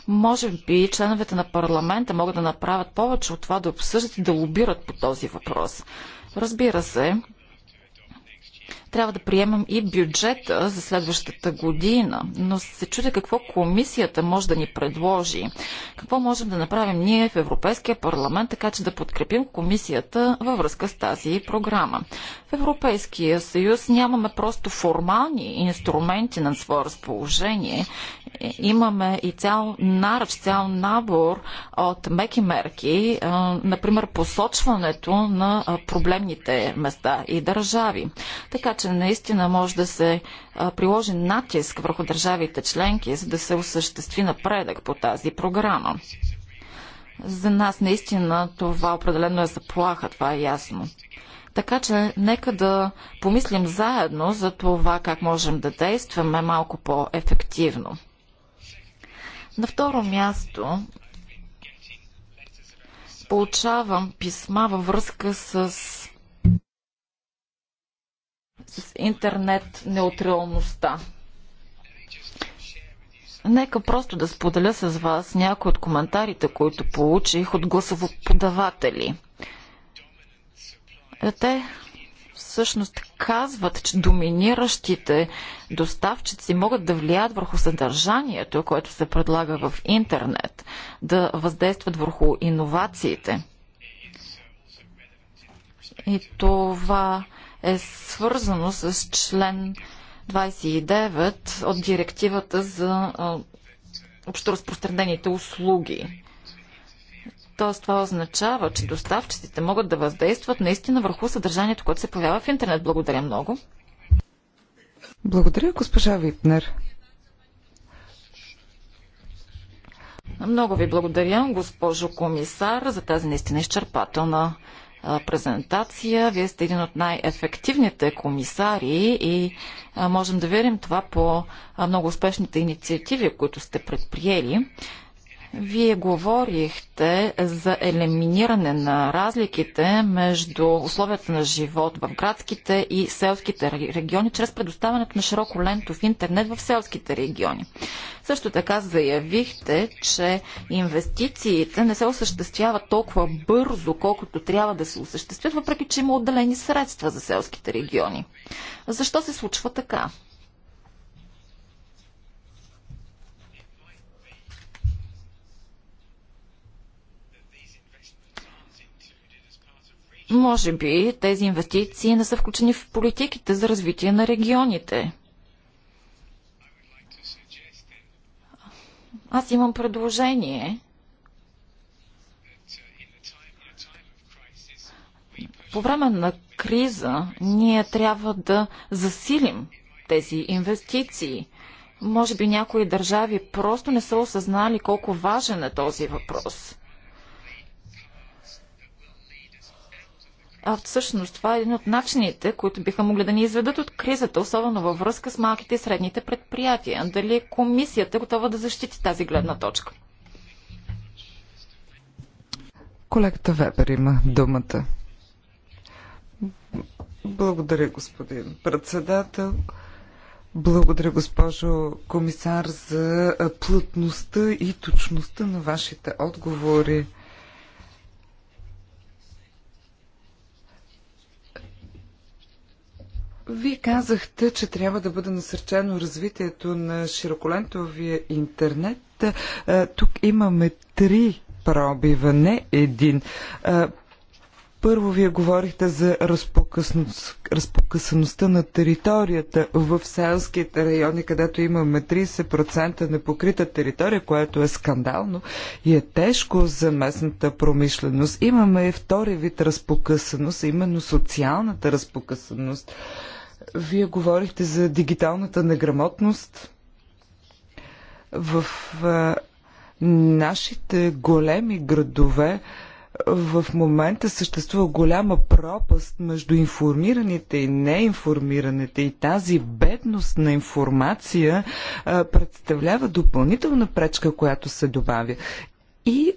Може би членовете на парламента могат да направят повече от това да обсъждат и да лобират по този въпрос. Разбира се, трябва да приемам и бюджета за следващата година. Но се чудя какво комисията може да ни предложи. Какво можем да направим ние в Европейския парламент, така че да подкрепим комисията във връзка с тази програма. В Европейския съюз нямаме просто формални инструменти на свое разположение е, имаме и цял наръч, цял набор от меки мерки, например посочването на проблемните места и държави. Така че наистина може да се приложи натиск върху държавите членки, за да се осъществи напредък по тази програма. За нас наистина това определено е заплаха, това е ясно. Така че нека да помислим заедно за това как можем да действаме малко по-ефективно. На второ място, получавам писма във връзка с, с интернет неутралността. Нека просто да споделя с вас някои от коментарите, които получих от гласовоподаватели. Те всъщност казват, че доминиращите доставчици могат да влияят върху съдържанието, което се предлага в интернет, да въздействат върху иновациите. И това е свързано с член 29 от директивата за общо разпространените услуги. Тоест това означава, че доставчиците могат да въздействат наистина върху съдържанието, което се появява в интернет. Благодаря много. Благодаря, госпожа Випнер. Много ви благодаря, госпожо комисар, за тази наистина изчерпателна презентация. Вие сте един от най-ефективните комисари и можем да верим това по много успешните инициативи, които сте предприели. Вие говорихте за елиминиране на разликите между условията на живот в градските и селските региони, чрез предоставянето на широко лентов интернет в селските региони. Също така заявихте, че инвестициите не се осъществяват толкова бързо, колкото трябва да се осъществят, въпреки че има отделени средства за селските региони. Защо се случва така? Може би тези инвестиции не са включени в политиките за развитие на регионите. Аз имам предложение. По време на криза ние трябва да засилим тези инвестиции. Може би някои държави просто не са осъзнали колко важен е този въпрос. А всъщност това е един от начините, които биха могли да ни изведат от кризата, особено във връзка с малките и средните предприятия. Дали комисията е готова да защити тази гледна точка? Колегата Вебер има думата. Благодаря, господин председател. Благодаря, госпожо комисар, за плътността и точността на вашите отговори. Вие казахте, че трябва да бъде насърчено развитието на широколентовия интернет. Е, тук имаме три пробива, не един. Е, първо, вие говорихте за разпокъсност, разпокъсаността на територията в селските райони, където имаме 30% непокрита територия, което е скандално и е тежко за местната промишленост. Имаме и втори вид разпокъсаност, именно социалната разпокъсаност. Вие говорихте за дигиталната неграмотност. В нашите големи градове в момента съществува голяма пропаст между информираните и неинформираните и тази бедност на информация представлява допълнителна пречка, която се добавя. И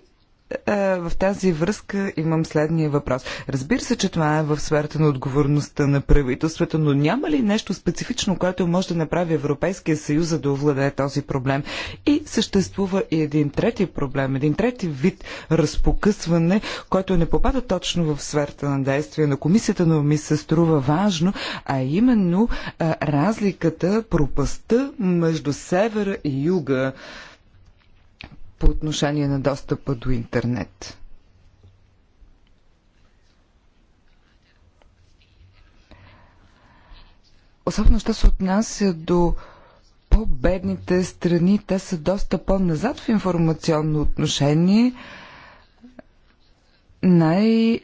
е, в тази връзка имам следния въпрос. Разбира се, че това е в сферата на отговорността на правителството, но няма ли нещо специфично, което може да направи Европейския съюз, за да овладее този проблем? И съществува и един трети проблем, един трети вид разпокъсване, който не попада точно в сферата на действие на комисията, но ми се струва важно, а именно е, разликата, пропаста между севера и юга по отношение на достъпа до интернет. Особено, що се отнася до по-бедните страни, те са доста по-назад в информационно отношение. Най-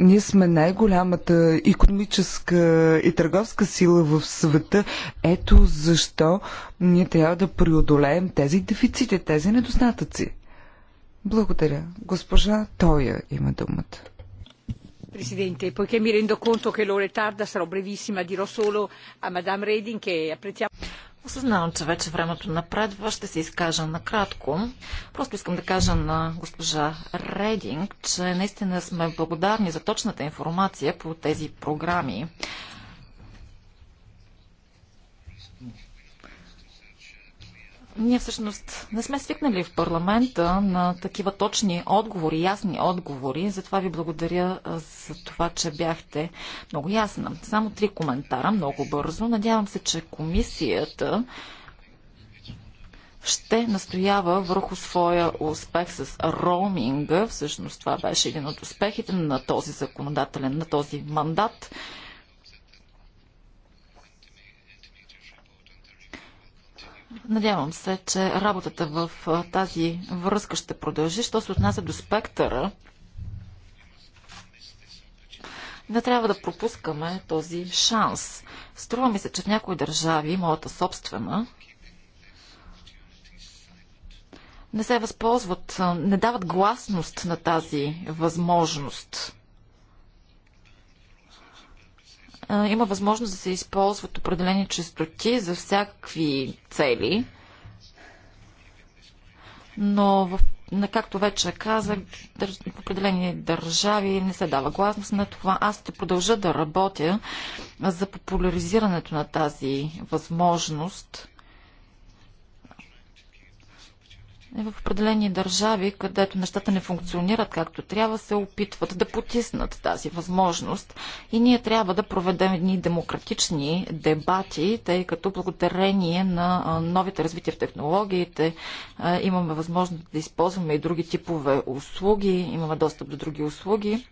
ние сме най-голямата економическа и търговска сила в света. Ето защо ние трябва да преодолеем тези дефицити, тези недостатъци. Благодаря. Госпожа Тоя има думата. Presidente, poiché mi rendo conto che l'ora è tarda, sarò brevissima, dirò solo a Madame Reding che apprezziamo. Осъзнавам, че вече времето напредва. Ще се изкажа накратко. Просто искам да кажа на госпожа Рединг, че наистина сме благодарни за точната информация по тези програми. Ние всъщност не сме свикнали в парламента на такива точни отговори, ясни отговори. Затова ви благодаря за това, че бяхте много ясна. Само три коментара, много бързо. Надявам се, че комисията ще настоява върху своя успех с роуминга. Всъщност това беше един от успехите на този законодателен, на този мандат. Надявам се, че работата в тази връзка ще продължи. Що се отнася до спектъра, не трябва да пропускаме този шанс. Струва ми се, че в някои държави, моята собствена, не се възползват, не дават гласност на тази възможност. има възможност да се използват определени частоти за всякакви цели, но в както вече казах, в определени държави не се дава гласност на това. Аз ще продължа да работя за популяризирането на тази възможност Е в определени държави, където нещата не функционират както трябва, се опитват да потиснат тази възможност. И ние трябва да проведем едни демократични дебати, тъй като благодарение на новите развития в технологиите имаме възможност да използваме и други типове услуги, имаме достъп до други услуги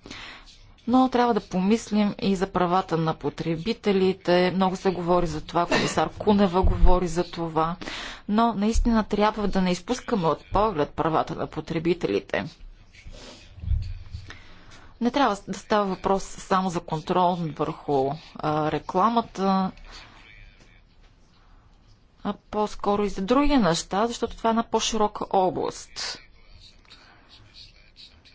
но трябва да помислим и за правата на потребителите. Много се говори за това, комисар Кунева говори за това, но наистина трябва да не изпускаме от поглед правата на потребителите. Не трябва да става въпрос само за контрол върху а, рекламата, а по-скоро и за други неща, защото това е една по-широка област.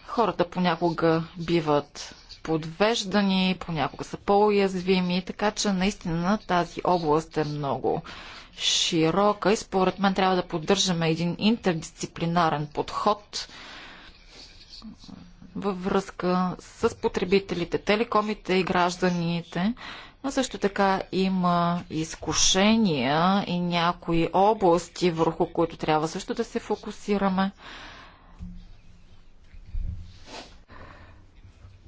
Хората понякога биват подвеждани, понякога са по-уязвими, така че наистина тази област е много широка и според мен трябва да поддържаме един интердисциплинарен подход във връзка с потребителите, телекомите и гражданите, но също така има изкушения и някои области, върху които трябва също да се фокусираме.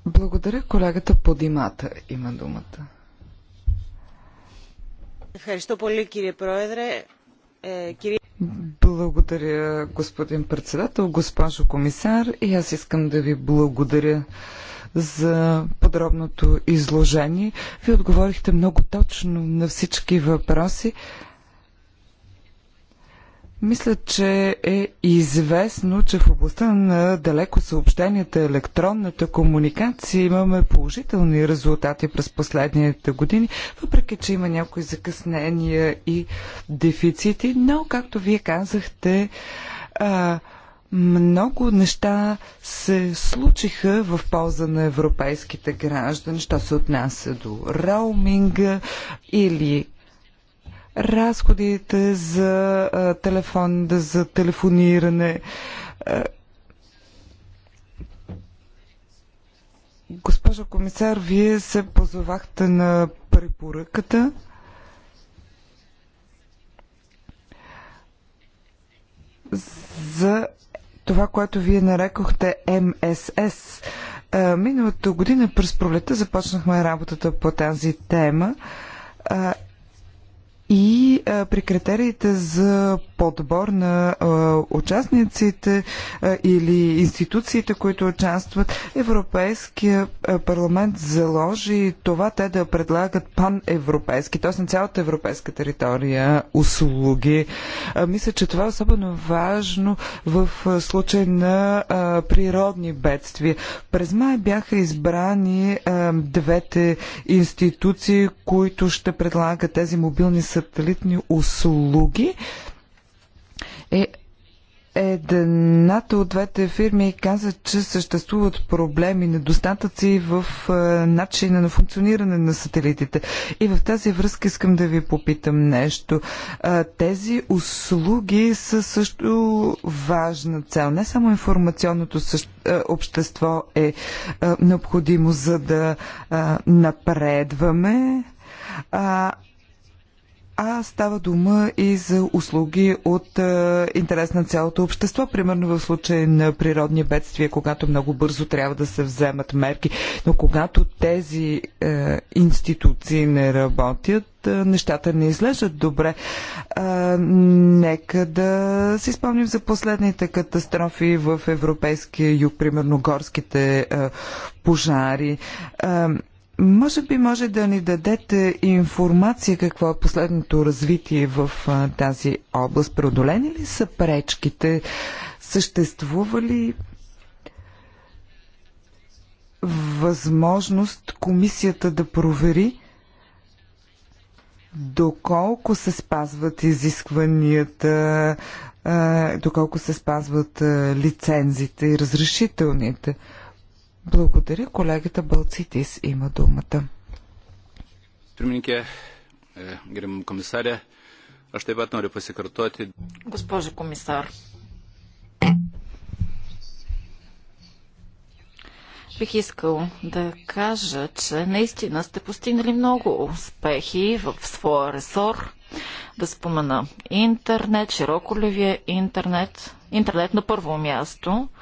Благодаря. Колегата Подимата има думата. Благодаря, господин председател, госпожо комисар. И аз искам да ви благодаря за подробното изложение. Вие отговорихте много точно на всички въпроси. Мисля, че е известно, че в областта на далеко съобщенията, електронната комуникация имаме положителни резултати през последните години, въпреки, че има някои закъснения и дефицити, но, както вие казахте, а, много неща се случиха в полза на европейските граждани, що се отнася до роуминга или разходите за телефон, за телефониране. Госпожо комисар, вие се позовахте на препоръката. за това, което вие нарекохте МСС. Миналата година през пролета започнахме работата по тази тема и а, при критериите за подбор на а, участниците а, или институциите, които участват, Европейския парламент заложи това те да предлагат паневропейски, т.е. на цялата европейска територия, услуги. А, мисля, че това е особено важно в случай на а, природни бедствия. През май бяха избрани а, двете институции, които ще предлагат тези мобилни събития сателитни услуги е Едната от двете фирми каза, че съществуват проблеми, недостатъци в е, начина на функциониране на сателитите. И в тази връзка искам да ви попитам нещо. Е, тези услуги са също важна цел. Не само информационното е, общество е необходимо, за да напредваме, а става дума и за услуги от а, е, интерес на цялото общество, примерно в случай на природни бедствия, когато много бързо трябва да се вземат мерки. Но когато тези а, е, институции не работят, а, е, нещата не излежат добре. А, нека да си спомним за последните катастрофи в Европейския юг, примерно горските а, пожари. А, може би може да ни дадете информация какво е последното развитие в тази област. Преодолени ли са пречките? Съществува ли възможност комисията да провери доколко се спазват изискванията, доколко се спазват лицензите и разрешителните? Благодаря. Колегата Балцитис има думата. Е, Госпожо комисар, бих искал да кажа, че наистина сте постигнали много успехи в своя ресор. Да спомена интернет, широколевия интернет, интернет на първо място –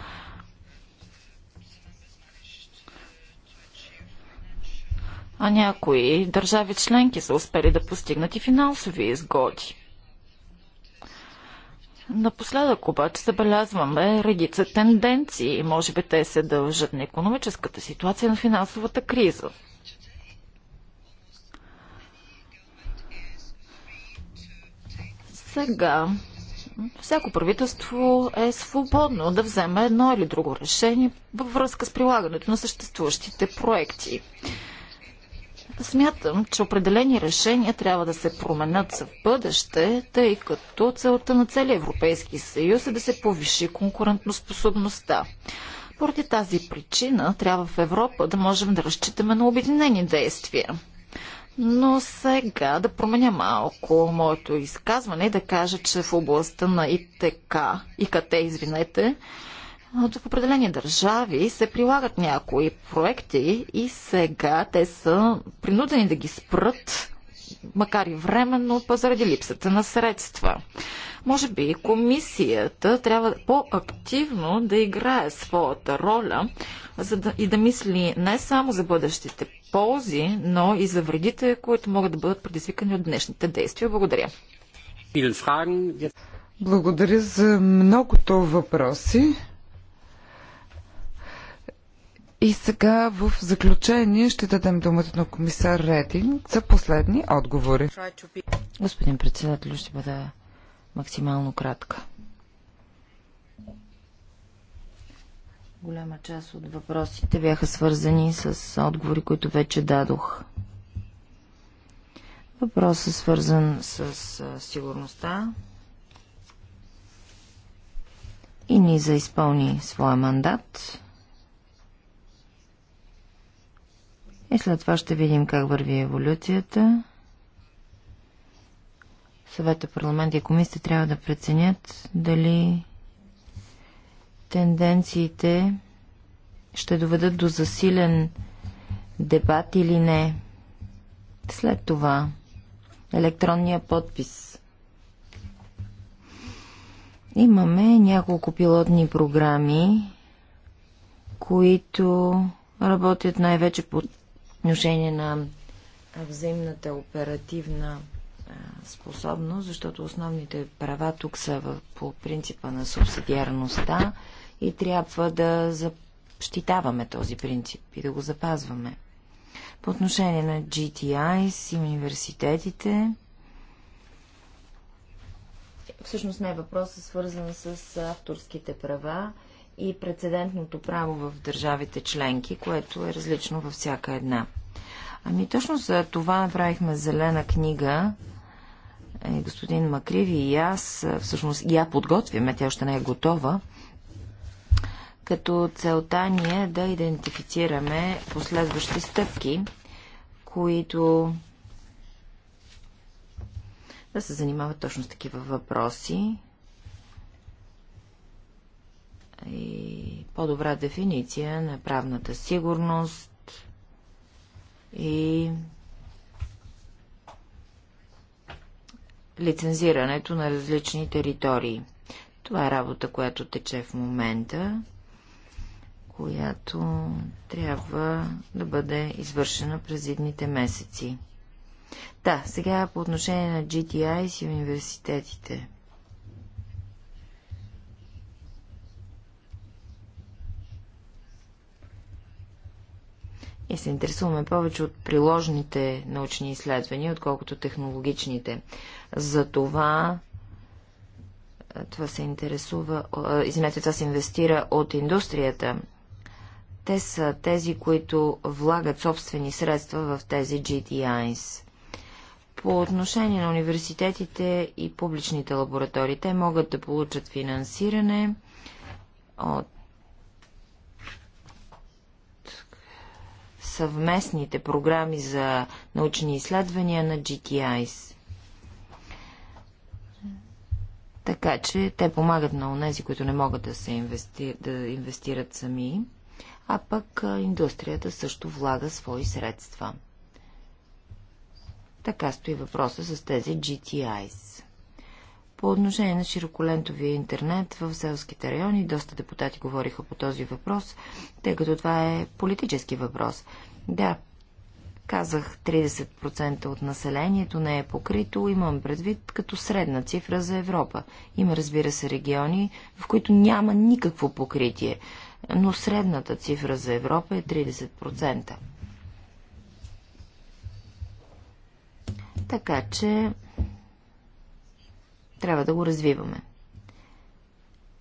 а някои държави членки са успели да постигнат и финансови изгоди. Напоследък обаче забелязваме редица тенденции. Може би те се дължат на економическата ситуация на финансовата криза. Сега всяко правителство е свободно да вземе едно или друго решение във връзка с прилагането на съществуващите проекти. Смятам, че определени решения трябва да се променят за бъдеще, тъй като целта на целия Европейски съюз е да се повиши конкурентноспособността. Поради тази причина трябва в Европа да можем да разчитаме на обединени действия. Но сега да променя малко моето изказване и да кажа, че в областта на ИТК, ИКТ, извинете, в определени държави се прилагат някои проекти и сега те са принудени да ги спрат, макар и временно, заради липсата на средства. Може би комисията трябва по-активно да играе своята роля за да, и да мисли не само за бъдещите ползи, но и за вредите, които могат да бъдат предизвикани от днешните действия. Благодаря. Благодаря за многото въпроси. И сега в заключение ще дадем думата на комисар Редин за последни отговори. Господин председател, ще бъда максимално кратка. Голяма част от въпросите бяха свързани с отговори, които вече дадох. Въпросът е свързан с сигурността и ни изпълни своя мандат И след това ще видим как върви еволюцията. Съвета, парламент и комисията трябва да преценят дали тенденциите ще доведат до засилен дебат или не. След това електронния подпис. Имаме няколко пилотни програми, които работят най-вече по отношение на взаимната оперативна способност, защото основните права тук са по принципа на субсидиарността и трябва да защитаваме този принцип и да го запазваме. По отношение на GTI с университетите, всъщност не е въпросът свързан с авторските права и прецедентното право в държавите членки, което е различно във всяка една. Ами точно за това направихме зелена книга. Е, господин Макриви и аз, е, всъщност я подготвяме, тя още не е готова, като целта ни е да идентифицираме последващи стъпки, които да се занимават точно с такива въпроси, и по-добра дефиниция на правната сигурност и лицензирането на различни територии. Това е работа, която тече в момента, която трябва да бъде извършена през едните месеци. Да, сега по отношение на GTI и университетите – и се интересуваме повече от приложните научни изследвания, отколкото технологичните. За това това се интересува, извинете, това се инвестира от индустрията. Те са тези, които влагат собствени средства в тези GTIs. По отношение на университетите и публичните лаборатории, те могат да получат финансиране от съвместните програми за научни изследвания на GTIs. Така че те помагат на онези, които не могат да, се инвести... да инвестират сами, а пък индустрията също влага свои средства. Така стои въпроса с тези GTIs. По отношение на широколентовия интернет в селските райони, доста депутати говориха по този въпрос, тъй като това е политически въпрос. Да, казах 30% от населението не е покрито, имам предвид като средна цифра за Европа. Има, разбира се, региони, в които няма никакво покритие, но средната цифра за Европа е 30%. Така че трябва да го развиваме.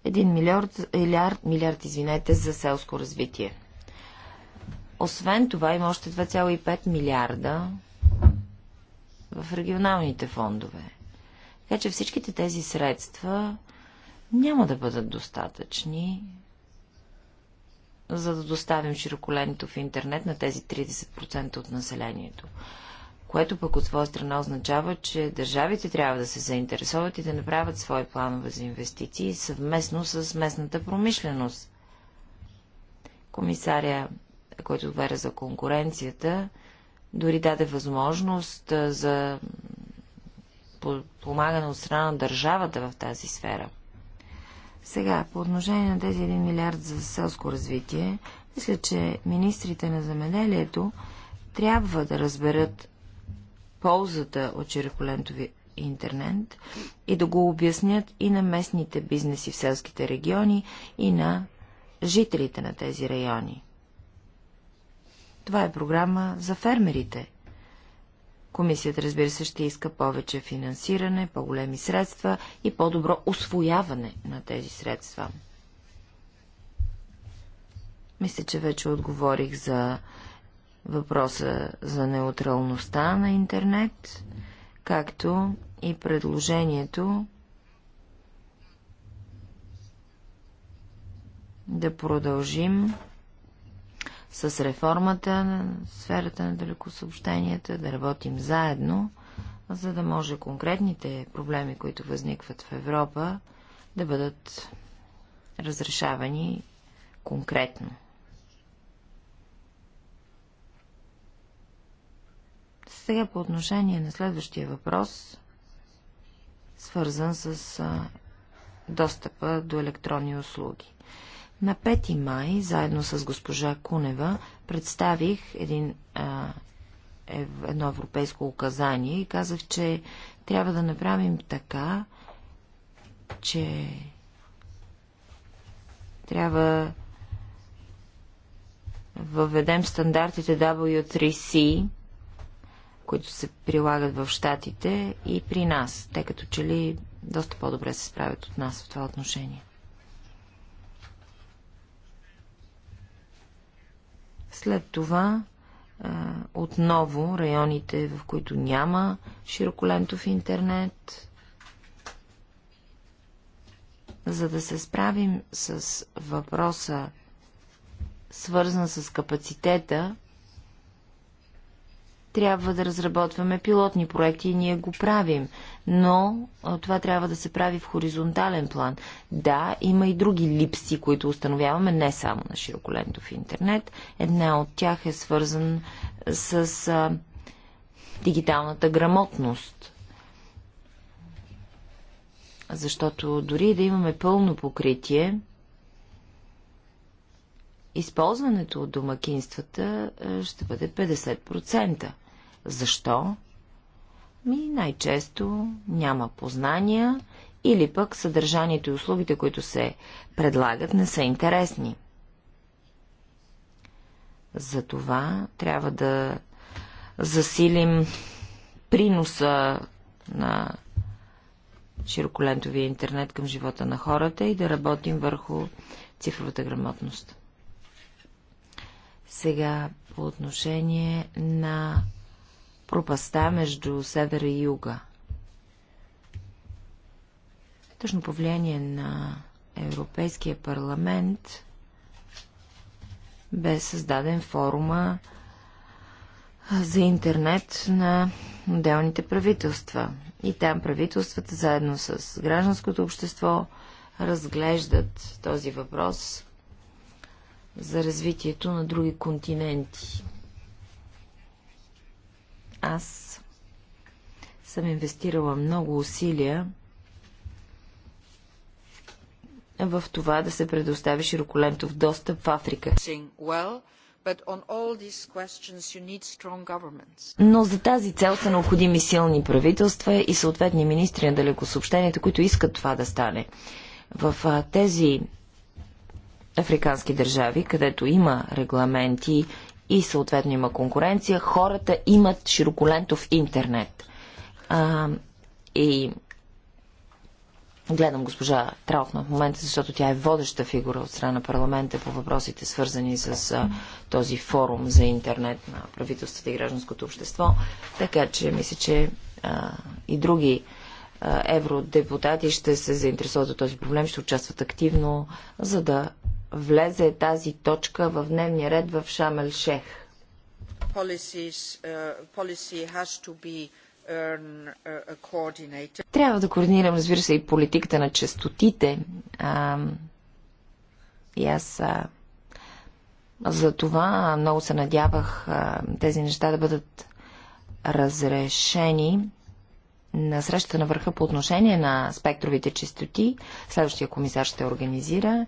Един милиард, е, милиард, извинете, за селско развитие. Освен това има още 2,5 милиарда в регионалните фондове. Така че всичките тези средства няма да бъдат достатъчни, за да доставим широколенето в интернет на тези 30% от населението. Което пък от своя страна означава, че държавите трябва да се заинтересуват и да направят свои планове за инвестиции съвместно с местната промишленост. Комисаря който отговаря за конкуренцията, дори даде възможност за помагане от страна на държавата в тази сфера. Сега, по отношение на тези 1 милиард за селско развитие, мисля, че министрите на замеделието трябва да разберат ползата от черепулентови интернет и да го обяснят и на местните бизнеси в селските региони и на жителите на тези райони. Това е програма за фермерите. Комисията, разбира се, ще иска повече финансиране, по-големи средства и по-добро освояване на тези средства. Мисля, че вече отговорих за въпроса за неутралността на интернет, както и предложението да продължим с реформата на сферата на далекосъобщенията, да работим заедно, за да може конкретните проблеми, които възникват в Европа, да бъдат разрешавани конкретно. Сега по отношение на следващия въпрос, свързан с достъпа до електронни услуги. На 5 май, заедно с госпожа Кунева, представих един, а, едно европейско указание и казах, че трябва да направим така, че трябва въведем стандартите W3C, които се прилагат в Штатите и при нас, тъй като че ли доста по-добре се справят от нас в това отношение. След това отново районите, в които няма широколентов интернет, за да се справим с въпроса, свързан с капацитета трябва да разработваме пилотни проекти и ние го правим, но това трябва да се прави в хоризонтален план. Да, има и други липси, които установяваме не само на широколентов интернет. Една от тях е свързан с а, дигиталната грамотност. Защото дори да имаме пълно покритие, използването от домакинствата е, ще бъде 50%. Защо? Ми най-често няма познания или пък съдържанието и услугите, които се предлагат, не са интересни. Затова трябва да засилим приноса на широколентовия интернет към живота на хората и да работим върху цифровата грамотност. Сега по отношение на пропаста между севера и юга. Точно по влияние на Европейския парламент бе създаден форума за интернет на отделните правителства. И там правителствата, заедно с гражданското общество, разглеждат този въпрос за развитието на други континенти. Аз съм инвестирала много усилия в това да се предостави широколентов достъп в Африка. Но за тази цел са необходими силни правителства и съответни министри на далекосъобщението, които искат това да стане. В тези африкански държави, където има регламенти и съответно има конкуренция, хората имат широколентов интернет. А, и гледам госпожа Трауфна в момента, защото тя е водеща фигура от страна на парламента по въпросите, свързани с а, този форум за интернет на правителството и гражданското общество. Така че мисля, че а, и други евродепутати ще се заинтересуват от този проблем, ще участват активно, за да влезе тази точка в дневния ред в Шамел Шех. Uh, um, uh, Трябва да координирам, разбира се, и политиката на честотите. А, и аз а, за това много се надявах а, тези неща да бъдат разрешени на срещата на върха по отношение на спектровите чистоти. Следващия комисар ще организира.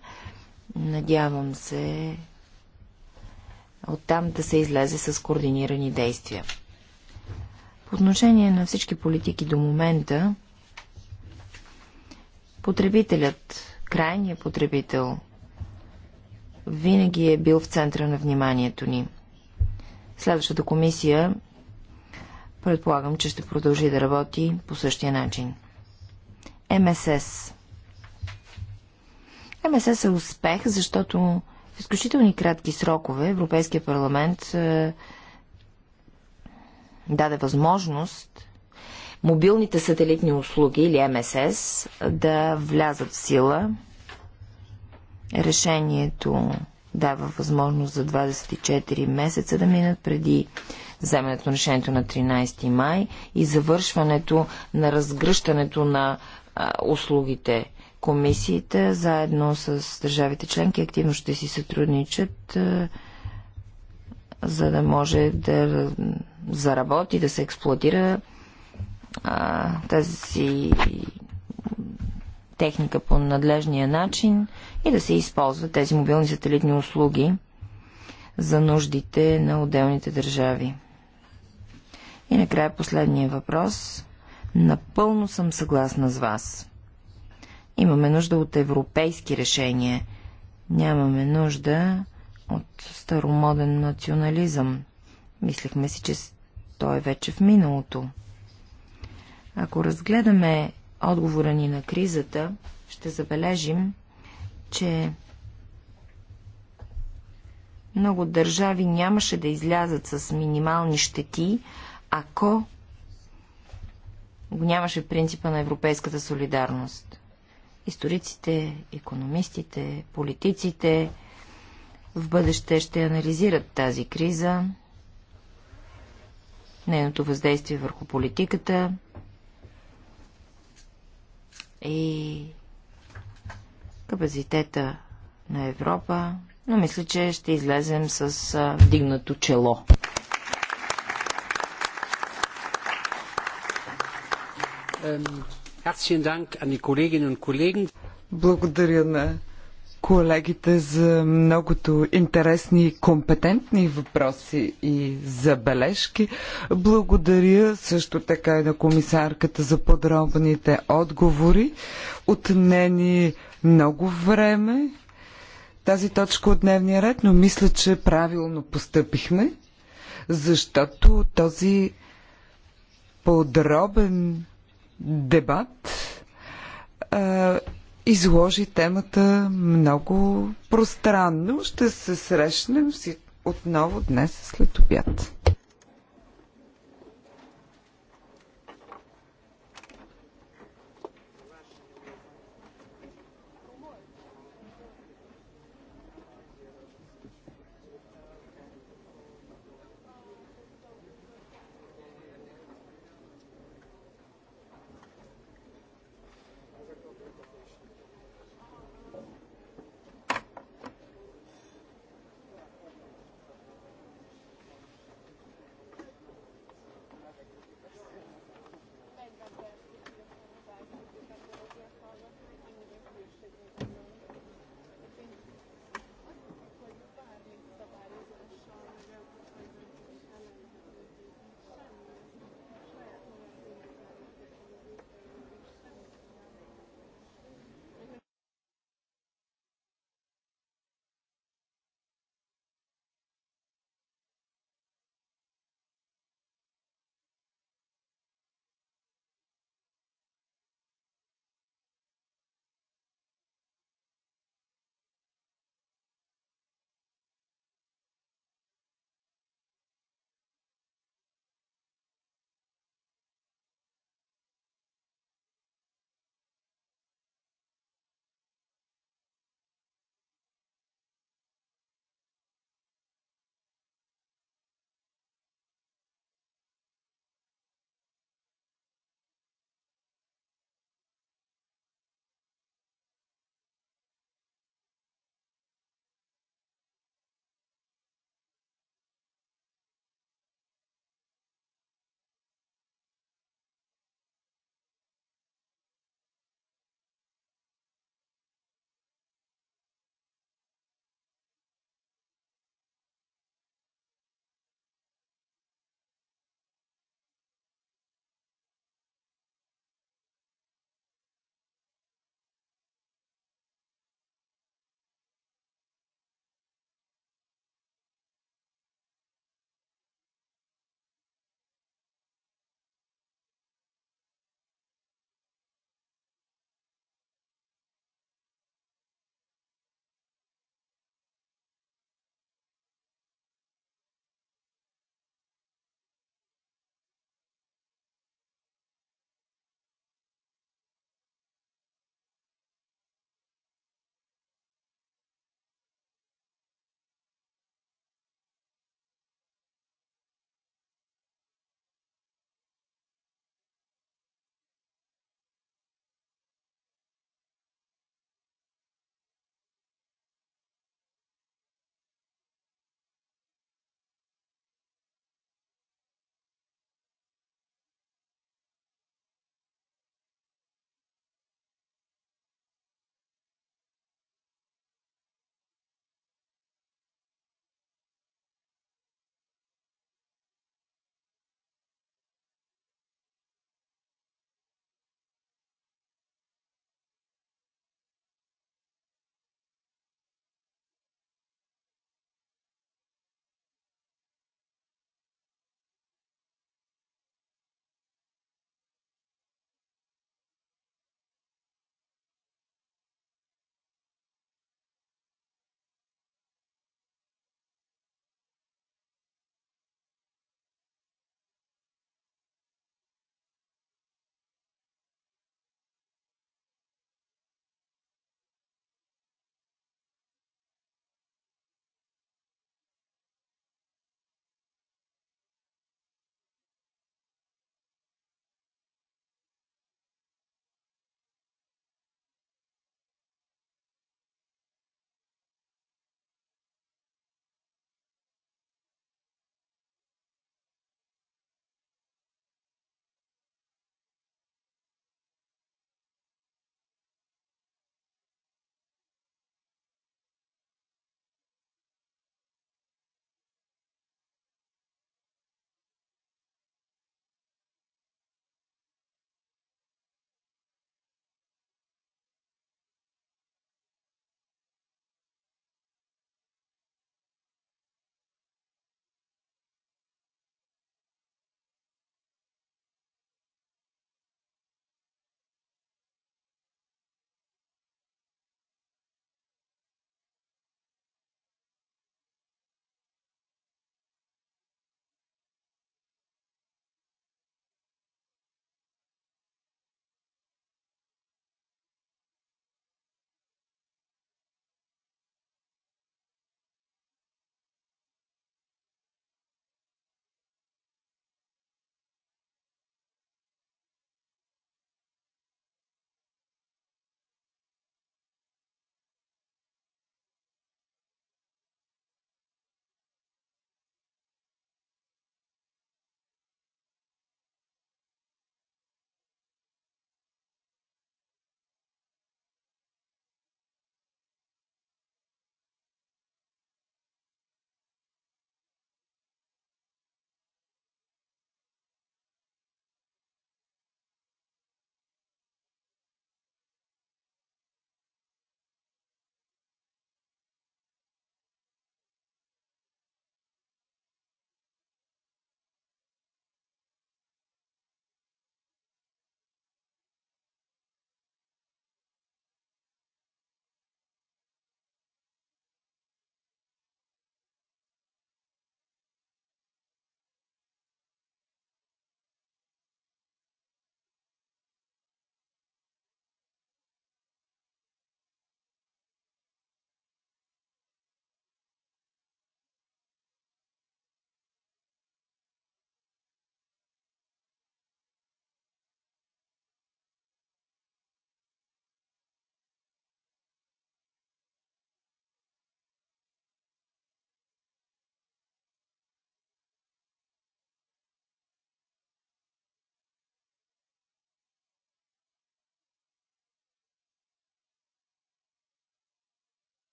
Надявам се оттам да се излезе с координирани действия. По отношение на всички политики до момента, потребителят, крайният потребител, винаги е бил в центъра на вниманието ни. Следващата комисия предполагам, че ще продължи да работи по същия начин. МСС МСС е успех, защото в изключителни кратки срокове Европейския парламент е, даде възможност мобилните сателитни услуги или МСС да влязат в сила. Решението дава възможност за 24 месеца да минат преди вземането на решението на 13 май и завършването на разгръщането на а, услугите комисиите, заедно с държавите членки, активно ще си сътрудничат, е, за да може да заработи, да се експлуатира е, тази техника по надлежния начин и да се използват тези мобилни сателитни услуги за нуждите на отделните държави. И накрая последния въпрос. Напълно съм съгласна с вас. Имаме нужда от европейски решения. Нямаме нужда от старомоден национализъм. Мислехме си, че той е вече в миналото. Ако разгледаме отговора ни на кризата, ще забележим, че много държави нямаше да излязат с минимални щети, ако го нямаше принципа на европейската солидарност историците, економистите, политиците в бъдеще ще анализират тази криза, нейното въздействие върху политиката и капацитета на Европа, но мисля, че ще излезем с вдигнато чело. Um... Благодаря на колегите за многото интересни и компетентни въпроси и забележки. Благодаря също така и на комисарката за подробните отговори. Отнени е много време тази точка от дневния ред, но мисля, че правилно постъпихме, защото този подробен дебат изложи темата много пространно. Ще се срещнем отново днес след обяд.